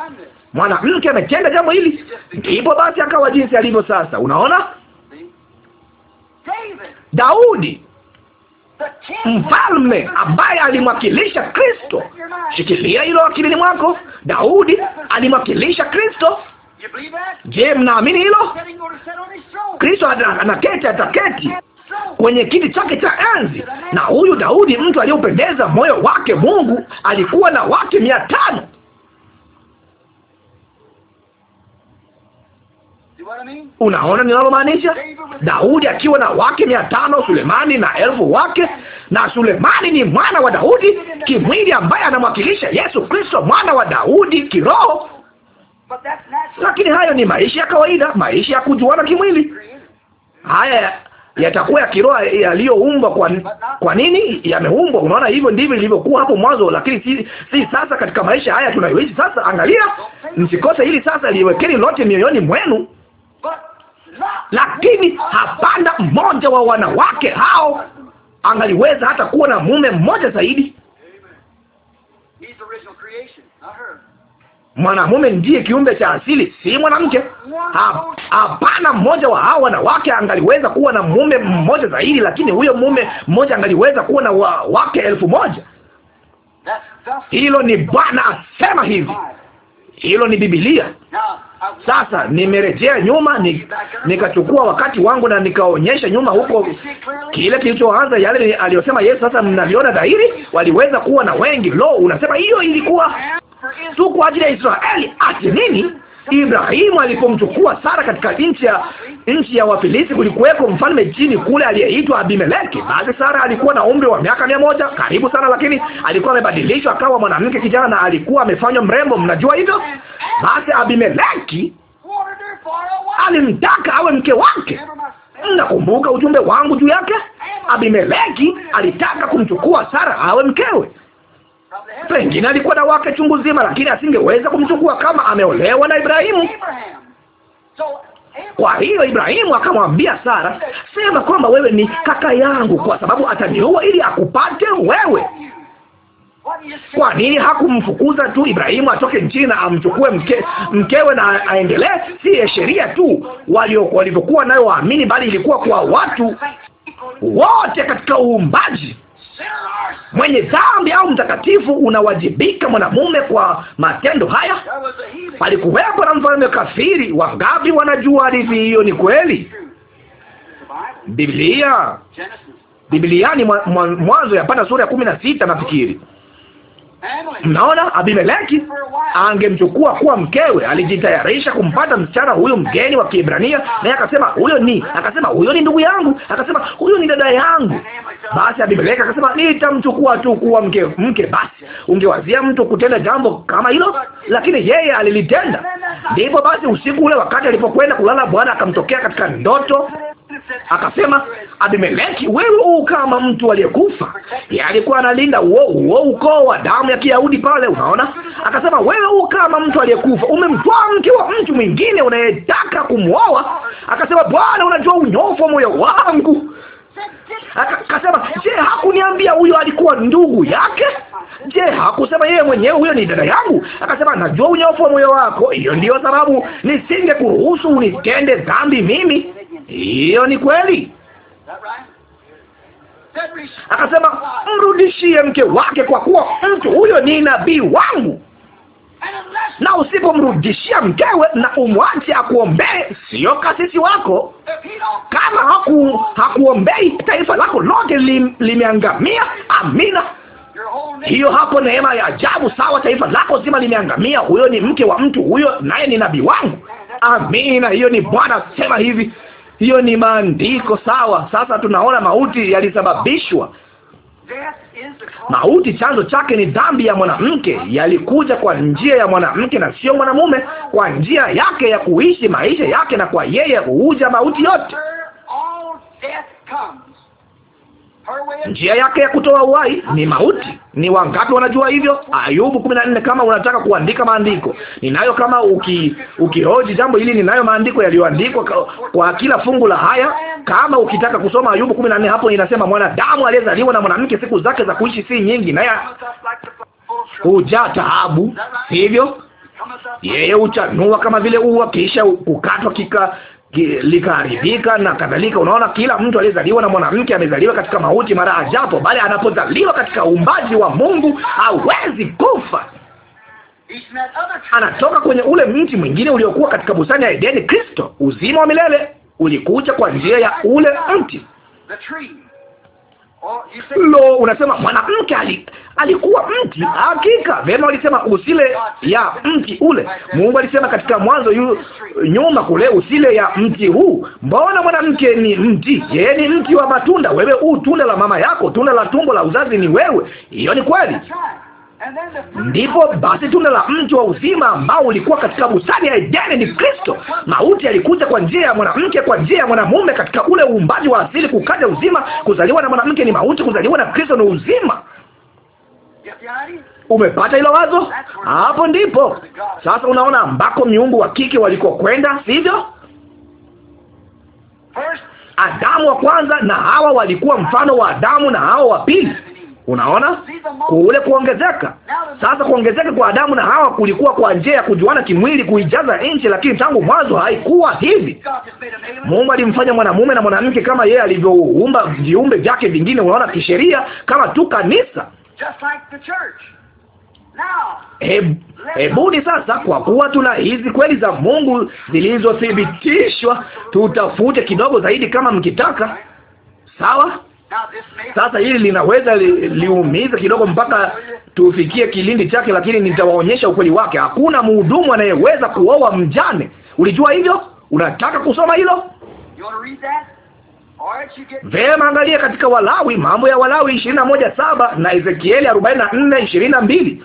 Mwanamke ametenda jambo hili, ndipo basi akawa jinsi alivyo sasa. Unaona, Daudi mfalme ambaye alimwakilisha Kristo. Shikilia hilo akilini mwako. Daudi alimwakilisha Kristo. Je, mnaamini hilo? Kristo anaketi, ataketi kwenye kiti chake cha enzi. Na huyu Daudi, mtu aliyeupendeza moyo wake Mungu, alikuwa na wake mia tano. Unaona ninalomaanisha? Daudi akiwa na wake mia tano, Sulemani na elfu wake, na Sulemani ni mwana wa Daudi kimwili, ambaye anamwakilisha Yesu Kristo, mwana wa Daudi kiroho. Lakini hayo ni maisha ya kawaida, maisha ya kujuana kimwili. Haya yatakuwa ya kiroho yaliyoumbwa. Kwa, kwa nini yameumbwa? Unaona, hivyo ndivyo ilivyokuwa hapo mwanzo, lakini si, si sasa katika maisha haya tunayoishi sasa. Angalia, msikose hili sasa, liwekeni lote mioyoni mwenu, lakini hapana mmoja wa wanawake hao angaliweza hata kuwa na mume mmoja zaidi. Mwanamume ndiye kiumbe cha asili, si mwanamke. Hapana mmoja wa hao wanawake angaliweza kuwa na mume mmoja zaidi, lakini huyo mume mmoja angaliweza kuwa na wa, wake elfu moja. Hilo ni Bwana asema hivi, hilo ni Biblia. Sasa nimerejea nyuma, nikachukua wakati wangu na nikaonyesha nyuma huko kile kilichoanza, yale aliyosema Yesu. Sasa mnaliona dhahiri, waliweza kuwa na wengi. Lo, unasema hiyo ilikuwa tu kwa ajili ya Israeli. Ati nini? Ibrahimu alipomchukua Sara katika nchi ya nchi ya Wafilisti, kulikuweko mfalme jini kule aliyeitwa Abimeleki. Basi Sara alikuwa na umri wa miaka mia moja karibu sana, lakini alikuwa amebadilishwa akawa mwanamke kijana, na alikuwa amefanywa mrembo. Mnajua hivyo. Basi Abimeleki alimtaka awe mke wake. Nakumbuka ujumbe wangu juu yake. Abimeleki alitaka kumchukua Sara awe mkewe. Pengine alikuwa na wake chungu zima, lakini asingeweza kumchukua kama ameolewa na Ibrahimu. Kwa hiyo Ibrahimu akamwambia Sara, sema kwamba wewe ni kaka yangu, kwa sababu atanioa ili akupate wewe. Kwa nini hakumfukuza tu Ibrahimu atoke nchini na amchukue mke, mkewe na aendelee? Si sheria tu walivyokuwa nayo waamini, bali ilikuwa kwa watu wote katika uumbaji. Mwenye dhambi au mtakatifu unawajibika mwanamume kwa matendo haya. Palikuwepo na mfalme kafiri. Wangapi wanajua hadithi hiyo? Ni kweli. Biblia Bibliani, Mwanzo yapata sura ya kumi na sita nafikiri. Mnaona, Abimeleki angemchukua kuwa mkewe. Alijitayarisha kumpata msichana huyo mgeni wa Kiebrania, naye akasema huyo ni akasema huyo ni ndugu yangu, akasema huyo ni dada yangu. Basi Abimeleki akasema nitamchukua tu kuwa mke mke. Basi ungewazia mtu kutenda jambo kama hilo, lakini yeye alilitenda. Ndipo basi usiku ule, wakati alipokwenda kulala, Bwana akamtokea katika ndoto Akasema, Abimeleki, wewe huu kama mtu aliyekufa. Yeye alikuwa analinda uo uo ukoo wa damu ya Kiyahudi pale, unaona. Akasema, wewe huu kama mtu aliyekufa, umemtoa mke wa mtu mwingine unayetaka kumwoa. Akasema, Bwana, unajua unyofu wa moyo wangu. Akasema, je, hakuniambia huyo alikuwa ndugu yake? Je, hakusema yeye mwenyewe huyo ni dada yangu? Akasema, najua unyofu wa moyo wako, hiyo ndiyo sababu nisinge kuruhusu unitende dhambi mimi hiyo ni kweli. Akasema, mrudishie mke wake, kwa kuwa mtu huyo ni nabii wangu, na usipomrudishia mkewe na umwache akuombee, sio kasisi wako. Kama haku hakuombei, taifa lako lote lim, limeangamia. Amina. Hiyo hapo neema ya ajabu. Sawa, taifa lako zima limeangamia. Huyo ni mke wa mtu huyo, naye ni nabii wangu. Amina. Hiyo ni Bwana sema hivi hiyo ni maandiko sawa. Sasa tunaona mauti yalisababishwa Mauti chanzo chake ni dhambi ya mwanamke. Yalikuja kwa njia ya mwanamke na sio mwanamume, kwa njia yake ya kuishi maisha yake, na kwa yeye huja mauti yote njia yake ya kutoa uhai ni mauti. Ni wangapi wanajua hivyo? Ayubu kumi na nne. Kama unataka kuandika maandiko, ninayo. Kama uki ukihoji jambo hili, ninayo maandiko yaliyoandikwa kwa, kila fungu la haya. Kama ukitaka kusoma Ayubu kumi na nne, hapo inasema mwanadamu aliyezaliwa na mwanamke, siku zake za kuishi si nyingi, naye hujaa taabu, hivyo yeye huchanua kama vile uwa, kisha kukatwa kika likaharibika na kadhalika. Unaona, kila mtu aliyezaliwa na mwanamke amezaliwa katika mauti mara ajapo, bali anapozaliwa katika uumbaji wa Mungu hawezi kufa. Anatoka kwenye ule mti mwingine uliokuwa katika bustani ya Edeni. Kristo, uzima wa milele, ulikuja kwa njia ya ule mti. Oh, Lo, unasema mwanamke ali, alikuwa mti. Hakika vema, walisema usile ya mti ule. Mungu alisema katika mwanzo yu, nyuma kule, usile ya mti huu. Mbona mwanamke ni mti? Yeye ni mti wa matunda, wewe huu tunda la mama yako, tunda la tumbo la uzazi ni wewe. Hiyo ni kweli. Ndipo basi tunda la mti wa uzima ambao ulikuwa katika bustani ya Edeni ni Kristo. Mauti alikuja kwa njia ya mwanamke, kwa njia ya mwanamume. Katika ule uumbaji wa asili kukaja uzima. Kuzaliwa na mwanamke ni mauti, kuzaliwa na Kristo ni uzima. Umepata hilo wazo? Hapo ndipo sasa unaona ambako miungu wa kike walikokwenda, sivyo? Adamu wa kwanza na Hawa walikuwa mfano wa Adamu na Hawa wa pili. Unaona kule kuongezeka sasa. Kuongezeka kwa Adamu na Hawa kulikuwa kwa njia ya kujuana kimwili, kuijaza nchi, lakini tangu mwanzo haikuwa hivi. Mungu alimfanya mwanamume na mwanamke kama yeye alivyoumba viumbe vyake vingine, unaona, kisheria kama tu kanisa. Hebuni sasa, kwa kuwa tuna hizi kweli za Mungu zilizothibitishwa, tutafute kidogo zaidi kama mkitaka, sawa sasa hili linaweza liumiza kidogo mpaka tufikie kilindi chake, lakini nitawaonyesha ukweli wake. Hakuna mhudumu anayeweza kuoa mjane. Ulijua hivyo? Unataka kusoma hilo? Vema, angalia katika Walawi, mambo ya Walawi ishirini na moja saba na Ezekieli arobaini na nne ishirini na mbili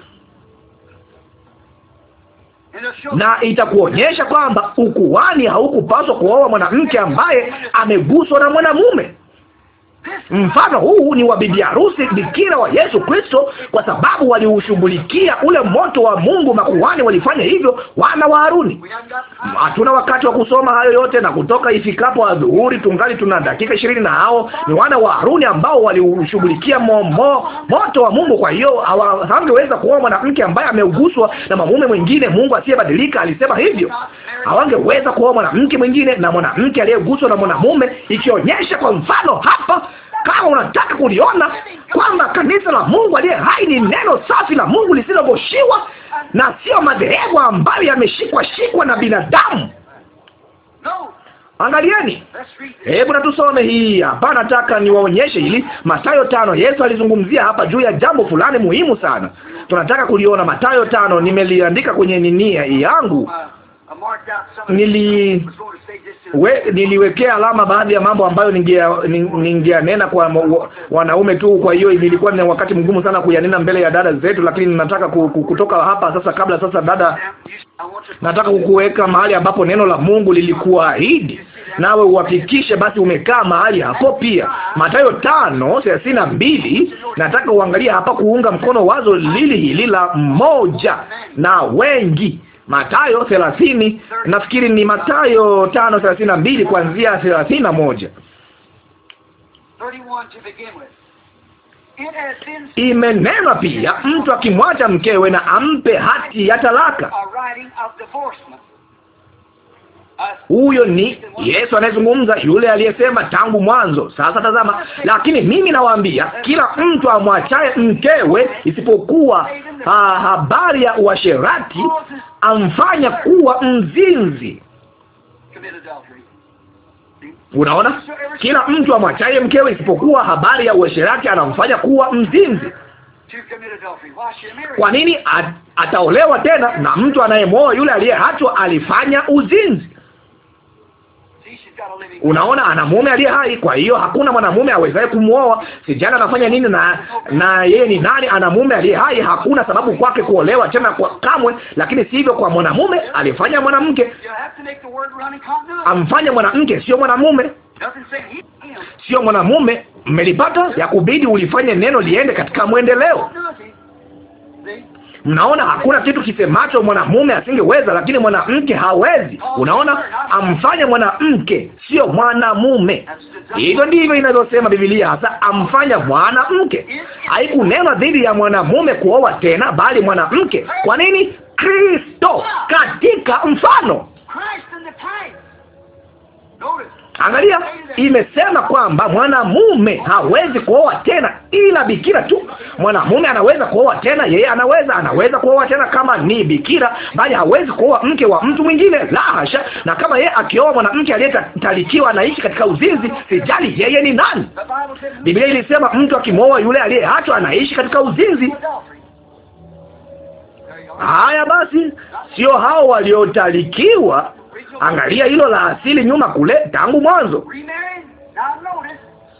na itakuonyesha kwamba ukuhani haukupaswa kuoa mwanamke ambaye ameguswa na mwanamume. Mfano huu ni wa bibi harusi bikira wa Yesu Kristo, kwa sababu waliushughulikia ule moto wa Mungu. Makuhani walifanya hivyo, wana wa Haruni. Hatuna wakati wa kusoma hayo yote, na kutoka ifikapo adhuhuri, tungali tuna dakika ishirini, na hao ni wana wa Haruni ambao waliushughulikia momo moto wa Mungu. Kwa hiyo hawangeweza kuoa mwanamke ambaye ameuguswa na mamume mwingine. Mungu asiyebadilika alisema hivyo, hawangeweza kuoa mwanamke mwingine na mwanamke aliyeguswa na mwanamume, ikionyesha kwa mfano hapa kama unataka kuliona kwamba kanisa la Mungu aliye hai ni neno safi la Mungu lisilogoshiwa na sio madhehebu ambayo yameshikwa shikwa na binadamu. Angalieni, hebu na tusome hii hapa. Nataka niwaonyeshe hili Mathayo tano. Yesu alizungumzia hapa juu ya jambo fulani muhimu sana, tunataka kuliona. Mathayo tano, nimeliandika kwenye ninia yangu nili we, niliwekea alama baadhi ya mambo ambayo ningeanena kwa wanaume tu. Kwa hiyo nilikuwa na wakati mgumu sana kuyanena mbele ya dada zetu, lakini nataka kutoka hapa sasa. Kabla sasa, dada, nataka kukuweka mahali ambapo neno la Mungu lilikuahidi nawe uhakikishe basi umekaa mahali hapo pia. Mathayo tano thelathini na mbili. Nataka uangalia hapa kuunga mkono wazo lili hili la mmoja na wengi matayo thelathini, nafikiri ni matayo tano thelathini na mbili kuanzia thelathini na moja imenenwa pia, mtu akimwacha mkewe na ampe hati ya talaka huyo ni Yesu anayezungumza, yule aliyesema tangu mwanzo. Sasa tazama, lakini mimi nawaambia kila mtu amwachaye mkewe, isipokuwa ha habari ya uasherati, amfanya kuwa mzinzi. Unaona, kila mtu amwachaye mkewe, isipokuwa habari ya uasherati, anamfanya kuwa mzinzi. Kwa nini ataolewa tena na mtu anayemoa yule aliyeachwa alifanya uzinzi? Unaona, ana mume aliye hai, kwa hiyo hakuna mwanamume awezaye kumwoa. Sijana anafanya nini? Na na yeye ni nani? Ana mume aliye hai, hakuna sababu kwake kuolewa tena kwa kamwe. Lakini si hivyo kwa mwanamume, alifanya mwanamke, amfanya mwanamke, sio mwanamume sio mwanamume. Mmelipata ya kubidi ulifanye neno liende katika mwendeleo. Mnaona, hakuna kitu kisemacho mwanamume asingeweza, lakini mwanamke hawezi. Unaona, amfanya mwanamke, sio mwanamume. Hivyo ndivyo inavyosema Biblia, hasa amfanya mwanamke. Haikunenwa dhidi ya mwanamume kuoa tena, bali mwanamke. Kwa nini? Kristo katika mfano Angalia, imesema kwamba mwanamume hawezi kuoa tena ila bikira tu. Mwanamume anaweza kuoa tena, yeye anaweza anaweza kuoa tena kama ni bikira, bali hawezi kuoa mke wa mtu mwingine, la hasha. Na kama yeye akioa mwanamke aliyetalikiwa, anaishi katika uzinzi, sijali yeye ni nani. Biblia ilisema mtu akimwoa yule aliyeachwa anaishi katika uzinzi. Haya basi, sio hao waliotalikiwa Angalia hilo la asili nyuma kule, tangu mwanzo.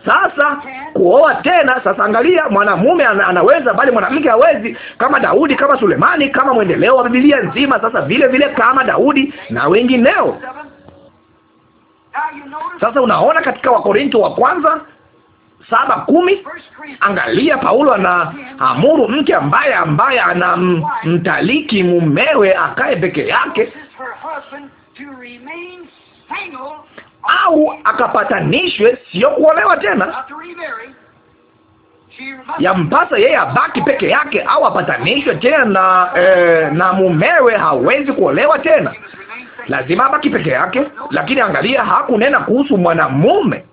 Sasa kuoa tena. Sasa angalia, mwanamume ana, anaweza bali mwanamke hawezi, kama Daudi, kama Sulemani, kama mwendeleo wa Biblia nzima. Sasa vile vile kama Daudi na wengineo. Sasa unaona katika Wakorinto wa kwanza saba kumi, angalia Paulo anaamuru mke ambaye ambaye anamtaliki mumewe akae peke yake au akapatanishwe, sio kuolewa tena. Yampasa yeye abaki peke yake au apatanishwe tena na, eh, na mumewe. Hawezi kuolewa tena, lazima abaki peke yake. Lakini angalia, hakunena kuhusu mwanamume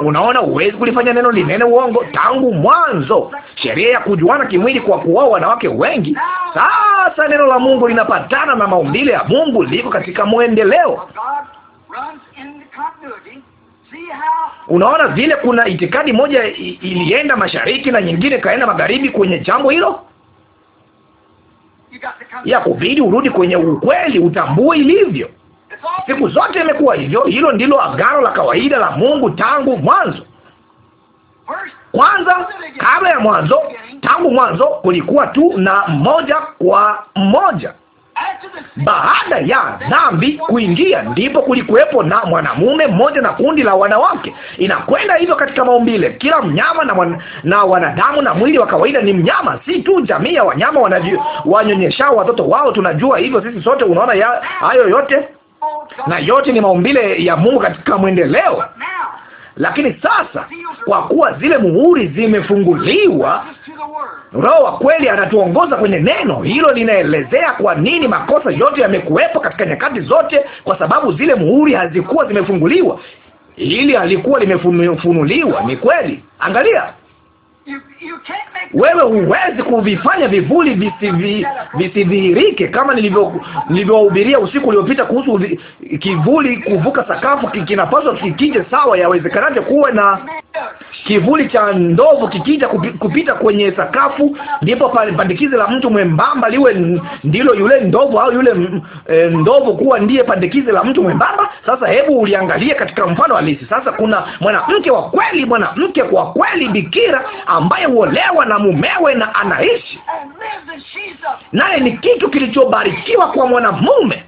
Unaona, huwezi kulifanya neno linene uongo. Tangu mwanzo sheria ya kujuana kimwili kwa kuoa wanawake wengi. Sasa neno la Mungu linapatana na maumbile ya Mungu, liko katika mwendeleo. Unaona vile kuna itikadi moja ilienda mashariki na nyingine kaenda magharibi kwenye jambo hilo, ya kubidi urudi kwenye ukweli, utambue ilivyo. Siku zote imekuwa hivyo. Hilo ndilo agano la kawaida la Mungu tangu mwanzo. Kwanza, kabla ya mwanzo, tangu mwanzo kulikuwa tu na mmoja kwa mmoja. Baada ya dhambi kuingia, ndipo kulikuwepo na mwanamume mmoja na kundi la wanawake. Inakwenda hivyo katika maumbile, kila mnyama na, wan, na wanadamu na mwili wa kawaida ni mnyama, si tu jamii ya wanyama wananyonyesha watoto wao. Tunajua hivyo sisi sote, unaona hayo yote na yote ni maumbile ya Mungu katika mwendeleo. Lakini sasa kwa kuwa zile muhuri zimefunguliwa, Roho wa kweli anatuongoza kwenye neno hilo. Linaelezea kwa nini makosa yote yamekuwepo katika nyakati zote, kwa sababu zile muhuri hazikuwa zimefunguliwa. Hili halikuwa limefunuliwa. Ni kweli. Angalia wewe huwezi kuvifanya vivuli visidhihirike, kama nilivyowahubiria usiku uliopita kuhusu kivuli kuvuka sakafu, kinapaswa kikije sawa. Yawezekanavyo kuwe na kivuli cha ndovu kikija kupita kwenye sakafu, ndipo pandikizi la mtu mwembamba liwe ndilo yule ndovu, au yule e, ndovu kuwa ndiye pandikizi la mtu mwembamba. Sasa hebu uliangalie katika mfano halisi. Sasa kuna mwanamke wa kweli, mwanamke kwa kweli, bikira ambaye huolewa na mumewe na anaishi naye, ni kitu kilichobarikiwa kwa mwanamume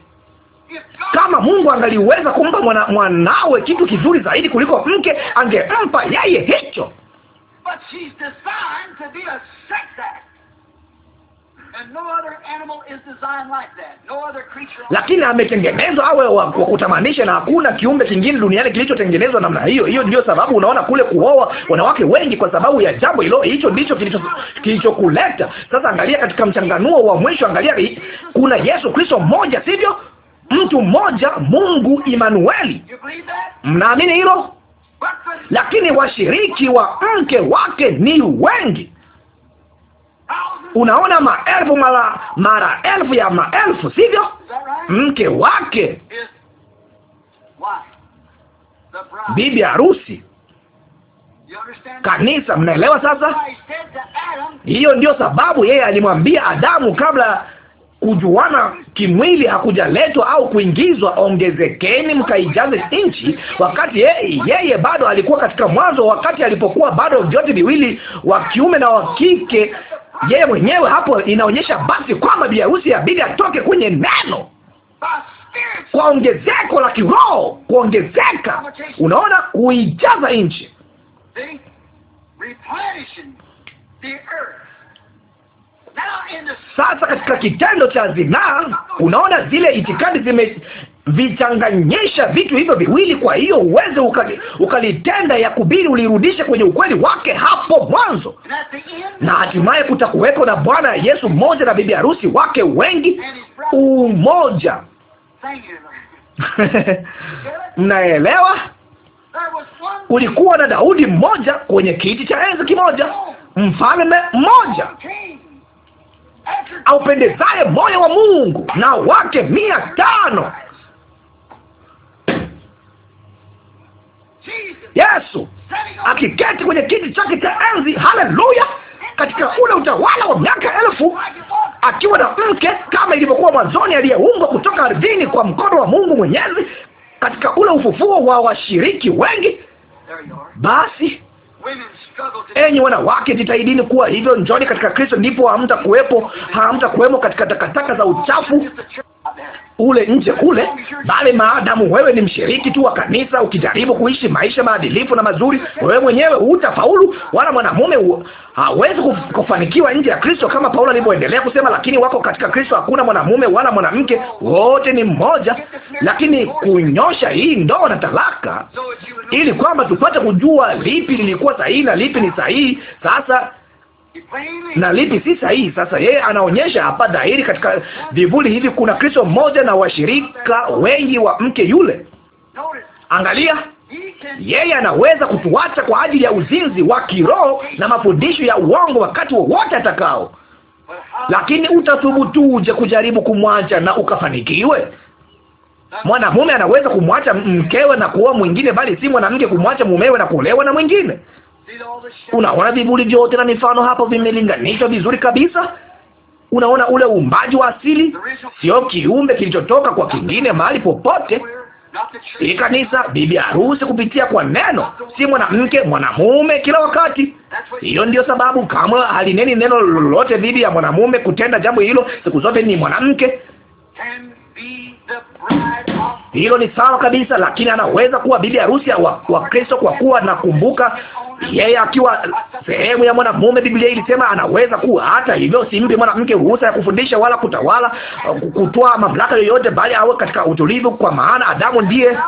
kama Mungu angaliweza kumpa mwana, mwanawe kitu kizuri zaidi kuliko mke, angempa yeye hicho lakini ametengenezwa awe wa kutamanisha, na hakuna kiumbe kingine duniani kilichotengenezwa namna hiyo. Hiyo ndio sababu unaona kule kuoa wanawake wengi, kwa sababu ya jambo hilo. Hicho ndicho kilichokuleta sasa. Angalia katika mchanganuo wa mwisho, angalia, kuna Yesu Kristo mmoja, sivyo? mtu mmoja, Mungu Imanueli. Mnaamini hilo? Lakini washiriki wa mke wake ni wengi. Unaona, maelfu mara mara elfu ya maelfu, sivyo? Mke wake, bibi harusi, kanisa. Mnaelewa sasa? Hiyo ndio sababu yeye alimwambia Adamu kabla kujuana kimwili hakujaletwa au kuingizwa. Ongezekeni mkaijaze nchi, wakati yeye, yeye bado alikuwa katika mwanzo, wakati alipokuwa bado vyote viwili, wa kiume na wa kike, yeye mwenyewe. Hapo inaonyesha basi kwamba biharusi harusi abidi atoke kwenye neno kwa ongezeko la kiroho, kuongezeka. Unaona, kuijaza nchi sasa katika kitendo cha zinaa, unaona zile itikadi zimevichanganyisha vitu hivyo viwili. Kwa hiyo uweze ukalitenda ya kubiri ulirudishe kwenye ukweli wake hapo mwanzo, na hatimaye kutakuweko na Bwana Yesu mmoja na bibi harusi wake wengi, umoja. Mnaelewa? Kulikuwa na Daudi mmoja kwenye kiti cha enzi kimoja, mfalme mmoja aupendezaye moyo wa Mungu na wake mia tano. Yesu akiketi kwenye kiti chake cha enzi, haleluya, katika ule utawala wa miaka elfu akiwa na mke kama ilivyokuwa mwanzoni, aliyeumbwa kutoka ardhini kwa mkono wa Mungu Mwenyezi, katika ule ufufuo wa washiriki wengi. Basi Enyi wanawake, jitahidini kuwa hivyo, njoni katika Kristo, ndipo hamtakuwepo hamtakuwemo katika takataka za uchafu ule nje kule, bali maadamu wewe ni mshiriki tu wa kanisa, ukijaribu kuishi maisha maadilifu na mazuri, wewe mwenyewe hutafaulu, wala mwanamume hawezi kufanikiwa nje ya Kristo, kama Paulo alivyoendelea kusema, lakini wako katika Kristo hakuna mwanamume wala mwanamke, wote ni mmoja. Lakini kunyosha hii ndoa na talaka, ili kwamba tupate kujua lipi lilikuwa sahihi na lipi ni sahihi sasa na lipi si sahihi. Sasa yeye anaonyesha hapa dhahiri katika vivuli hivi, kuna Kristo mmoja na washirika wengi wa mke yule. Angalia, yeye anaweza kutuacha kwa ajili ya uzinzi wa kiroho na mafundisho ya uongo wakati wowote wa atakao, lakini utathubutuje kujaribu kumwacha na ukafanikiwe? Mwanamume anaweza kumwacha mkewe na kuoa mwingine, bali si mwanamke kumwacha mumewe na kuolewa na mwingine. Unaona vivuli vyote na mifano hapo vimelinganishwa vizuri kabisa. Unaona ule uumbaji wa asili, sio kiumbe kilichotoka kwa kingine mahali popote. Hii kanisa, bibi harusi kupitia kwa neno, si mwanamke mwanamume kila wakati. Hiyo ndiyo sababu kama halineni neno lolote dhidi ya mwanamume kutenda jambo hilo, siku zote ni mwanamke. Hilo ni sawa kabisa, lakini anaweza kuwa bibi harusi wa Kristo kwa kuwa nakumbuka yeye akiwa sehemu ya mwanamume. Biblia ilisema anaweza kuwa. Hata hivyo, simpe mwanamke ruhusa ya kufundisha wala kutawala, uh, kutoa mamlaka yoyote, bali awe katika utulivu, kwa maana Adamu ndiye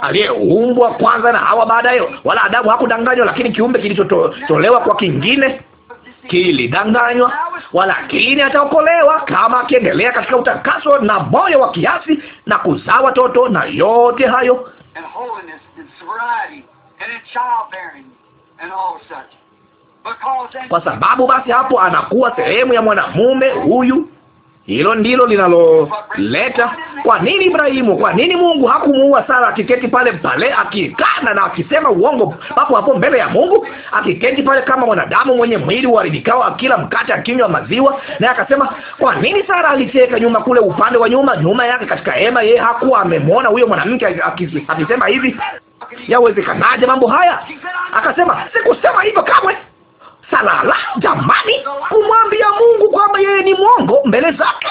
aliyeumbwa kwanza na Hawa baadaye. Wala Adamu hakudanganywa, lakini kiumbe kilichotolewa kwa kingine kilidanganywa, walakini ataokolewa kama akiendelea katika utakaso na moyo wa kiasi na kuzaa watoto na yote hayo kwa sababu basi hapo anakuwa sehemu ya mwanamume huyu. Hilo ndilo linaloleta kwa nini Ibrahimu, kwa nini Mungu hakumuua Sara akiketi pale pale akikana na akisema uongo papo hapo mbele ya Mungu, akiketi pale kama mwanadamu mwenye mwili uharibikao, akila mkate, akinywa maziwa, naye akasema, kwa nini Sara alicheka nyuma kule upande wa nyuma, nyuma yake katika hema? Yeye hakuwa amemwona huyo mwanamke akisema hivi, yawezekanaje mambo haya? Akasema, sikusema hivyo kamwe. Salala, jamani, kumwambia Mungu kwamba yeye ni mwongo mbele zake,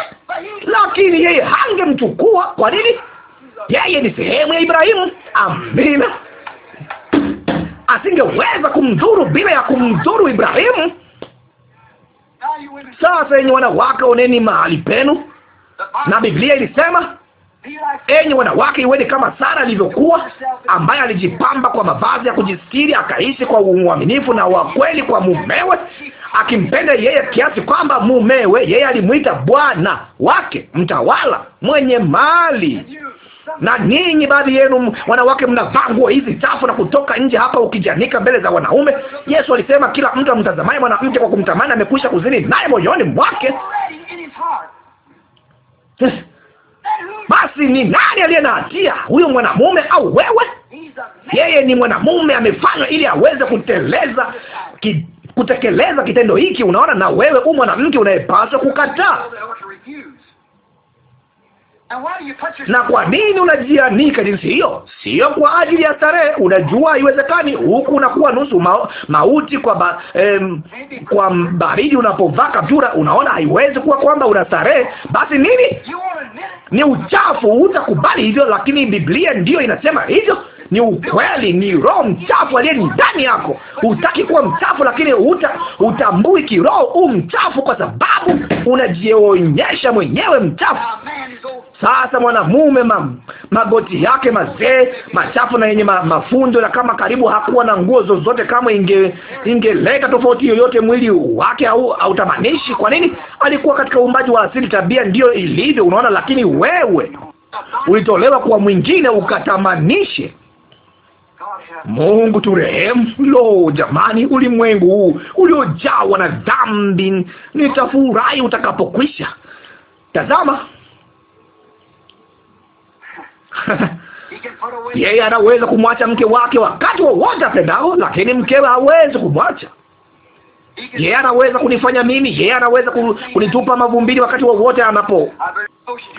lakini yeye hangemchukua. Kwa nini? Yeye ni sehemu ya Ibrahimu. Amina, asingeweza kumdhuru bila ya kumdhuru Ibrahimu. Sasa yenye wanawake, oneni mahali penu, na Biblia ilisema enyi wanawake, iweni kama Sara alivyokuwa, ambaye alijipamba kwa mavazi ya kujisikiri akaishi kwa uaminifu na wa kweli kwa mumewe, akimpenda yeye kiasi kwamba mumewe yeye alimwita bwana wake, mtawala, mwenye mali na ninyi baadhi yenu wanawake mnavaa nguo hizi chafu na kutoka nje hapa ukijanika mbele za wanaume. Yesu alisema kila mtu amtazamaye mwanamke kwa kumtamani amekwisha kuzini naye moyoni mwake. Basi ni nani aliye na hatia, huyo mwanamume au wewe? Yeye ni mwanamume, amefanywa ili aweze kuteleza ki, kutekeleza kitendo hiki. Unaona, na wewe u mwanamke unayepaswa kukataa. Na kwa nini unajianika jinsi hiyo? Sio kwa ajili ya starehe. Unajua haiwezekani. Huku unakuwa nusu ma mauti kwa ba, em, kwa baridi unapovaa kaptura. Unaona haiwezi kuwa kwamba una starehe. Basi nini? Ni uchafu, utakubali hivyo, lakini Biblia ndiyo inasema hivyo ni ukweli, ni roho mchafu aliye ndani yako. Hutaki kuwa mchafu, lakini uta, utambui kiroho huu mchafu, kwa sababu unajionyesha mwenyewe mchafu. Sasa mwanamume ma, magoti yake mazee machafu na yenye ma, mafundo na kama karibu hakuwa na nguo zozote kama inge ingeleta tofauti yoyote, mwili wake au hautamanishi. Kwa nini? Alikuwa katika uumbaji wa asili, tabia ndiyo ilivyo, unaona. Lakini wewe ulitolewa kwa mwingine ukatamanishe Mungu turehemu. Lo, jamani, ulimwengu huu uliojawa na dhambi! Nitafurahi utakapokwisha. Tazama yeye anaweza kumwacha mke wake wakati wowote apendao, lakini mkewe hawezi kumwacha yeye. Anaweza kunifanya mimi, yeye anaweza kunitupa mavumbini wakati wowote anapo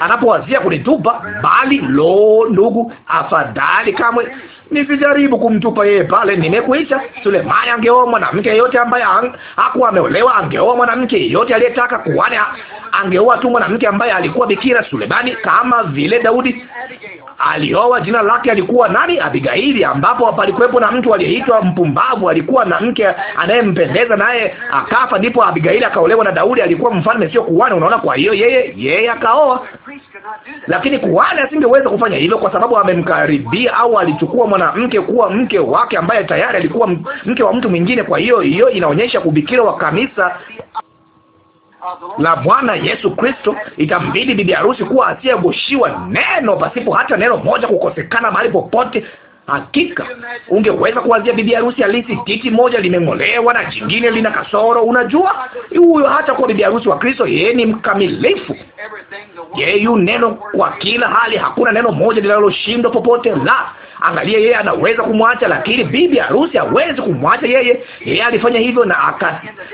anapowazia kunitupa, bali lo, ndugu, afadhali kamwe nisijaribu kumtupa yeye pale. Nimekwisha. Sulemani angeoa mwanamke yeyote ambaye hakuwa ameolewa, angeoa mwanamke yeyote aliyetaka kuwane, angeoa tu mwanamke ambaye alikuwa bikira. Sulemani, kama vile Daudi alioa, jina lake alikuwa nani? Abigaili, ambapo palikuwepo na mtu aliyeitwa mpumbavu, alikuwa na mke anayempendeza naye akafa, ndipo Abigaili akaolewa na Daudi. Alikuwa mfalme, sio kuwane, unaona. Kwa hiyo yeye yeye akaoa lakini kuhani asingeweza kufanya hivyo kwa sababu amemkaribia au alichukua mwanamke kuwa mke wake ambaye tayari alikuwa mke wa mtu mwingine. Kwa hiyo hiyo inaonyesha kubikira wa kanisa la Bwana Yesu Kristo, itambidi bibi harusi kuwa asiyegoshiwa neno, pasipo hata neno moja kukosekana mahali popote, Hakika ungeweza kuanzia bibi harusi halisi, titi moja limeng'olewa na jingine lina kasoro. Unajua, huyo hata kwa bibi harusi wa Kristo, yeye ni mkamilifu, yeye yu neno kwa kila hali. Hakuna neno moja linaloshindwa popote la Angalia, yeye anaweza kumwacha, lakini bibi harusi hawezi kumwacha yeye. Yeye alifanya hivyo na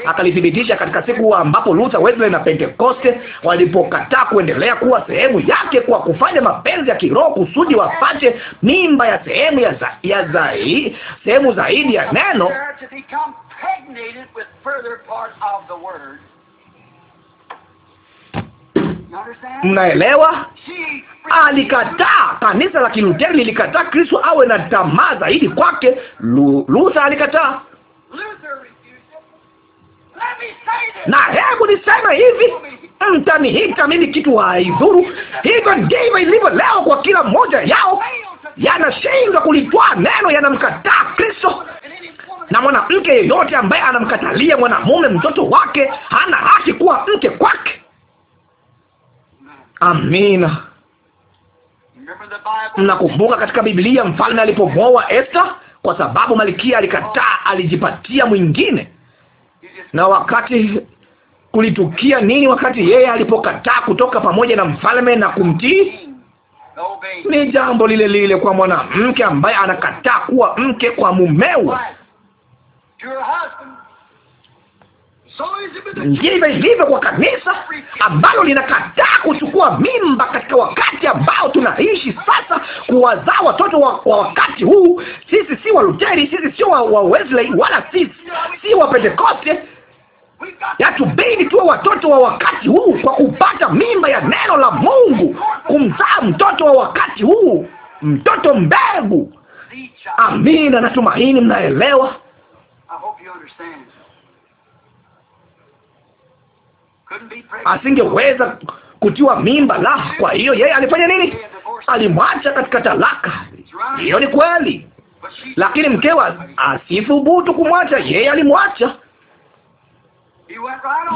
akalithibitisha katika siku ambapo Luther, Wesley na Pentekoste walipokataa kuendelea kuwa sehemu yake kwa kufanya mapenzi ya kiroho kusudi wapate mimba ya sehemu ya za, ya za, sehemu zaidi ya neno Mnaelewa, alikataa. Kanisa la Kiluteri lilikataa Kristo awe na tamaa zaidi kwake. Luther alikataa. Na hebu nisema hivi, mtanihita mimi kitu haidhuru. Hivyo ndivyo ilivyo leo kwa kila mmoja yao, yanashindwa kulitwaa neno, yanamkataa Kristo na mwanamke yeyote ambaye anamkatalia mwanamume mtoto wake hana haki kuwa mke kwake. Amina. Mnakumbuka katika Biblia mfalme alipomwoa Esther, kwa sababu malkia alikataa, alijipatia mwingine. Na wakati kulitukia nini? Wakati yeye alipokataa kutoka pamoja na mfalme na kumtii, ni jambo lile lile kwa mwanamke ambaye anakataa kuwa mke kwa mumewe. Ndivyo ilivyo kwa kanisa ambalo linakataa kuchukua mimba katika wakati ambao tunaishi sasa, kuwazaa watoto wa, wa wakati huu. Sisi si Waluteri, sisi sio wa, wa Wesley wala sisi si wa Pentekoste. Yatubidi tuwe watoto wa wakati huu kwa kupata mimba ya neno la Mungu, kumzaa mtoto wa wakati huu, mtoto mbegu. Amina, natumaini mnaelewa. asingeweza kutiwa mimba la. Kwa hiyo yeye alifanya nini? Alimwacha katika talaka. Hiyo ni kweli, lakini mkewa asithubutu kumwacha yeye, alimwacha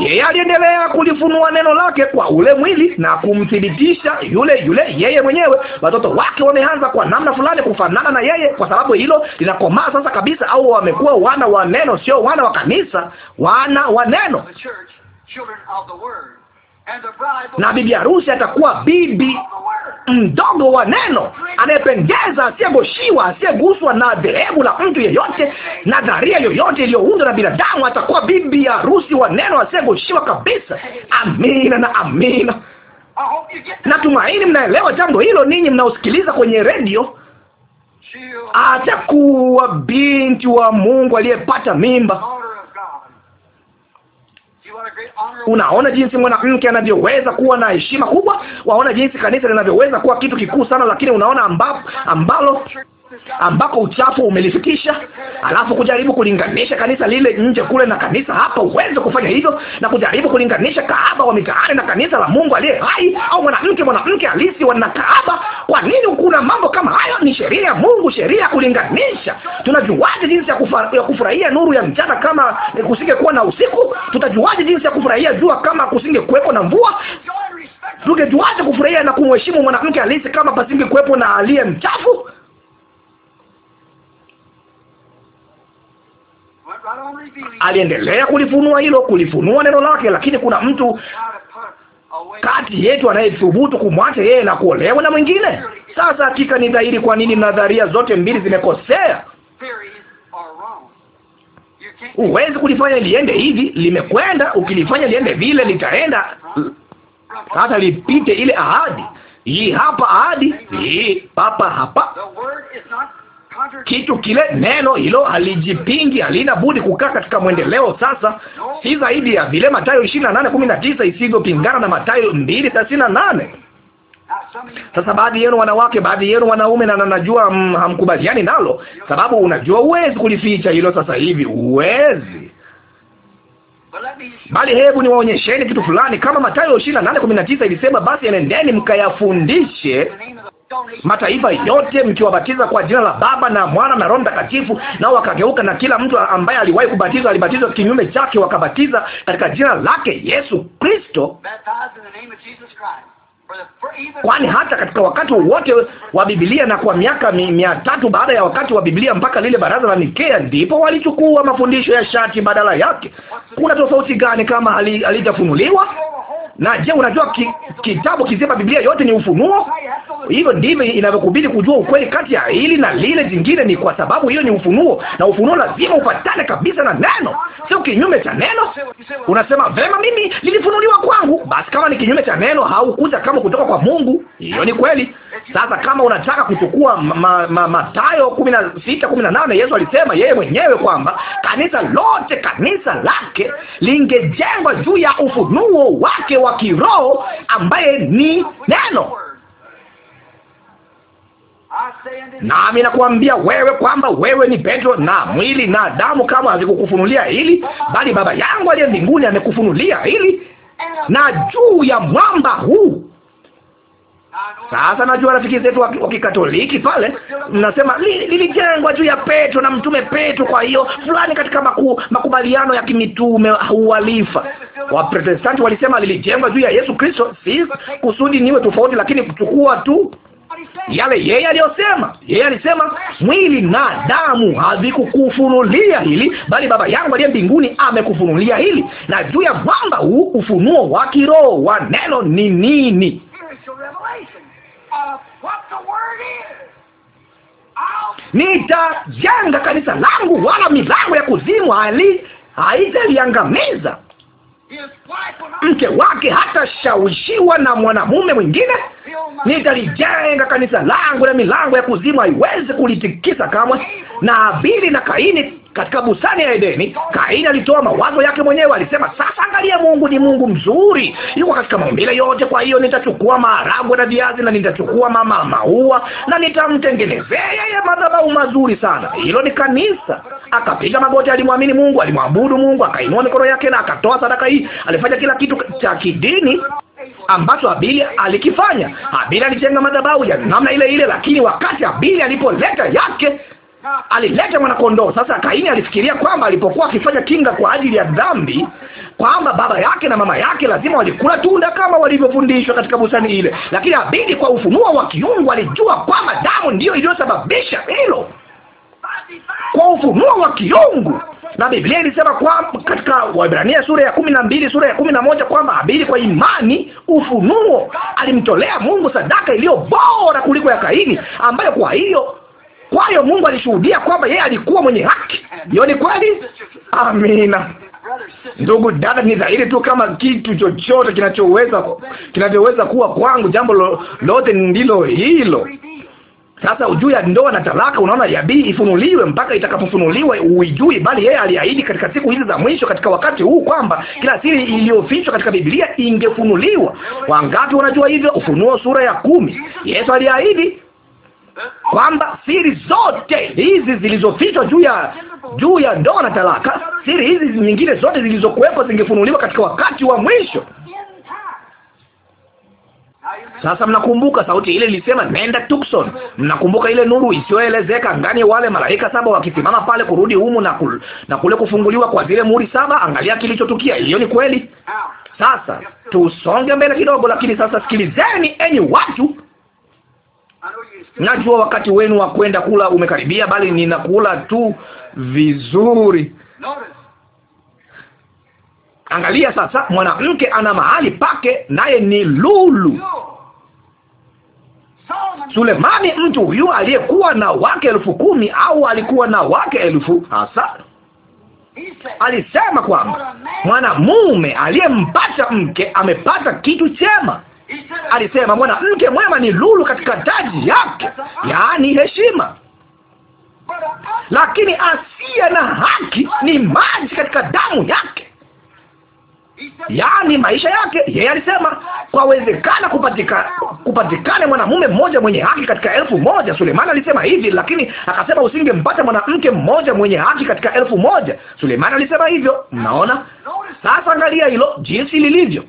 yeye. Aliendelea kulifunua neno lake kwa ule mwili na kumthibitisha yule yule yeye mwenyewe. Watoto wake wameanza kwa namna fulani kufanana na yeye, kwa sababu hilo linakomaa sasa kabisa, au wamekuwa wana wa neno, sio wana wa kanisa, wana wa neno na bibi harusi atakuwa bibi mdogo wa neno, anayependeza, asiyegoshiwa, asiyeguswa na dhehebu la mtu yeyote, nadharia yoyote iliyoundwa na binadamu. Atakuwa bibi harusi wa neno, asiyegoshiwa kabisa. Amina na amina. Natumaini mnaelewa jambo hilo, ninyi mnaosikiliza kwenye redio. Atakuwa binti wa Mungu aliyepata mimba Unaona jinsi mwanamke anavyoweza kuwa na heshima kubwa, waona jinsi kanisa linavyoweza kuwa kitu kikuu sana, lakini unaona ambalo ambako uchafu umelifikisha, alafu kujaribu kulinganisha kanisa lile nje kule na kanisa hapa. Uweze kufanya hivyo na kujaribu kulinganisha kahaba wa mitaani na kanisa la Mungu aliye hai, au mwanamke mwanamke halisi wana kahaba. Kwa nini kuna mambo kama hayo? Ni sheria ya Mungu, sheria ya kulinganisha. Tunajuaje jinsi ya, kufa, ya kufurahia nuru ya mchana kama kuwa na usiku? Tutajuaje jinsi ya kufurahia jua kama kuwepo na mvua? Tungejuaje kufurahia na kumheshimu mwanamke halisi kama pasinge kuwepo na aliye mchafu? aliendelea kulifunua hilo, kulifunua neno lake, lakini kuna mtu kati yetu anayethubutu kumwacha yeye na kuolewa na mwingine. Sasa hakika ni dhahiri kwa nini nadharia zote mbili zimekosea. Huwezi kulifanya liende hivi, limekwenda. Ukilifanya liende vile, litaenda. Sasa lipite ile ahadi hii hapa, ahadi hii papa hapa kitu kile, neno hilo halijipingi, halina budi kukaa katika mwendeleo. Sasa si zaidi ya vile Mathayo 28:19 nane kumi na tisa isivyopingana na Mathayo mbili nane. Sasa baadhi yenu wanawake, baadhi yenu wanaume, na najua mm, hamkubaliani nalo, sababu unajua huwezi kulificha hilo sasa hivi, huwezi bali hebu niwaonyesheni kitu fulani. Kama Mathayo 28:19 nane kumi na tisa ilisema, basi enendeni mkayafundishe mataifa yote mkiwabatiza kwa jina la Baba na Mwana na Roho Mtakatifu, nao wakageuka, na kila mtu ambaye aliwahi kubatizwa alibatizwa kinyume chake, wakabatiza katika jina lake Yesu Kristo kwani hata katika wakati wote wa Biblia na kwa miaka mia tatu baada ya wakati wa Biblia mpaka lile baraza la Nikea, ndipo walichukua mafundisho ya shati badala yake. Kuna tofauti gani kama halijafunuliwa? Na je, unajua ki, kitabu kizima Biblia yote ni ufunuo? Hivyo ndivyo inavyokubidi kujua ukweli kati ya hili na lile jingine, ni kwa sababu hiyo ni ufunuo, na ufunuo lazima upatane kabisa na neno, sio kinyume cha neno. Unasema vema, mimi lilifunuliwa kwangu. Basi kama ni kinyume cha neno, haukuja kama matibabu kutoka kwa Mungu. Hiyo ni kweli. Sasa kama unataka kuchukua ma, ma, Mathayo kumi na sita kumi na nane Yesu alisema yeye mwenyewe kwamba kanisa lote, kanisa lake lingejengwa juu ya ufunuo wake wa kiroho ambaye ni neno nami nakuambia wewe kwamba wewe ni Petro, na mwili na damu kama hazikukufunulia hili, bali Baba yangu aliye mbinguni amekufunulia hili. Na juu ya mwamba huu sasa najua rafiki zetu wa Kikatoliki pale mnasema lilijengwa li juu ya Petro na mtume Petro, kwa hiyo fulani katika maku, makubaliano ya kimitume hualifa. Waprotestanti walisema lilijengwa juu ya Yesu Kristo, si kusudi niwe tofauti, lakini kuchukua tu yale yeye aliyosema. Yeye alisema mwili na damu hazikukufunulia hili, bali Baba yangu aliye mbinguni amekufunulia hili. Na juu ya mwamba huu ufunuo wa kiroho wa neno ni nini? Nitajenga kanisa langu, wala milango ya kuzimu hali haitaliangamiza. Mke wake hatashawishiwa na mwanamume mwingine. Nitalijenga kanisa langu, na milango ya kuzimu haiwezi kulitikisa kamwe. Na abili na Kaini katika bustani ya Edeni, Kaini alitoa mawazo yake mwenyewe. Alisema, sasa angalia, Mungu ni Mungu mzuri, yuko katika maumbile yote. Kwa hiyo nitachukua maharagwe na viazi na nitachukua mama maua na nitamtengenezea yeye madhabahu mazuri sana. Hilo ni kanisa. Akapiga magoti, alimwamini Mungu, alimwabudu Mungu, akainua mikono yake na akatoa sadaka hii. Alifanya kila kitu cha kidini ambacho abili alikifanya. abili alijenga madhabahu ya namna ile ile, lakini wakati abili alipoleta yake alileta mwanakondoo. Sasa Kaini alifikiria kwamba alipokuwa akifanya kinga kwa ajili ya dhambi kwamba baba yake na mama yake lazima walikula tunda kama walivyofundishwa katika bustani ile, lakini abidi kwa ufunuo wa kiungu alijua kwamba damu ndiyo iliyosababisha hilo kwa ufunuo wa kiungu na Biblia ilisema kwamba katika Waebrania sura ya kumi na mbili sura ya kumi na moja kwamba abidi kwa imani ufunuo alimtolea Mungu sadaka iliyo bora kuliko ya Kaini, ambayo kwa hiyo kwa hiyo Mungu alishuhudia kwamba yeye alikuwa mwenye haki. Hiyo ni kweli. Amina. Ndugu dada, ni dhahiri tu kama kitu chochote kinachoweza kinavyoweza kuwa kwangu, jambo lo, lote ndilo hilo. Sasa ujui ya ndoa na talaka, unaona, yabii ifunuliwe mpaka itakapofunuliwa uijui. Bali yeye aliahidi katika siku hizi za mwisho, katika wakati huu, kwamba kila siri iliyofichwa katika Biblia ingefunuliwa. Wangapi wanajua hivyo? Ufunuo sura ya kumi, Yesu aliahidi kwamba siri zote hizi zilizofichwa juu ya juu ya ndoa na talaka, siri hizi nyingine zote zilizokuwepo zingefunuliwa katika wakati wa mwisho. Sasa mnakumbuka sauti ile ilisema nenda Tucson. Mnakumbuka ile nuru isiyoelezeka ngani, wale malaika saba wakisimama pale kurudi humu na, kul, na kule kufunguliwa kwa zile muri saba. Angalia kilichotukia, hiyo ni kweli. Sasa tusonge mbele kidogo, lakini sasa sikilizeni enyi watu Najua wakati wenu wa kwenda kula umekaribia, bali ninakula tu vizuri. Angalia sasa, mwanamke ana mahali pake, naye ni lulu. Sulemani, mtu huyu aliyekuwa na wake elfu kumi au alikuwa na wake elfu hasa, alisema kwamba mwanamume aliyempata mke amepata kitu chema. Alisema mwanamke mwema ni lulu katika taji yake, yaani heshima, lakini asiye na haki ni maji katika damu yake, yaani maisha yake. Yeye alisema kwawezekana kupatikana kupatikane mwanamume mmoja mwenye haki katika elfu moja. suleimani alisema hivi, lakini akasema usingempata mwanamke mmoja mwenye haki katika elfu moja. suleimani alisema hivyo. Mnaona sasa, angalia hilo jinsi lilivyo.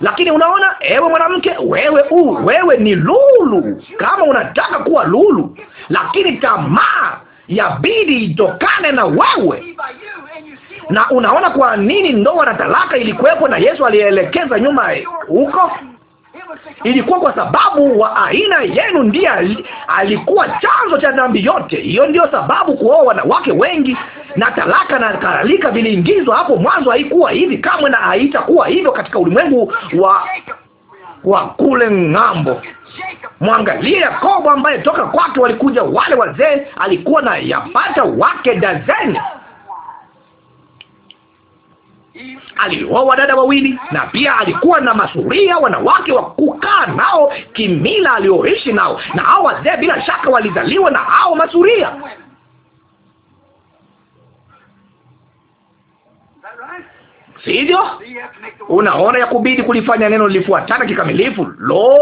Lakini unaona, ewe mwanamke, wewe u wewe ni lulu, kama unataka kuwa lulu, lakini tamaa yabidi itokane na wewe. Na unaona kwa nini ndoa na talaka ilikuwepo na Yesu alielekeza nyuma huko Ilikuwa kwa sababu wa aina yenu ndiye alikuwa chanzo cha dhambi yote. Hiyo ndiyo sababu kuoa wanawake wengi na talaka na kadhalika viliingizwa hapo mwanzo. Haikuwa hivi kamwe na haitakuwa hivyo katika ulimwengu wa wa kule ng'ambo. Mwangalie Yakobo ambaye toka kwake walikuja wale wazee, alikuwa na yapata wake dazeni alioa wadada wawili na pia alikuwa na masuria wanawake wa kukaa nao kimila alioishi nao, na hao wazee bila shaka walizaliwa na hao masuria. Sivyo? Unaona ya kubidi kulifanya neno lilifuatana kikamilifu. Lo,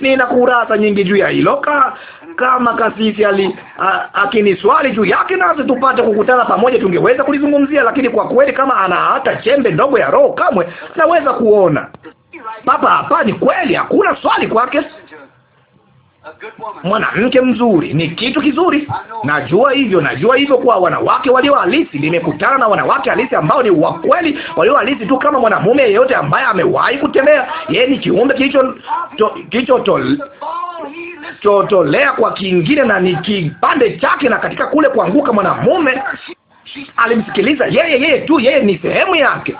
nina kurasa nyingi juu ya hilo ka, kama kasisi ali akiniswali juu yake nasi tupate kukutana pamoja, tungeweza kulizungumzia, lakini kwa kweli, kama ana hata chembe ndogo ya roho, kamwe naweza kuona papa hapa. Ni kweli hakuna swali kwake mwanamke mzuri ni kitu kizuri. Najua hivyo, najua hivyo kwa wanawake walio halisi. Nimekutana na wanawake halisi ambao ni wa kweli, walio halisi tu kama mwanamume yeyote ambaye amewahi kutembea. Yeye ni kiumbe kilicho to, kilicho to, chotolea kwa kingine na ni kipande chake, na katika kule kuanguka mwanamume alimsikiliza yeye yeye tu, yeye ni sehemu yake,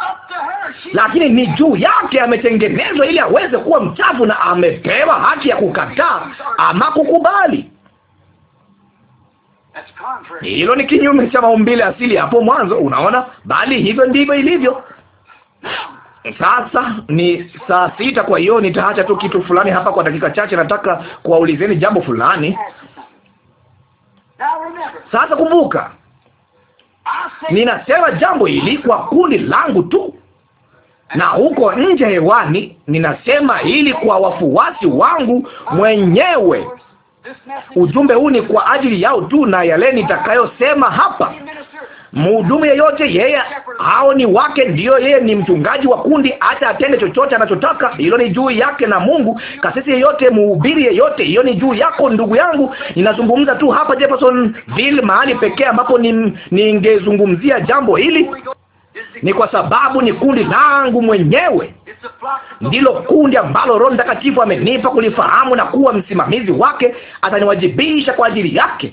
lakini ni juu yake ametengenezwa ili aweze kuwa mchafu, na amepewa haki ya kukataa ama kukubali. Hilo ni kinyume cha maumbile asili hapo mwanzo, unaona. Bali hivyo ndivyo ilivyo. Sasa ni saa sita, kwa hiyo nitaacha tu kitu fulani hapa kwa dakika chache. Nataka kuwaulizeni jambo fulani. Sasa kumbuka Ninasema jambo hili kwa kundi langu tu, na huko nje hewani ninasema hili kwa wafuasi wangu mwenyewe. Ujumbe huu ni kwa ajili yao tu na yale nitakayosema hapa mhudumu yeyote, yeye hao ni wake, ndiyo yeye ni mchungaji wa kundi, hata atende chochote anachotaka, hilo ni juu yake na Mungu. Kasisi yeyote, mhubiri yeyote, hiyo ni juu yako, ndugu yangu. Ninazungumza tu hapa Jeffersonville, mahali pekee ambapo ningezungumzia ni jambo hili ni kwa sababu ni kundi langu mwenyewe, ndilo kundi ambalo Roho Mtakatifu amenipa kulifahamu na kuwa msimamizi wake. Ataniwajibisha kwa ajili yake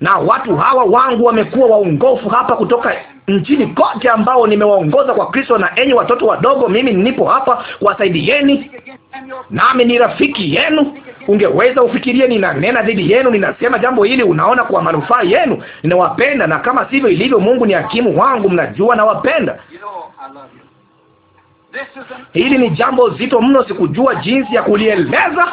na watu hawa wangu wamekuwa waongofu hapa kutoka nchini kote, ambao nimewaongoza kwa Kristo. Na enyi watoto wadogo, mimi nipo hapa kuwasaidieni, nami ni rafiki yenu. Ungeweza ufikirie ninanena dhidi yenu, ninasema jambo hili, unaona, kwa manufaa yenu. Ninawapenda, na kama sivyo ilivyo, Mungu ni hakimu wangu. Mnajua nawapenda. Hili ni jambo zito mno, sikujua jinsi ya kulieleza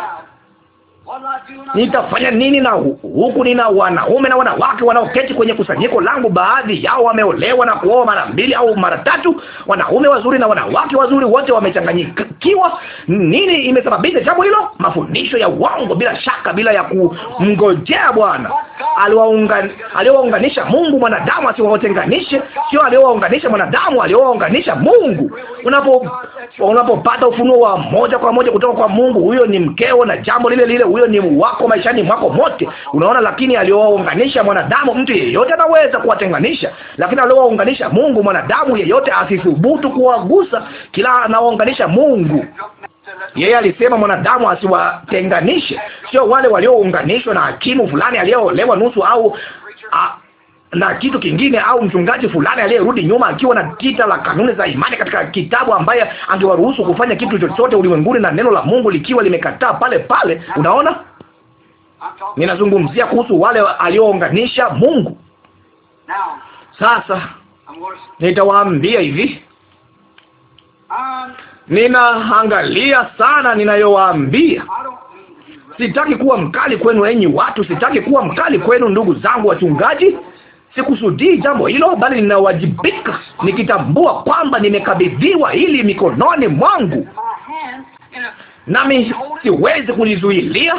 nitafanya nini? Na huku nina wanaume na wanawake wanaoketi kwenye kusanyiko langu, baadhi yao wameolewa na kuoa mara mbili au mara tatu, wanaume wazuri na wanawake wazuri, wote wamechanganyikiwa. Nini imesababisha jambo hilo? Mafundisho ya uongo, bila shaka, bila ya kumngojea Bwana. Aliowaunganisha Mungu mwanadamu asiwatenganishe, sio aliowaunganisha mwanadamu, aliowaunganisha Mungu. Unapo unapopata ufunuo wa moja kwa moja kutoka kwa Mungu, huyo ni mkeo na jambo lile lile huyo huyo ni wako maishani mwako mote, unaona. Lakini aliowaunganisha mwanadamu, mtu yeyote anaweza kuwatenganisha, lakini aliowaunganisha Mungu, mwanadamu yeyote asithubutu kuwagusa. Kila anaounganisha Mungu yeye alisema mwanadamu asiwatenganishe, sio wale waliounganishwa na hakimu fulani aliyeolewa nusu au na kitu kingine au mchungaji fulani aliyerudi nyuma akiwa na tita la kanuni za imani katika kitabu, ambaye angewaruhusu kufanya kitu chochote ulimwenguni na neno la Mungu likiwa limekataa pale pale. Unaona, ninazungumzia kuhusu wale aliounganisha Mungu. Sasa nitawaambia hivi, ninaangalia sana ninayowaambia. Sitaki kuwa mkali kwenu enyi watu, sitaki kuwa mkali kwenu ndugu zangu wachungaji. Sikusudii jambo hilo, bali ninawajibika nikitambua kwamba nimekabidhiwa hili mikononi mwangu, nami siwezi kulizuilia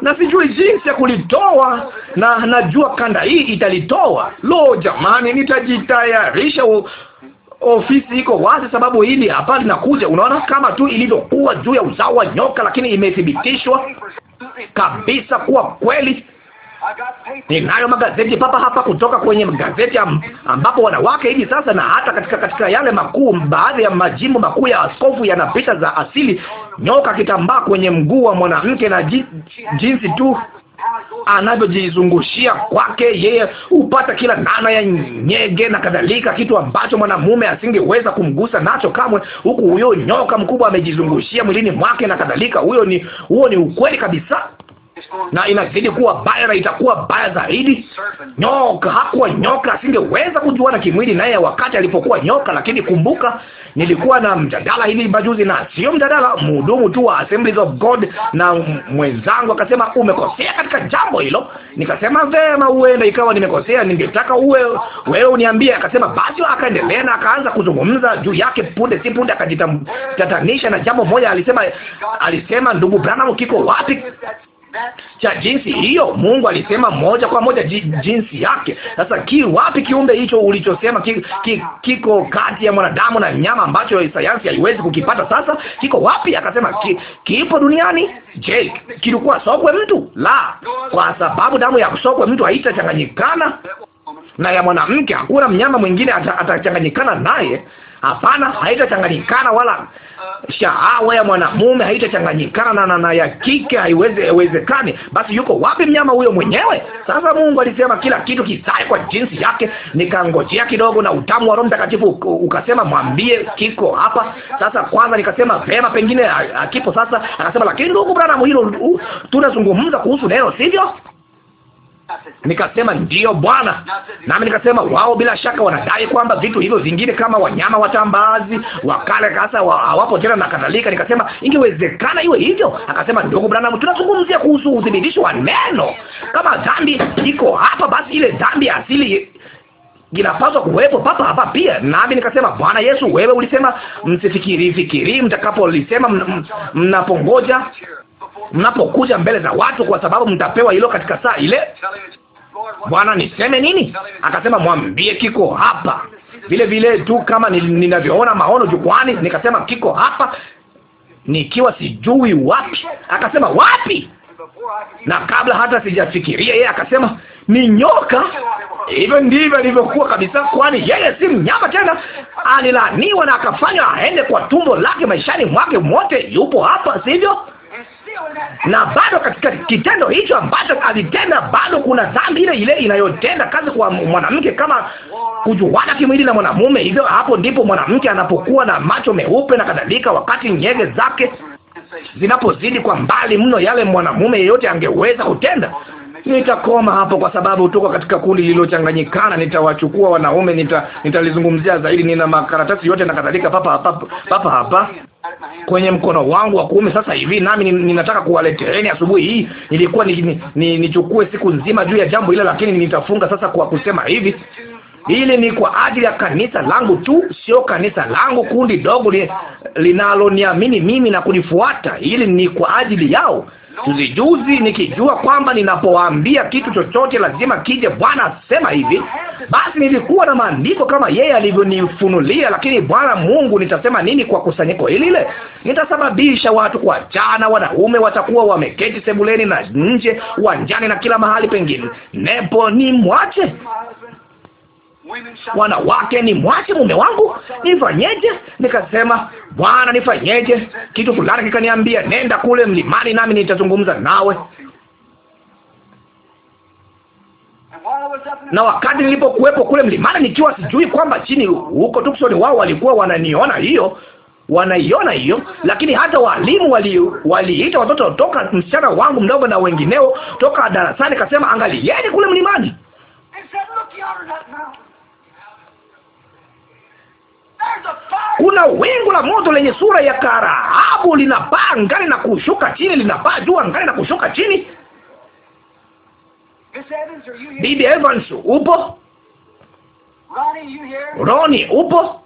na sijui jinsi ya kulitoa, na najua kanda hii italitoa. Lo, jamani, nitajitayarisha. Ofisi iko wazi, sababu hili hapa linakuja. Unaona, kama tu ilivyokuwa juu ya uzao wa nyoka, lakini imethibitishwa kabisa kuwa kweli ninayo magazeti papa hapa kutoka kwenye gazeti ambapo wanawake hivi sasa na hata katika katika yale makuu, baadhi ya majimbo makuu ya askofu yana picha za asili, nyoka kitambaa kwenye mguu wa mwanamke na jinsi tu anavyojizungushia kwake yeye hupata kila nana ya nyege na kadhalika, kitu ambacho mwanamume asingeweza kumgusa nacho kamwe, huku huyo nyoka mkubwa amejizungushia mwilini mwake na kadhalika. Huyo ni huo ni ukweli kabisa na inazidi kuwa baya na itakuwa baya zaidi. Nyoka hakuwa nyoka, asingeweza kujuana kimwili naye wakati alipokuwa nyoka. Lakini kumbuka, nilikuwa na mjadala hivi majuzi, na sio mjadala, mhudumu tu wa Assemblies of God, na mwenzangu akasema umekosea katika jambo hilo. Nikasema vema, uenda ikawa nimekosea, ningetaka uwe wewe uniambie. Akasema basi, akaendelea na akaanza kuzungumza juu yake. Punde si punde akajitatanisha na jambo moja. Alisema alisema, ndugu Branham kiko wapi cha jinsi hiyo. Mungu alisema moja kwa moja jinsi yake. Sasa ki wapi kiumbe hicho ulichosema ki, ki, kiko kati ya mwanadamu na nyama ambacho sayansi haiwezi kukipata? Sasa kiko wapi? Akasema ki, kipo duniani. Je, kilikuwa sokwe mtu? La, kwa sababu damu ya sokwe mtu haitachanganyikana na ya mwanamke. Hakuna mnyama mwingine atachanganyikana naye. Hapana, haitachanganyikana wala shahawa ya mwanamume haitachanganyikana na, na, na ya kike haiwezekani. Basi yuko wapi mnyama huyo mwenyewe? Sasa Mungu alisema kila kitu kisaye kwa jinsi yake. Nikangojea kidogo, na utamu wa Roho Mtakatifu ukasema mwambie kiko hapa. Sasa kwanza nikasema vema pengine akipo. Sasa akasema lakini ndugu Branham, hilo tunazungumza kuhusu neno, sivyo? Nikasema ndiyo Bwana. Nami nikasema wao bila shaka wanadai kwamba vitu hivyo vingine kama wanyama watambazi wakale kasa hawapo tena na kadhalika. Nikasema ingewezekana iwe hivyo. Akasema ndugu Branham, tunazungumzia kuhusu uthibitisho wa neno. Kama dhambi iko hapa, basi ile dhambi asili inapaswa kuwepo papa hapa pia. Nami nikasema Bwana Yesu, wewe ulisema msifikiri fikiri mtakapolisema mnapongoja mnapokuja mbele za watu, kwa sababu mtapewa hilo katika saa ile. Bwana, niseme nini? Akasema, mwambie kiko hapa, vile vile tu kama ninavyoona maono jukwani. Nikasema, kiko hapa, nikiwa sijui wapi. Akasema, wapi? Na kabla hata sijafikiria, yeye akasema ni nyoka. Hivyo ndivyo alivyokuwa kabisa, kwani yeye si mnyama tena. Alilaaniwa na akafanywa aende kwa tumbo lake maishani mwake mwote. Yupo hapa, sivyo? na bado katika kitendo hicho ambacho alitenda bado kuna dhambi ile ile inayotenda kazi kwa mwanamke, kama kujuana kimwili na mwanamume. Hivyo hapo ndipo mwanamke anapokuwa na macho meupe na kadhalika, wakati nyege zake zinapozidi kwa mbali mno yale mwanamume yeyote angeweza kutenda. Nitakoma hapo kwa sababu tuko katika kundi lililochanganyikana. Nitawachukua wanaume, nitalizungumzia nita zaidi. Nina makaratasi yote na kadhalika papa hapa, papa hapa kwenye mkono wangu wa kuume sasa hivi, nami ninataka kuwaleteeni asubuhi hii. Nilikuwa nichukue siku nzima juu ya jambo hilo, lakini nitafunga sasa kwa kusema hivi ili ni kwa ajili ya kanisa langu tu, sio kanisa langu, kundi dogo linaloniamini mimi na kunifuata. ili ni kwa ajili yao juzijuzi, nikijua kwamba ninapoambia kitu chochote lazima kije Bwana asema hivi. Basi nilikuwa na maandiko kama yeye alivyonifunulia, lakini Bwana Mungu, nitasema nini kwa kusanyiko hili? Ile nitasababisha watu kuachana, wanaume watakuwa wameketi sebuleni na nje, uwanjani na kila mahali pengine, nepo ni mwache wanawake, ni mwache mume wangu, nifanyeje? Nikasema, Bwana, nifanyeje? Kitu fulani kikaniambia, nenda kule mlimani, nami nitazungumza nawe. na wakati nilipokuwepo kule mlimani, nikiwa sijui kwamba chini huko Tuksoni wao walikuwa wananiona hiyo wanaiona hiyo, lakini hata walimu waliita wali watoto toka msichana wangu mdogo na wengineo toka darasani, kasema angalieni kule mlimani kuna wingu la moto lenye sura ya karahabu linapaa ngani na kushuka chini, linapaa juu angani na kushuka chini. Bibi Evans, upo? Roni, upo?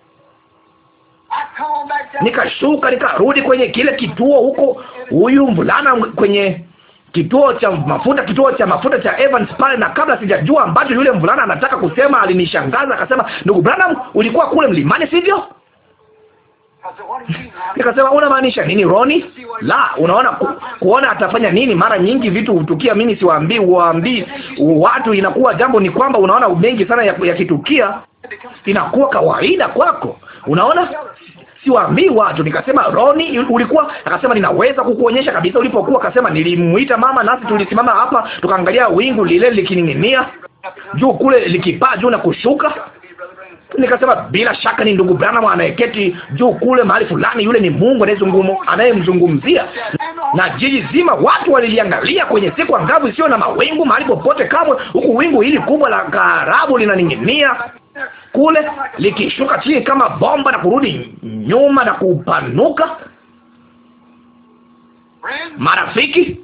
Nikashuka nikarudi kwenye kile kituo huko, huyu mvulana kwenye kituo cha mafuta, kituo cha mafuta cha Evans pale, na kabla sijajua ambacho yule mvulana anataka kusema, alinishangaza akasema, ndugu Branham, ulikuwa kule mlimani, sivyo? Nikasema, unamaanisha nini Roni? La, unaona ku, kuona atafanya nini. Mara nyingi vitu hutukia, mimi siwaambii, waambii watu. Inakuwa jambo ni kwamba unaona mengi sana yakitukia, ya inakuwa kawaida kwako, unaona siwaambii watu. Nikasema Roni, ulikuwa? Akasema ninaweza kukuonyesha kabisa ulipokuwa. Akasema nilimuita mama, nasi tulisimama hapa tukaangalia wingu lile likining'inia juu kule likipaa juu na kushuka. Nikasema bila shaka ni ndugu Branham anayeketi juu kule mahali fulani, yule ni Mungu anayezungumo anayemzungumzia. Na jiji zima watu waliliangalia kwenye siku angavu isiyo na mawingu, mahali popote kamwe, huku wingu hili kubwa la karabu linaning'inia kule likishuka chini kama bomba na kurudi nyuma na kupanuka, marafiki.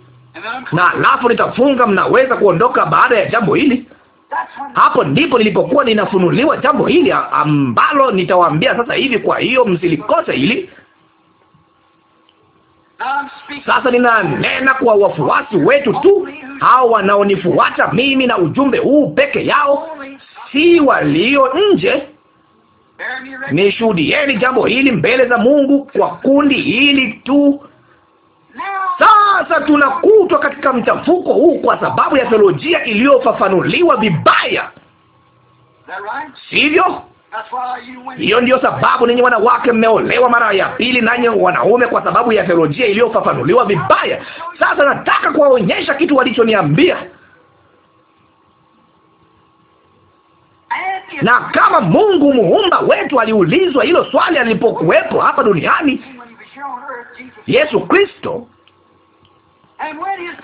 Na alafu nitafunga, mnaweza kuondoka baada ya jambo hili. Hapo ndipo nilipokuwa ninafunuliwa jambo hili ambalo nitawaambia sasa hivi. Kwa hiyo msilikose hili. Sasa ninanena kwa wafuasi wetu tu, hao wanaonifuata mimi na ujumbe huu peke yao, si walio nje. Nishuhudieni jambo hili mbele za Mungu kwa kundi hili tu. Sasa tunakutwa katika mchafuko huu kwa sababu ya teolojia iliyofafanuliwa vibaya, sivyo? Hiyo ndiyo sababu ninyi wanawake mmeolewa mara ya pili, nanyi wanaume, kwa sababu ya teolojia iliyofafanuliwa vibaya. Sasa nataka kuwaonyesha kitu walichoniambia Na kama Mungu muumba wetu aliulizwa hilo swali alipokuwepo hapa duniani, Yesu Kristo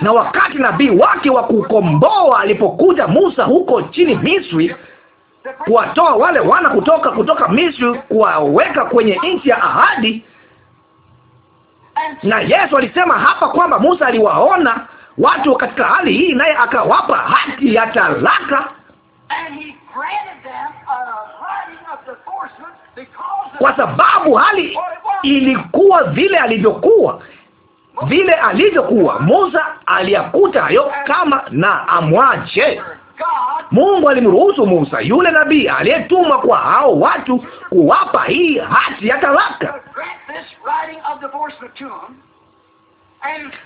na wakati nabii wake wa kukomboa alipokuja Musa huko chini Misri, kuwatoa wale wana kutoka kutoka Misri, kuwaweka kwenye nchi ya ahadi. Na Yesu alisema hapa kwamba Musa aliwaona watu katika hali hii, naye akawapa hati ya talaka, kwa sababu hali ilikuwa vile alivyokuwa vile alivyokuwa. Musa aliyakuta hayo kama na amwache Mungu alimruhusu Musa yule nabii aliyetumwa kwa hao watu kuwapa hii hati ya talaka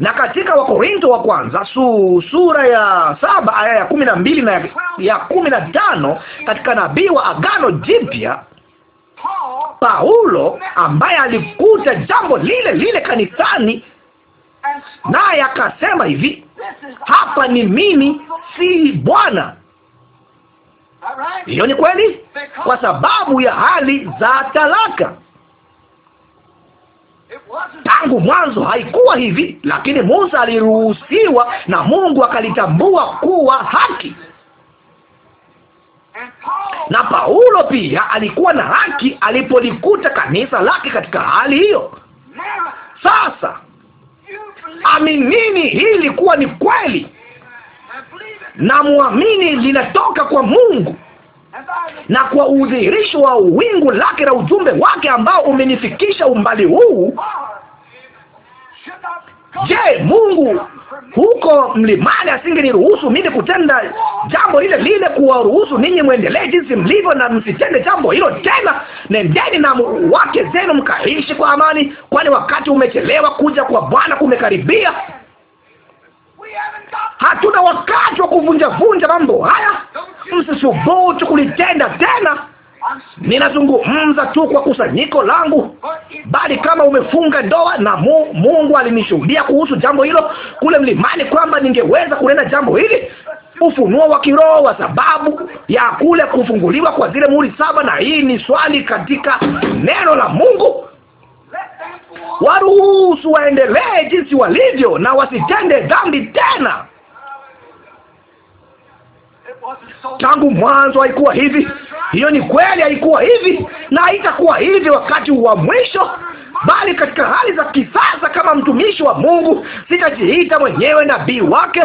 na katika Wakorintho wa kwanza su, sura ya saba aya ya kumi na mbili na ya kumi na tano katika nabii wa Agano Jipya Paulo ambaye alikuta jambo lile lile kanisani, naye akasema hivi, hapa ni mimi, si Bwana. Hiyo ni kweli, kwa sababu ya hali za talaka Tangu mwanzo haikuwa hivi, lakini Musa aliruhusiwa na Mungu akalitambua kuwa haki, na Paulo pia alikuwa na haki alipolikuta kanisa lake katika hali hiyo. Sasa aminini hili kuwa ni kweli, na muamini linatoka kwa Mungu na kwa udhihirisho wa wingu lake na ujumbe wake ambao umenifikisha umbali huu. Je, Mungu huko mlimani asingeniruhusu mimi kutenda jambo lile lile, kuwaruhusu ninyi mwendelee jinsi mlivyo, na msitende jambo hilo tena. Nendeni na wake zenu mkaishi kwa amani, kwani wakati umechelewa, kuja kwa Bwana kumekaribia. Hatuna wakati wa kuvunjavunja mambo haya, msisubutu kulitenda tena. Ninazungumza tu kwa kusanyiko langu, bali kama umefunga ndoa na mu, Mungu alinishuhudia kuhusu jambo hilo kule mlimani kwamba ningeweza kunena jambo hili, ufunuo wa kiroho wa sababu ya kule kufunguliwa kwa zile muhuri saba, na hii ni swali katika neno la Mungu. Waruhusu waendelee jinsi walivyo na wasitende dhambi tena. Tangu mwanzo haikuwa hivi. Hiyo ni kweli, haikuwa hivi na haitakuwa hivi wakati wa mwisho, bali katika hali za kisasa, kama mtumishi wa Mungu, sitajiita mwenyewe nabii wake,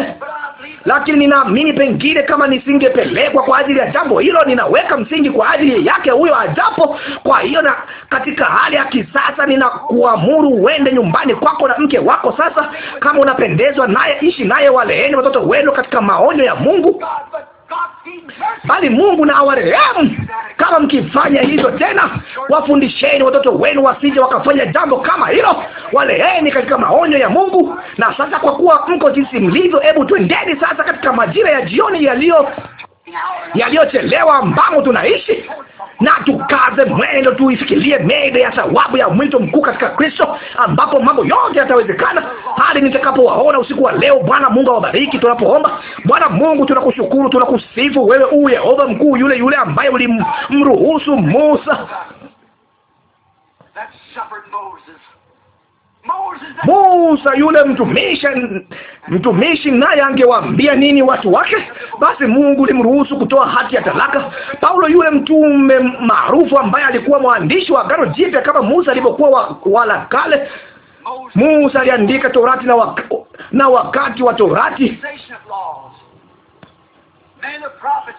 lakini ninaamini pengine, kama nisingepelekwa kwa ajili ya jambo hilo, ninaweka msingi kwa ajili yake huyo ajapo. Kwa hiyo, na katika hali ya kisasa, ninakuamuru uende nyumbani kwako na mke wako. Sasa kama unapendezwa naye, ishi naye, waleeni watoto wenu katika maonyo ya Mungu bali Mungu na awarehemu. Kama mkifanya hivyo tena, wafundisheni watoto wenu wasije wakafanya jambo kama hilo, waleheni katika maonyo ya Mungu. Na sasa kwa kuwa mko jinsi mlivyo, hebu twendeni sasa katika majira ya jioni yaliyo yaliyochelewa ambamo tunaishi na tukaze mwendo, tuisikilie mede ya thawabu ya mwito mkuu katika Kristo, ambapo mambo yote yatawezekana. Hadi nitakapowaona usiku wa leo, Bwana Mungu awabariki. Tunapoomba Bwana Mungu, tunakushukuru, tunakusifu wewe, uu Yehova mkuu, yule yule ambaye ulimruhusu Musa Musa yule mtumishi, mtumishi naye angewaambia nini watu wake? Basi Mungu limruhusu kutoa hati ya talaka. Paulo yule mtume maarufu ambaye alikuwa mwandishi wa Agano Jipya kama Musa alivyokuwa wa, wa la kale. Musa aliandika Torati na, wak na wakati wa Torati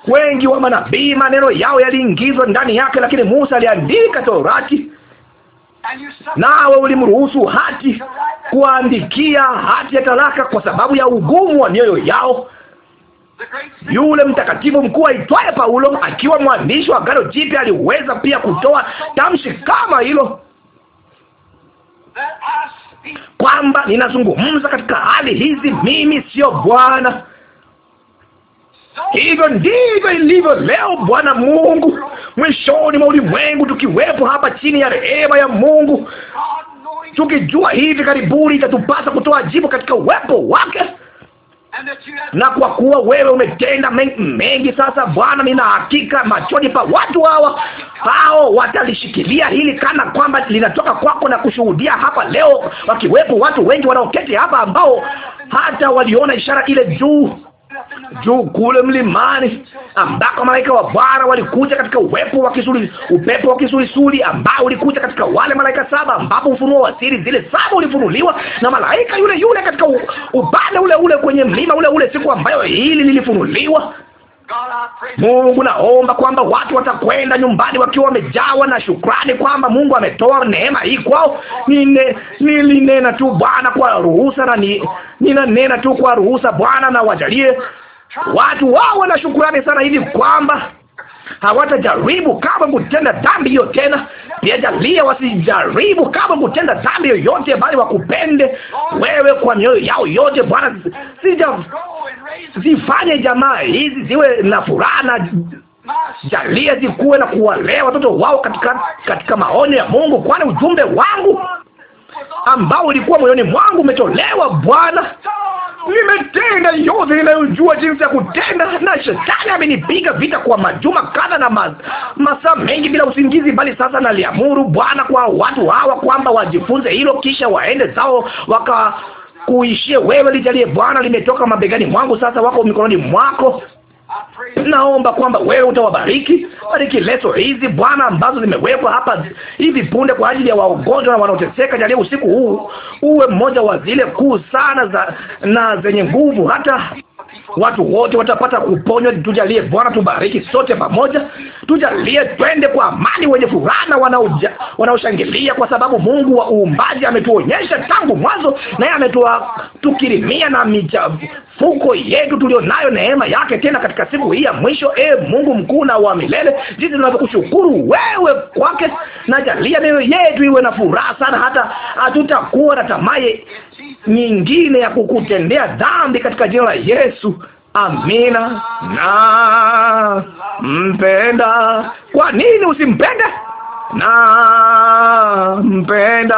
wengi wa manabii maneno yao yaliingizwa ndani yake, lakini Musa aliandika Torati nawe ulimruhusu hati kuandikia hati ya talaka kwa sababu ya ugumu wa mioyo yao. Yule mtakatifu mkuu aitwaye Paulo, akiwa mwandishi wa Agano Jipya, aliweza pia kutoa tamshi kama hilo kwamba ninazungumza katika hali hizi, mimi sio Bwana. Hivyo ndivyo ilivyo leo, Bwana Mungu, mwishoni mwa ulimwengu, tukiwepo hapa chini ya rehema ya Mungu, tukijua hivi karibuni itatupasa kutoa jibu katika uwepo wake na kwa kuwa wewe umetenda mengi, mengi sasa Bwana, nina hakika machoni pa watu hawa hao watalishikilia hili kana kwamba linatoka kwako, na kushuhudia hapa leo, wakiwepo watu wengi wanaoketi hapa ambao hata waliona ishara ile juu juu kule mlimani, ambako malaika wa Bwana walikuja katika uwepo wa kisuli, upepo wa kisulisuli ambao ulikuja katika wale malaika saba, ambapo ufunuo wa siri zile saba ulifunuliwa na malaika yule yule katika upande ule ule kwenye mlima ule ule siku ambayo hili lilifunuliwa. Mungu, naomba kwamba watu watakwenda nyumbani wakiwa wamejawa na shukrani kwamba Mungu ametoa neema hii kwao. Nine, nilinena tu Bwana kwa ruhusa na ni, ninanena tu kwa ruhusa Bwana, na wajalie watu wao na shukrani sana hivi kwamba hawatajaribu kama kutenda dhambi hiyo tena. Pia jalia wasijaribu kama kutenda dhambi yoyote, bali wakupende wewe kwa mioyo yao yote. Bwana, sija zifanye jamaa hizi ziwe na furaha na jalia zikuwe na kuwalea watoto wao katika, katika maonyo ya Mungu, kwani ujumbe wangu ambao ulikuwa moyoni mwangu umetolewa, Bwana. Nimetenda yote ninayojua jinsi ya kutenda, na shetani amenipiga vita kwa majuma kadha na ma, masaa mengi bila usingizi, bali sasa naliamuru Bwana kwa watu hawa kwamba wajifunze hilo, kisha waende zao waka kuishie wewe. Lijalie Bwana, limetoka mabegani mwangu, sasa wako mikononi mwako. Naomba kwamba wewe utawabariki, bariki leso hizi Bwana, ambazo zimewekwa hapa hivi punde kwa ajili ya wagonjwa na wanaoteseka. jalie usiku huu uwe mmoja wa zile kuu sana za na zenye nguvu, hata watu wote watapata kuponywa. Tujalie Bwana, tubariki sote pamoja, tujalie twende kwa amani, wenye furaha na wanaoshangilia, kwa sababu Mungu wa uumbaji ametuonyesha tangu mwanzo, naye ametukirimia na michafuko yetu tulionayo neema yake. Tena katika siku hii ya mwisho, e Mungu mkuu na wa milele, jinsi tunavyokushukuru wewe kwake, na jalia mioyo yetu iwe na furaha sana, hata hatutakuwa na tamaa nyingine ya kukutendea dhambi katika jina la Yesu. Amina. Na mpenda. Kwa nini usimpende? Na mpenda,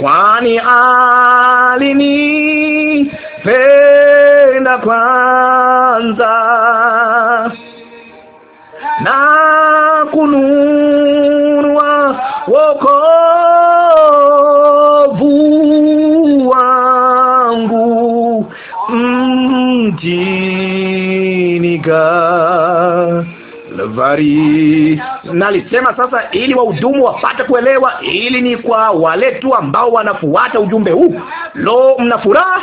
kwani alinipenda kwanza na kununua wokovu katika Lavari. Nalisema sasa ili wahudumu wapate kuelewa, ili ni kwa wale tu ambao wanafuata ujumbe huu. Lo, mna furaha!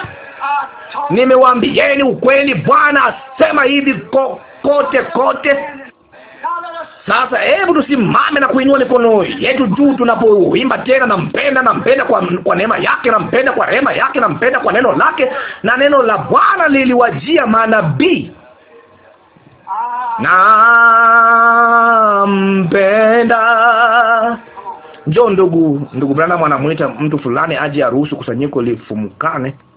Nimewaambieni ukweli. Bwana asema hivi ko, kote kote sasa hebu tusimame na kuinua mikono yetu juu tunapoimba tena, nampenda, nampenda kwa, kwa neema yake, nampenda kwa rehema yake, nampenda kwa neno lake. Na neno la Bwana liliwajia manabii nampenda. Njoo ndugu, ndugu Branham anamwita mtu fulani aje aruhusu kusanyiko lifumukane.